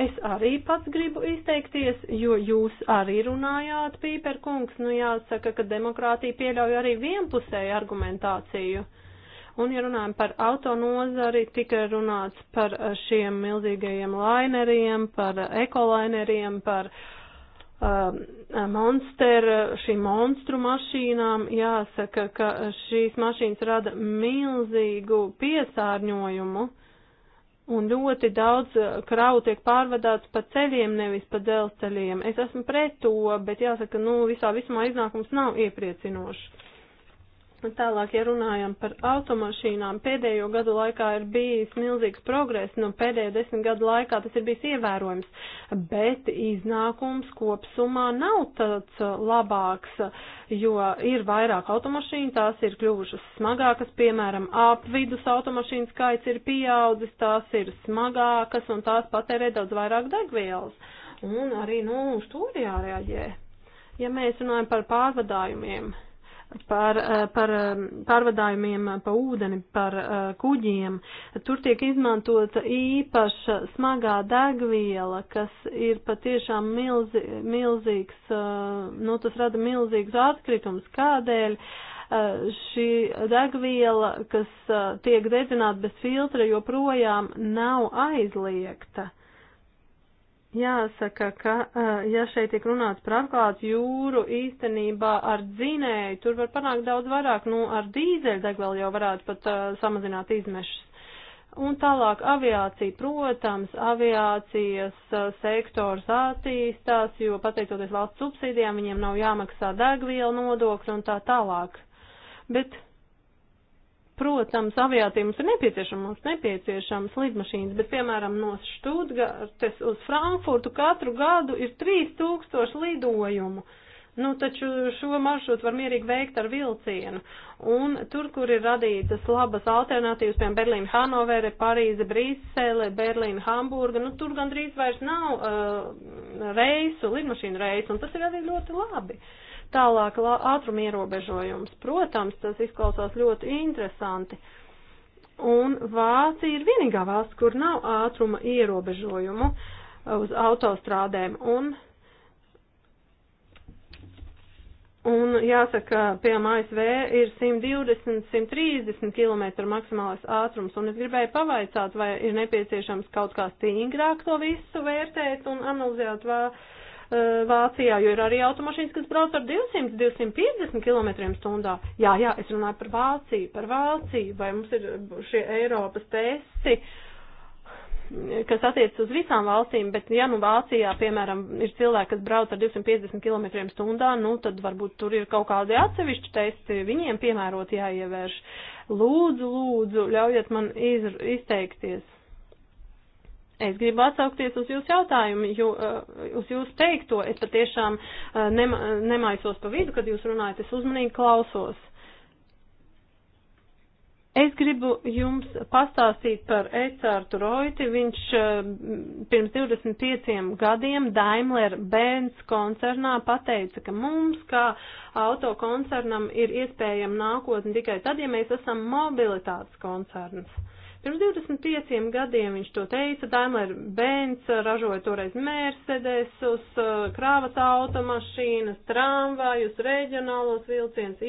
B: Es arī pats gribu izteikties, jo jūs arī runājāt, Pīperkungs, nu jāsaka, ka demokrātija pieļauj arī vienpusēju argumentāciju. Un, ja runājam par autonozari, tika runāts par šiem milzīgajiem laineriem, par ekolaineriem, par um, monster, šīm monstru mašīnām. Jāsaka, ka šīs mašīnas rada milzīgu piesārņojumu Un ļoti daudz eh, kravu tiek pārvadāts pa ceļiem, nevis pa dzelzceļiem. Es esmu pret to, bet jāsaka, nu, visā vismā iznākums nav iepriecinošs. Tālāk, ja runājam par automašīnām, pēdējo gadu laikā ir bijis milzīgs progress, nu pēdējo desmit gadu laikā tas ir bijis ievērojams, bet iznākums kopsumā nav tāds uh, labāks, jo ir vairāk automašīnu, tās ir kļuvušas smagākas, piemēram, apvidus automašīnu skaits ir pieaudzis, tās ir smagākas un tās patērē daudz vairāk degvielas. Un arī, nu, uz to ir jārēģē. Ja mēs runājam par pārvadājumiem par, eh, par eh, pārvadājumiem pa ūdeni, par eh, kuģiem. Tur tiek izmantota īpaša smagā degviela, kas ir patiešām milzi, milzīgs, nu tas rada milzīgs atkritums. Kādēļ? Šī degviela, kas tiek dedzināta bez filtra, joprojām nav aizliegta. Uh, Jāsaka, ka, eh, ja šeit tiek runāts par atklātu jūru, īstenībā ar dzinēju tur var panākt daudz vairāk, nu, ar dīzeļdegvielu jau varētu pat uh, samazināt izmešas. Un tālāk aviācija, protams, aviācijas eh, sektors attīstās, jo pateicoties valsts subsīdijām, viņiem nav jāmaksā degviela nodokļi un tā tālāk. Bet Protams, aviācija mums ir nepieciešama, mums nepieciešams lidmašīnas, bet, piemēram, no Štūtgartes uz Frankfurtu katru gadu ir 3000 lidojumu. Nu, taču šo maršrutu var mierīgi veikt ar vilcienu. Un tur, kur ir radītas labas alternatīvas, piemēram, Berlīna, Hanovere, Parīze, Brīsele, Berlīna, Hamburga, nu, tur gandrīz vairs nav uh, reisu, lidmašīnu reisu, un tas ir arī ļoti labi. Uh, Tālāk ātruma ierobežojums. Protams, tas izklausās ļoti interesanti. Un Vācija ir vienīgā valsts, kur nav ātruma ierobežojumu uh, uz autostrādēm. Un Un jāsaka, piemēram, ASV ir 120, 130 km maksimālais ātrums, un es gribēju pavaicāt, vai ir nepieciešams kaut kā stingrāk to visu vērtēt un analizēt, vai E, Vācijā, jo ir arī automašīnas, kas brauc ar 200, 250 km stundā. Jā, jā, es runāju par Vāciju, par Vāciju, vai mums ir šie Eiropas testi, kas attiec uz visām valstīm, bet ja nu Vācijā, piemēram, ir cilvēki, kas brauc ar 250 km stundā, nu tad varbūt tur ir kaut kādi atsevišķi testi, viņiem piemērot jāievērš. Lūdzu, lūdzu, ļaujiet man iz, izteikties. Es gribu atsaukties uz jūsu jautājumu, jū, eh, uz jūsu teikto. Es patiešām eh, nema, nemaisos pa vidu, kad jūs runājat, es uzmanīgi klausos. Es gribu jums pastāstīt par Ecārtu Roiti. Viņš eh, pirms 25 gadiem Daimler Benz koncernā pateica, ka mums, kā autokoncernam, ir iespējama nākotne tikai tad, ja mēs esam mobilitātes koncerns. Pirms 25 gadiem viņš to teica, Daimler Benz ražoja toreiz Mercedesus, krāvas automašīnas, tramvajus, reģionālos vilcienus,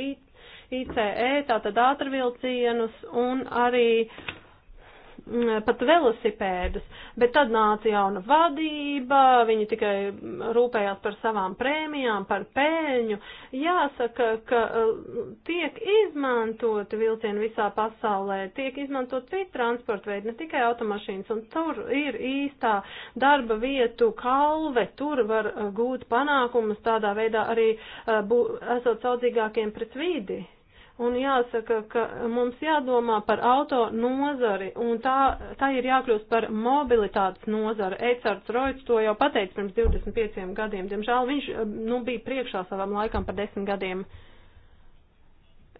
B: ICE, tātad ātrvilcienus un arī uh, Mm, pat velosipēdus, bet tad nāca jauna vadība, viņi tikai rūpējās par savām prēmijām, par pēļņu. Jāsaka, ka uh, tiek izmantoti vilcieni visā pasaulē, tiek izmantot citi transporta veidi, ne tikai automašīnas, un tur ir īstā darba vietu kalve, tur var uh, gūt panākumus tādā veidā arī, uh, bū, esot saudzīgākiem pret vidi. Un jāsaka, ka mums jādomā par auto nozari, un tā, tā ir jākļūst par mobilitātes nozari. Eicards Roits to jau pateica pirms 25 gadiem. Diemžēl viņš nu, bija priekšā savam laikam par 10 gadiem.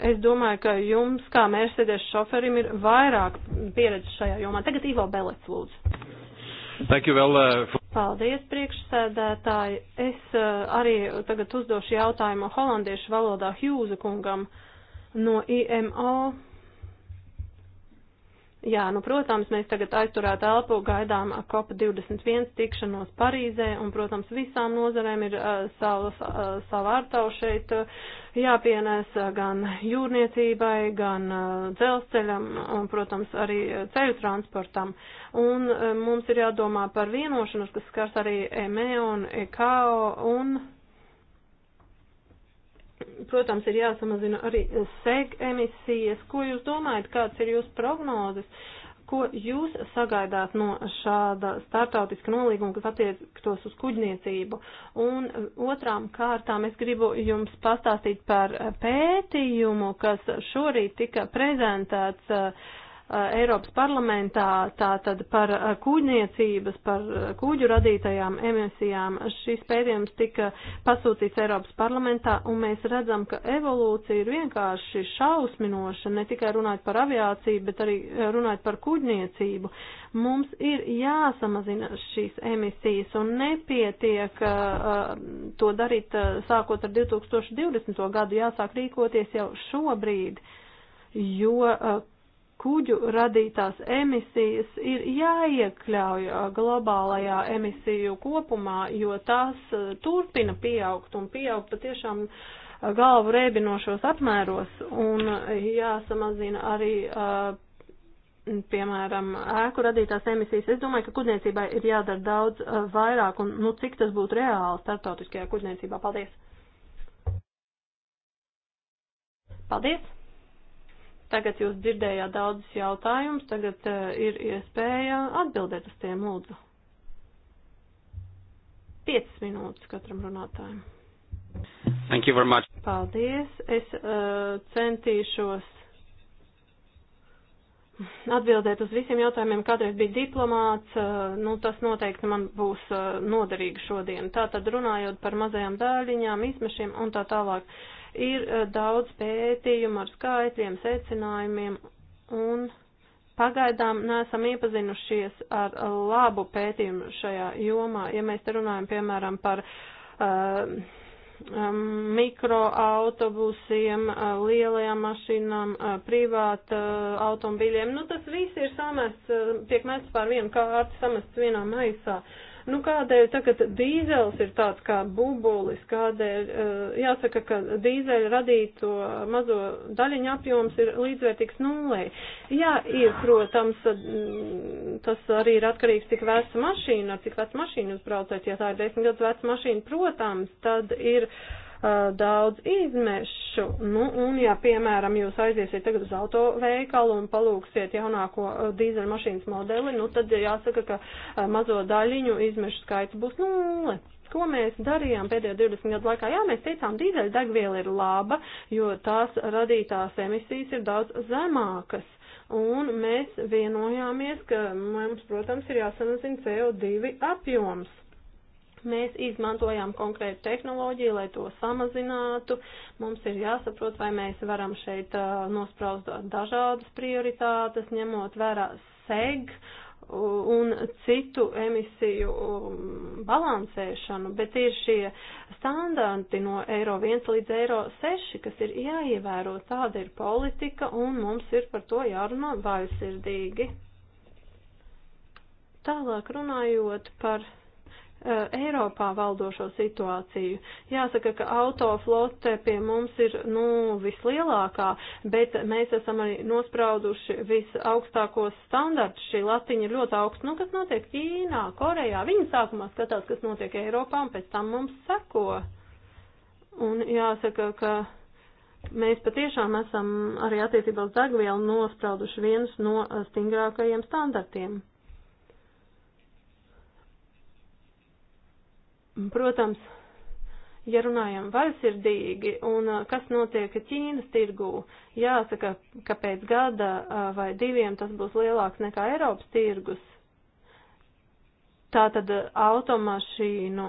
B: Es domāju, ka jums, kā Mercedes šoferim, ir vairāk pieredzes šajā jomā. Tagad Ivo Belets lūdzu.
A: Thank you, well, uh, for...
B: Paldies, priekšsēdētāji. Es uh, arī tagad uzdošu jautājumu holandiešu valodā Hjūza kungam. Uh, no IMO. Jā, nu, protams, mēs tagad aizturēt elpu gaidām COP21 tikšanos Parīzē, un, protams, visām nozarēm ir uh, savu, uh, savu ārtavu šeit uh, jāpienes uh, gan jūrniecībai, gan uh, dzelzceļam, un, protams, arī ceļu transportam. Un uh, mums ir jādomā par vienošanos, kas skars arī EME e un EKO un protams, ir jāsamazina arī seg emisijas. Ko jūs domājat, kāds ir jūsu prognozes? Ko jūs sagaidāt no šāda startautiska nolīguma, kas attiektos uz kuģniecību? Un otrām kārtām es gribu jums pastāstīt par pētījumu, kas šorīt tika prezentēts uh, Eiropas parlamentā, tātad par kūģniecības, par kūģu radītajām emisijām. Šis pētījums tika pasūtīts Eiropas parlamentā, un mēs redzam, ka evolūcija ir vienkārši šausminoša, ne tikai runājot par aviāciju, bet arī runājot par kūģniecību. Mums ir jāsamazina šīs emisijas, un nepietiek uh, to darīt uh, sākot ar 2020. gadu, jāsāk rīkoties jau šobrīd jo kuģu radītās emisijas ir jāiekļauj uh, globālajā emisiju kopumā, jo tās uh, turpina pieaugt un pieaugt patiešām uh, galvu rēbinošos apmēros un jāsamazina arī, piemēram, ēku radītās emisijas. Es domāju, ka kuģniecībai ir jādara daudz vairāk un, nu, cik tas būtu reāli starptautiskajā kuģniecībā. Paldies! Paldies! Tagad jūs dzirdējāt daudzus jautājumus, tagad uh, ir iespēja atbildēt uz tiem lūdzu. 5 minūtes katram runātājam. Thank you very much. Paldies. Es uh, centīšos atbildēt uz visiem jautājumiem. Kādreiz bija diplomāts, uh, nu tas noteikti man būs uh, noderīgi šodien. Tātad runājot par mazajām dāļiņām, izmešiem un tā tālāk. Uh, Ir e, daudz pētījumu ar skaitļiem, secinājumiem un pagaidām neesam iepazinušies ar labu pētījumu šajā jomā. Ja mēs te runājam, piemēram, par uh, mikroautobusiem, lielajām mašīnām, privāta automobiļiem. Nu, tas viss ir samests, tiek mests pār vienu kārtu, samests vienā maisā. Uh, Nu, kādēļ tagad dīzels ir tāds kā bubulis, kādēļ eh, jāsaka, ka dīzeļa radīto mazo daļiņu apjoms ir līdzvērtīgs nulē. Jā, ir, protams, mm, tas arī ir atkarīgs, cik veca mašīna, ar cik veca mašīna jūs braucat. Ja tā ir desmit gadus veca mašīna, protams, tad ir. Uh, daudz izmešu. Nu, un, ja, piemēram, jūs aiziesiet tagad uz autoveikalu un palūksiet jaunāko dīzeļmašīnas modeli, nu, tad jāsaka, ka mazo daļiņu izmešu skaits būs nulle. Ko mēs darījām pēdējo 20 gadu laikā? Jā, mēs teicām, dīzeļdegviela ir laba, jo tās radītās emisijas ir daudz zemākas. Un mēs vienojāmies, ka mums, protams, ir jāsamazina CO2 apjoms Mēs izmantojām konkrētu tehnoloģiju, lai to samazinātu. Mums ir jāsaprot, vai mēs varam šeit uh, nospraust dažādas prioritātes, ņemot vērā seg un citu emisiju um, balansēšanu, bet ir šie standarti no eiro 1 līdz eiro 6, kas ir jāievēro. Tāda ir politika un mums ir par to jārunā vaļsirdīgi. Tālāk runājot par Eh, Eiropā valdošo situāciju. Jāsaka, ka autoflote pie mums ir nu, vislielākā, bet mēs esam arī nosprauduši visaugstākos standartus. Šī latiņa ir ļoti augsta. Nu, kas notiek Ķīnā, Korejā? Viņi sākumā skatās, kas notiek Eiropā, un pēc tam mums seko. Un jāsaka, ka mēs patiešām esam arī attiecībā uz degvielu nosprauduši viens no stingrākajiem standartiem. Protams, ja runājam vaļsirdīgi un kas notiek Ķīnas tirgū, jāsaka, ka pēc gada vai diviem tas būs lielāks nekā Eiropas tirgus. Tātad automašīnu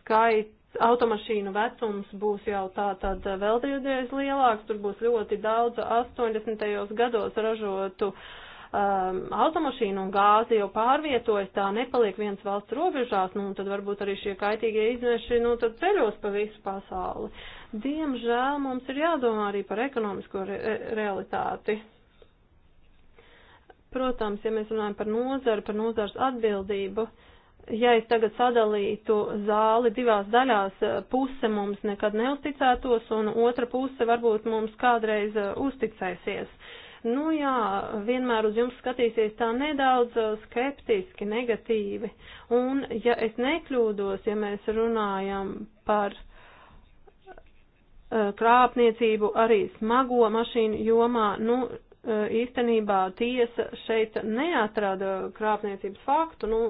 B: skaits, automašīnu vecums būs jau tātad vēl divreiz lielāks, tur būs ļoti daudz 80. gados ražotu uh, um, automašīnu un gāzi jau pārvietojas, tā nepaliek viens valsts robežās, nu, tad varbūt arī šie kaitīgie izmeši, nu, tad ceļos pa visu pasauli. Diemžēl mums ir jādomā arī par ekonomisko re realitāti. Protams, ja mēs runājam par nozaru, par nozars atbildību, ja es tagad sadalītu zāli divās daļās, eh, puse mums nekad neusticētos un otra puse varbūt mums kādreiz eh, uzticēsies nu jā, vienmēr uz jums skatīsies tā nedaudz uh, skeptiski, negatīvi. Un, ja es nekļūdos, ja mēs runājam par uh, krāpniecību arī smago mašīnu jomā, nu, uh, īstenībā tiesa šeit neatrada krāpniecības faktu, nu,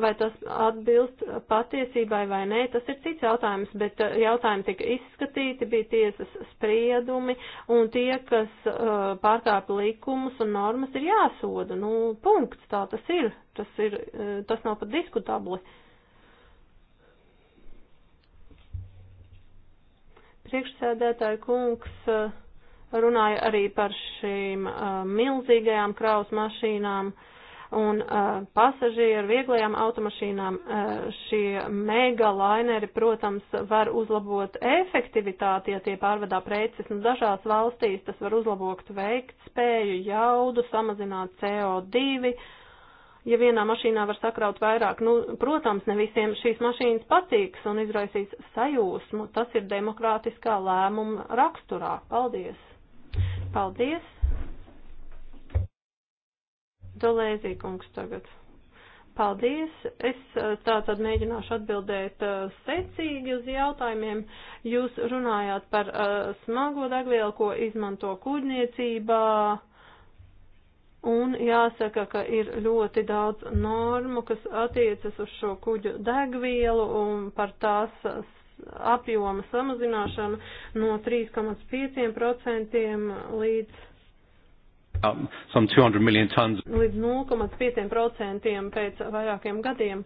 B: vai tas atbilst patiesībai vai nē, tas ir cits jautājums, bet eh, jautājumi tika izskatīti, bija tiesas spriedumi, un tie, kas eh, pārkāpa likumus un normas, ir jāsoda. Nu, punkts, tā tas ir, tas, ir, eh, tas nav pat diskutabli. Priekšsēdētāja kungs runāja arī par šīm milzīgajām kraus mašīnām. Uh, un uh, pasažieri ar vieglajām automašīnām uh, šie mega laineri, protams, var uzlabot efektivitāti, ja tie pārvedā preces. Nu, dažās valstīs tas var uzlabot veiktspēju, jaudu, samazināt CO2. Ja vienā mašīnā var sakraut vairāk, nu, protams, ne visiem šīs mašīnas patiks un izraisīs sajūsmu. Tas ir demokrātiskā lēmuma raksturā. Paldies! Paldies! Dolēzī kungs tagad. Paldies! Es eh, tātad mēģināšu atbildēt eh, secīgi uz jautājumiem. Jūs runājāt par eh, smago degvielu, ko izmanto kuģniecībā. Un jāsaka, ka ir ļoti daudz normu, kas attiecas uz šo kuģu degvielu un par tās apjoma samazināšanu no 3,5% līdz Um, līdz 0,5% pēc vairākiem gadiem.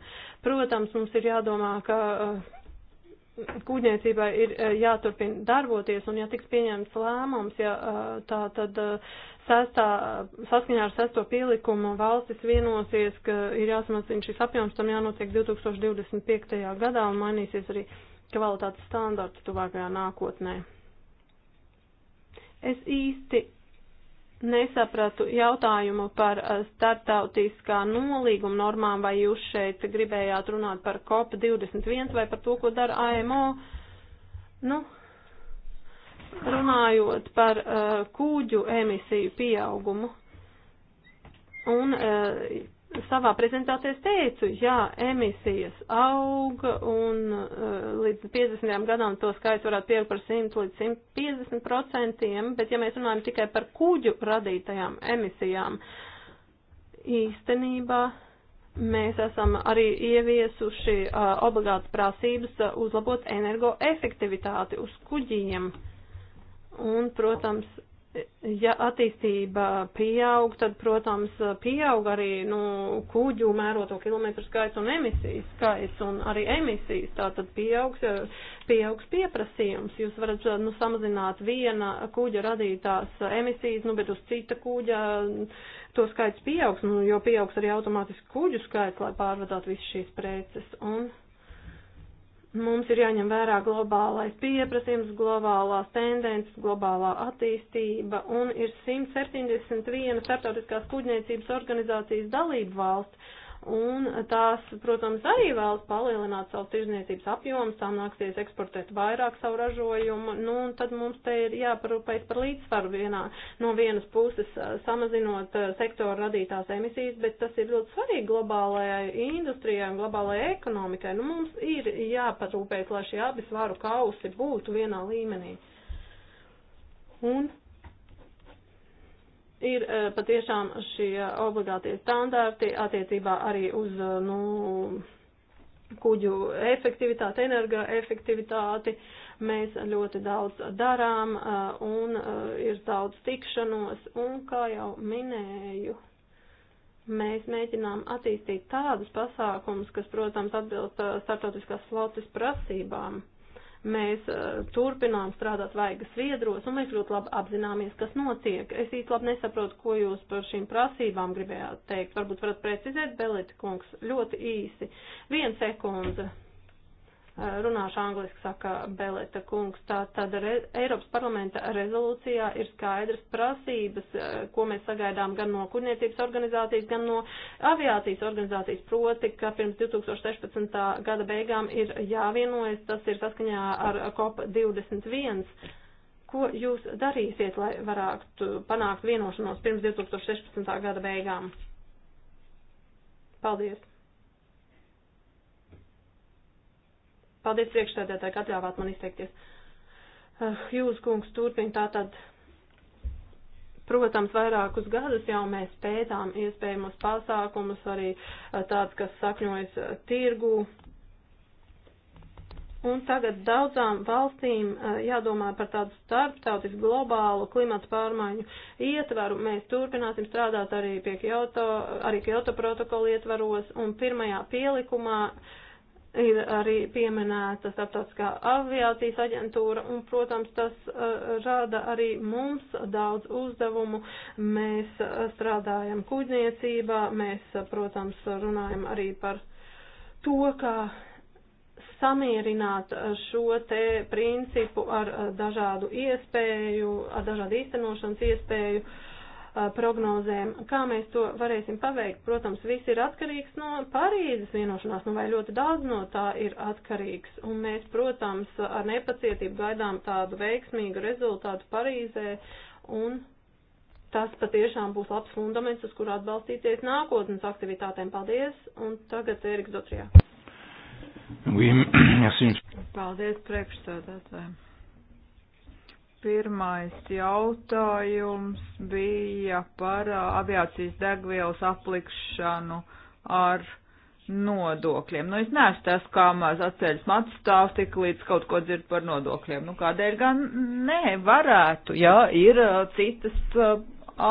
B: Protams, mums ir jādomā, ka uh, kūģniecībai ir uh, jāturpina darboties, un ja tiks pieņemts lēmums, ja uh, tā tad sestā, saskaņā ar sesto pielikumu valstis vienosies, ka ir jāsamazina šis apjoms, tam jānotiek 2025. gadā un mainīsies arī kvalitātes standarti tuvākajā nākotnē. Es īsti nesapratu jautājumu par uh, startautiskā nolīguma normām, vai jūs šeit gribējāt runāt par COP21 vai par to, ko dara AMO. Nu, runājot par uh, kūģu emisiju pieaugumu un uh, savā prezentācijā teicu, jā, emisijas auga un uh, līdz 50 gadam to skaits varētu pieaugt par 100 līdz 150 procentiem, bet ja mēs runājam tikai par kuģu radītajām emisijām, īstenībā mēs esam arī ieviesuši uh, obligātas prasības uh, uzlabot energoefektivitāti uz kuģiem. Un, protams, ja attīstība pieaug, tad, protams, pieaug arī nu, kuģu mēroto kilometru skaits un emisijas skaits un arī emisijas. Tātad pieaugs, pieaugs pieprasījums. Jūs varat nu, samazināt viena kuģa radītās emisijas, nu, bet uz cita kuģa to skaits pieaugs, nu, jo pieaugs arī automātiski kuģu skaits, lai pārvadātu visas šīs preces. Un Mums ir jāņem vērā globālais pieprasījums, globālās tendences, globālā attīstība un ir 171 starptautiskās kuģniecības organizācijas dalību valsts un tās, protams, arī vēlas palielināt savu tirzniecības apjomu, tām nāksies eksportēt vairāk savu ražojumu, nu, un tad mums te ir jāparūpējas par līdzsvaru vienā, no vienas puses samazinot sektoru radītās emisijas, bet tas ir ļoti svarīgi globālajai industrijai un globālajai ekonomikai. Nu, mums ir jāparūpējas, lai šie abi svaru kausi būtu vienā līmenī. Un ir eh, patiešām šie obligātie standarti attiecībā arī uz eh, nu, kuģu efektivitāti, energoefektivitāti. Mēs ļoti daudz darām eh, un ir daudz tikšanos un, kā jau minēju, mēs mēģinām attīstīt tādus pasākumus, kas, protams, atbilst startautiskās flotes prasībām. Mēs uh, turpinām strādāt vaigas viedros, un mēs ļoti labi apzināmies, kas notiek. Es īsti labi nesaprotu, ko jūs par šīm prasībām gribējāt teikt. Varbūt varat precizēt, Belita kungs, ļoti īsi. Viena sekunda. Eh, runāšu angliski, saka Beleta kungs. Tātad re, Eiropas parlamenta rezolūcijā ir skaidrs prasības, eh, ko mēs sagaidām gan no kurniecības organizācijas, gan no aviācijas organizācijas. Proti, ka pirms 2016. gada beigām ir jāvienojas, tas ir saskaņā ar COP21. Ko jūs darīsiet, lai varētu panākt vienošanos pirms 2016. gada beigām? Paldies! Paldies priekšstādētāji, ka atļāvāt man izteikties. Hjūs eh, kungs turpina tātad. Protams, vairākus gadus jau mēs pētām iespējamos pasākumus, arī eh, tāds, kas sakņojas eh, tirgū, Un tagad daudzām valstīm jādomā par tādu starptautisku globālu klimatu pārmaiņu ietvaru. Mēs turpināsim strādāt arī pie Kyoto, arī Kyoto protokola ietvaros, un pirmajā pielikumā uh, Ir arī pieminēta starptautiskā aviācijas aģentūra, un, protams, tas uh, rada arī mums daudz uzdevumu. Mēs uh, strādājam kuģniecībā, mēs, uh, protams, runājam arī par to, kā samierināt uh, šo te principu ar dažādu iespēju, ar dažādu īstenošanas iespēju. Uh, prognozēm. Kā mēs to varēsim paveikt? Protams, viss ir atkarīgs no Parīzes vienošanās, nu vai ļoti daudz no tā ir atkarīgs. Un mēs, protams, ar nepacietību gaidām tādu veiksmīgu rezultātu Parīzē un tas patiešām būs labs fundaments, uz kuru atbalstīties nākotnes aktivitātēm.
C: Paldies! Un tagad Eriks Dotrijā.
A: Oui, merci.
C: Paldies priekšstādātājiem. Pirmais jautājums bija par aviācijas degvielas aplikšanu ar nodokļiem. Nu, es neesmu tas, kā maz atceļas matu stāv tik līdz kaut ko dzird par nodokļiem. Nu, kādēļ gan nē, varētu, ja ir citas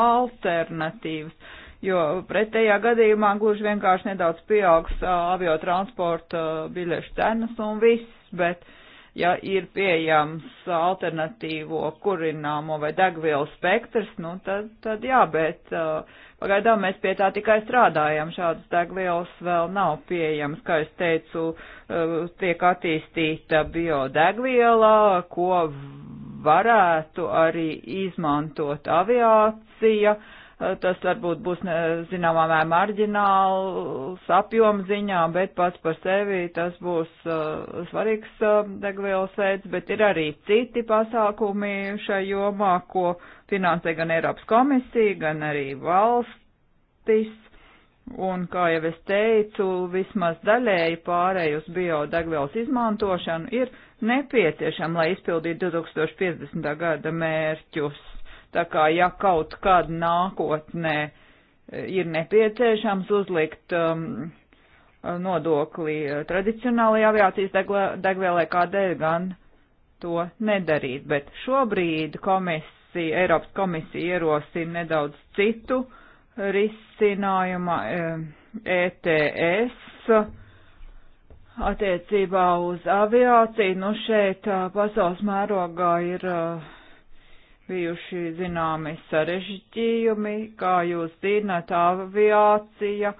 C: alternatīvas, jo pretējā gadījumā gluži vienkārši nedaudz pieaugs aviotransporta biļešu cenas un viss, bet uh, ja ir pieejams alternatīvo kurināmo vai degvielu spektrs, nu tad, tad jā, bet uh, pagaidām mēs pie tā tikai strādājam. Šādas degvielas vēl nav pieejamas, kā es teicu, uh, tiek attīstīta biodegviela, ko varētu arī izmantot aviācija. Uh, Eh, tas varbūt būs ne, zināmā mērā marģināls apjoms ziņā, bet pats par sevi tas būs uh, svarīgs uh, degvielas veids, bet ir arī citi pasākumi šai jomā, ko finansē gan Eiropas komisija, gan arī valstis. Un, kā jau es teicu, vismaz daļēji pārēj uz biodegvielas izmantošanu ir nepieciešama, lai izpildītu 2050. gada mērķus Tā kā, ja kaut kad nākotnē e, ir nepieciešams uzlikt um, nodokli e, tradicionālajai aviācijas degvielai, kādēļ gan to nedarīt. Bet šobrīd komisija, Eiropas komisija ierosina nedaudz citu risinājuma ETS e attiecībā uz aviāciju. Nu šeit pasaules mērogā ir uh, bijuši zināmi sarežģījumi, kā jūs zināt, aviācija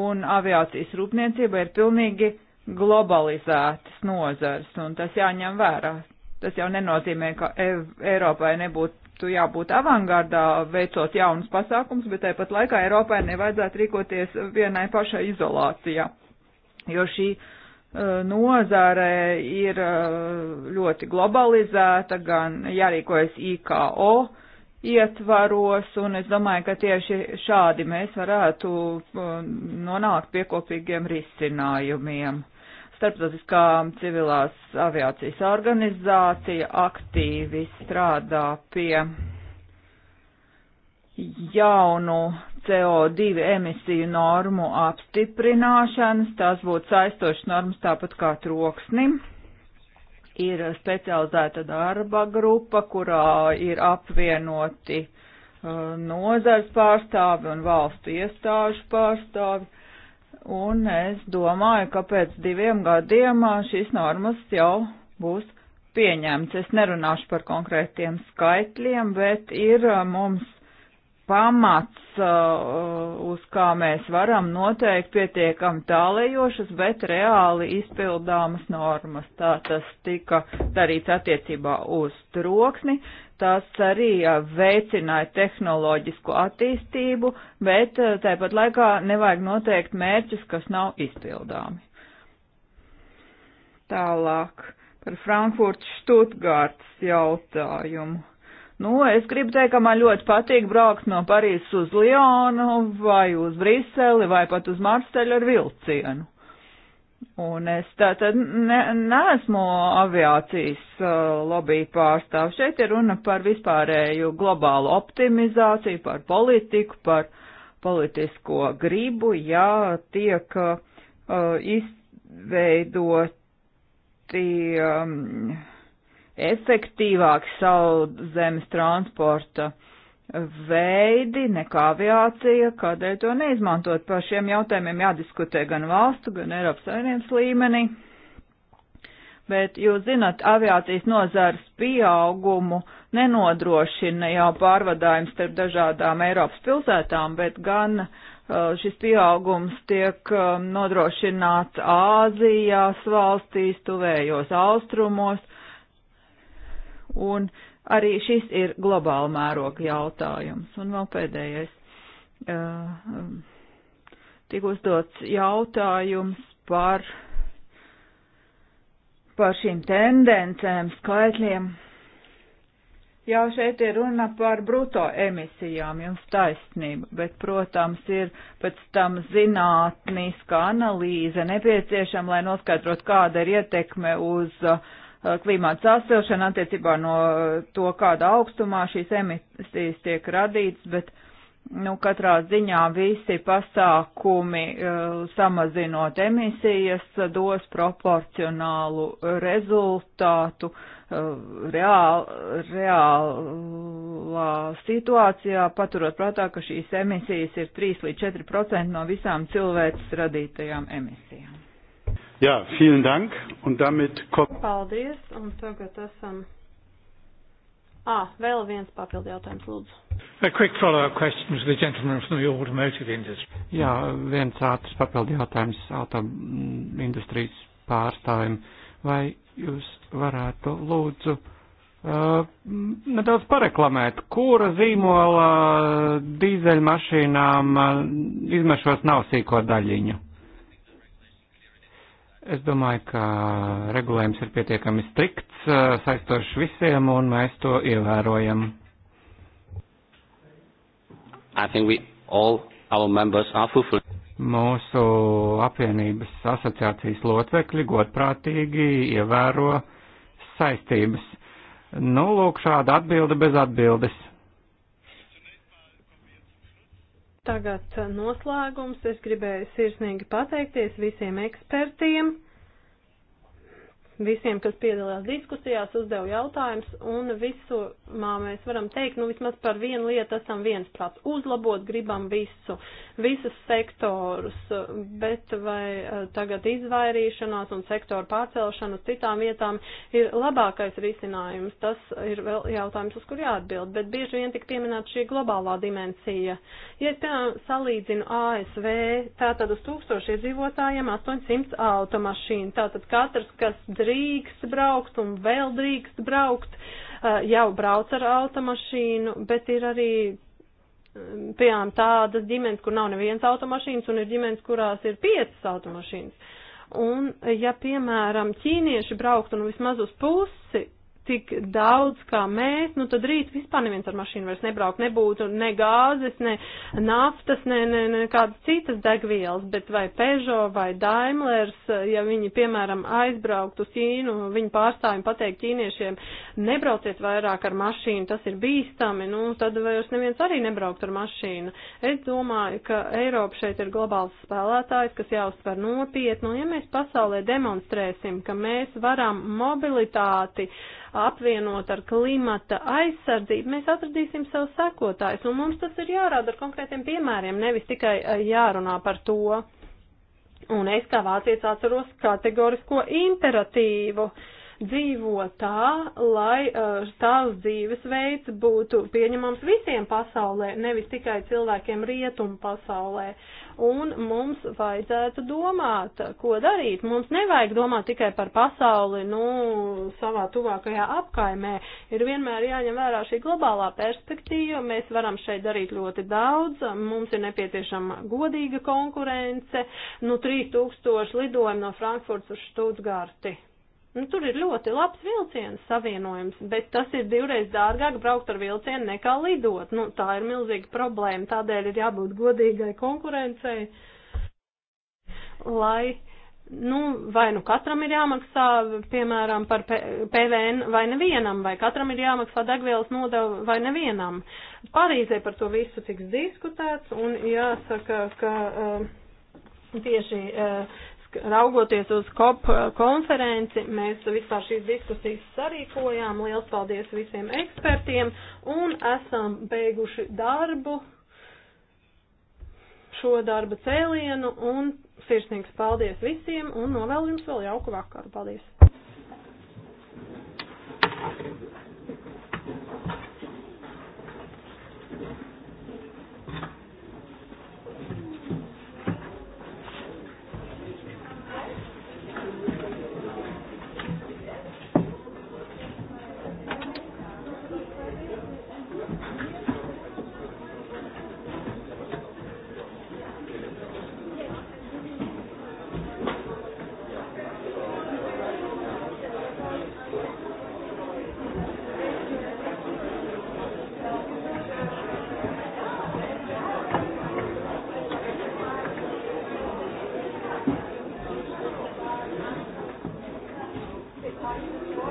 C: un aviācijas rūpniecība ir pilnīgi globalizētas nozars, un tas jāņem vērā. Tas jau nenozīmē, ka Eiropai nebūtu jābūt avangardā veicot jaunus pasākums, bet tāpat laikā Eiropai nevajadzētu rīkoties vienai pašai izolācijā, jo šī uh, nozare ir uh, ļoti globalizēta, gan jārīkojas IKO ietvaros, un es domāju, ka tieši šādi mēs varētu uh, nonākt pie kopīgiem risinājumiem. Starptautiskā civilās aviācijas organizācija aktīvi strādā pie jaunu CO2 emisiju normu apstiprināšanas. Tās būtu saistošas normas tāpat kā troksnim. Ir specializēta darba grupa, kurā ir apvienoti uh, nozars pārstāvi un valstu iestāžu pārstāvi. Un es domāju, ka pēc diviem gadiem uh, šīs normas jau būs pieņemts. Es nerunāšu par konkrētiem skaitļiem, bet ir uh, mums pamats, uh, uh, uz kā mēs varam noteikt pietiekami tālējošas, bet reāli izpildāmas normas. Tā tas tika darīts attiecībā uz troksni, tas arī uh, veicināja tehnoloģisku attīstību, bet tāpat laikā nevajag noteikt mērķus, kas nav izpildāmi. Tālāk par Frankfurts Štutgārds jautājumu Nu, es gribu teikt, ka man ļoti patīk braukt no Parīzes uz Lionu vai uz Briseli vai pat uz Marseļu ar vilcienu. Un es tātad ne, neesmu aviācijas uh, lobby pārstāv. Šeit ir runa par vispārēju globālu optimizāciju, par politiku, par politisko gribu, ja tiek uh, izveidoti. Um, efektīvāki savu zemes transporta veidi nekā aviācija, kādēļ to neizmantot. Par šiem jautājumiem jādiskutē gan valstu, gan Eiropas Savienības līmenī. Bet jūs zināt, aviācijas nozars pieaugumu nenodrošina jau pārvadājums starp dažādām Eiropas pilsētām, bet gan uh, šis pieaugums tiek um, nodrošināts Āzijās valstīs, tuvējos austrumos, Un arī šis ir globāla mēroga jautājums. Un vēl pēdējais. Uh, um, Tik uzdots jautājums par, par šīm tendencēm, skaitļiem. Jā, šeit ir runa par bruto emisijām, jums taisnība, bet, protams, ir pēc tam zinātniska analīze nepieciešama, lai noskaidrot, kāda ir ietekme uz uh, Uh, klimāta sasilšana attiecībā no to, kādā augstumā šīs emisijas tiek radītas, bet nu, katrā ziņā visi pasākumi uh, samazinot emisijas dos proporcionālu rezultātu uh, reāli, reālā situācijā, paturot prātā, ka šīs emisijas ir 3 līdz 4 procenti no visām cilvēks radītajām emisijām.
B: Jā, vielen dank, un damit kom... Paldies, un tagad esam. Ah, vēl viens papildu jautājums, lūdzu.
A: A quick follow-up question to the gentleman from the automotive industry. Jā, viens ātrs papildu jautājums auto mm, industrijas pārstāvim. Vai jūs varētu lūdzu uh, nedaudz pareklamēt, kura zīmola dīzeļmašīnām uh, izmešos nav sīko daļiņu? Es domāju, ka regulējums ir pietiekami strikts, saistošs visiem, un mēs to ievērojam. Mūsu apvienības asociācijas locekļi godprātīgi ievēro saistības. Nu, lūk, šāda atbilde bez atbildes.
B: Tagad noslēgums. Es gribēju sirsnīgi pateikties visiem ekspertiem visiem, kas piedalījās diskusijās, uzdeva jautājumus, un visumā mēs varam teikt, nu vismaz par vienu lietu esam viens prāts. Uzlabot gribam visu, visus sektorus, bet vai eh, tagad izvairīšanās un sektoru pārcelšana uz citām vietām ir labākais risinājums, tas ir vēl jautājums, uz kur jāatbild, bet bieži vien tik pieminēta šī globālā dimensija. Ja es, piemēram, salīdzinu ASV, tātad uz tūkstoši iedzīvotājiem 800 automašīnu, tātad katrs, kas drīkst braukt un vēl drīkst braukt, eh, jau brauc ar automašīnu, bet ir arī, eh, piemēram, tādas ģimenes, kur nav neviens automašīnas un ir ģimenes, kurās ir piecas automašīnas. Un, ja, piemēram, ķīnieši braukt un vismaz uz pusi, tik daudz kā mēs, nu tad rīt vispār neviens ar mašīnu vairs nebraukt nebūtu, ne gāzes, ne naftas, ne, ne, ne kādas citas degvielas, bet vai Peugeot vai Daimlers, ja viņi, piemēram, aizbraukt uz Ķīnu, viņi pārstāvjumi pateikt ķīniešiem, nebrauciet vairāk ar mašīnu, tas ir bīstami, nu tad vairs neviens arī nebraukt ar mašīnu. Es domāju, ka Eiropa šeit ir globāls spēlētājs, kas jāuztver nopietni, un ja mēs pasaulē demonstrēsim, ka mēs varam mobilitāti, uh, apvienot ar klimata aizsardzību, mēs atradīsim sev sekotājs. Un mums tas ir jārāda ar konkrētiem piemēriem, nevis tikai eh, jārunā par to. Un es kā vācietis atceros kategorisko imperatīvu. Uh, dzīvo tā, lai uh, tās dzīvesveids būtu pieņemams visiem pasaulē, nevis tikai cilvēkiem rietumu pasaulē. Un mums vajadzētu domāt, ko darīt. Mums nevajag domāt tikai par pasauli, nu, savā tuvākajā apkaimē. Ir vienmēr jāņem vērā šī globālā perspektīva. Mēs varam šeit darīt ļoti daudz. Mums ir nepieciešama godīga konkurence. Nu, 3000 lidojumu no Frankfurts uz Stuttgarti Nu, tur ir ļoti labs vilciens savienojums, bet tas ir divreiz dārgāk braukt ar vilcienu nekā lidot. Nu, tā ir milzīga problēma, tādēļ ir jābūt godīgai konkurencei, lai, nu, vai nu katram ir jāmaksā, piemēram, par PVN vai nevienam, vai katram ir jāmaksā degvielas nodeva vai nevienam. Parīzē par to visu tiks diskutēts un jāsaka, ka. Uh, tieši uh, raugoties uz COP eh, konferenci, mēs vispār šīs diskusijas sarīkojām. Liels paldies visiem ekspertiem un esam beiguši darbu, šo darba cēlienu un sirsnīgs paldies visiem un novēlu jums vēl jauku vakaru. Paldies! Thank you.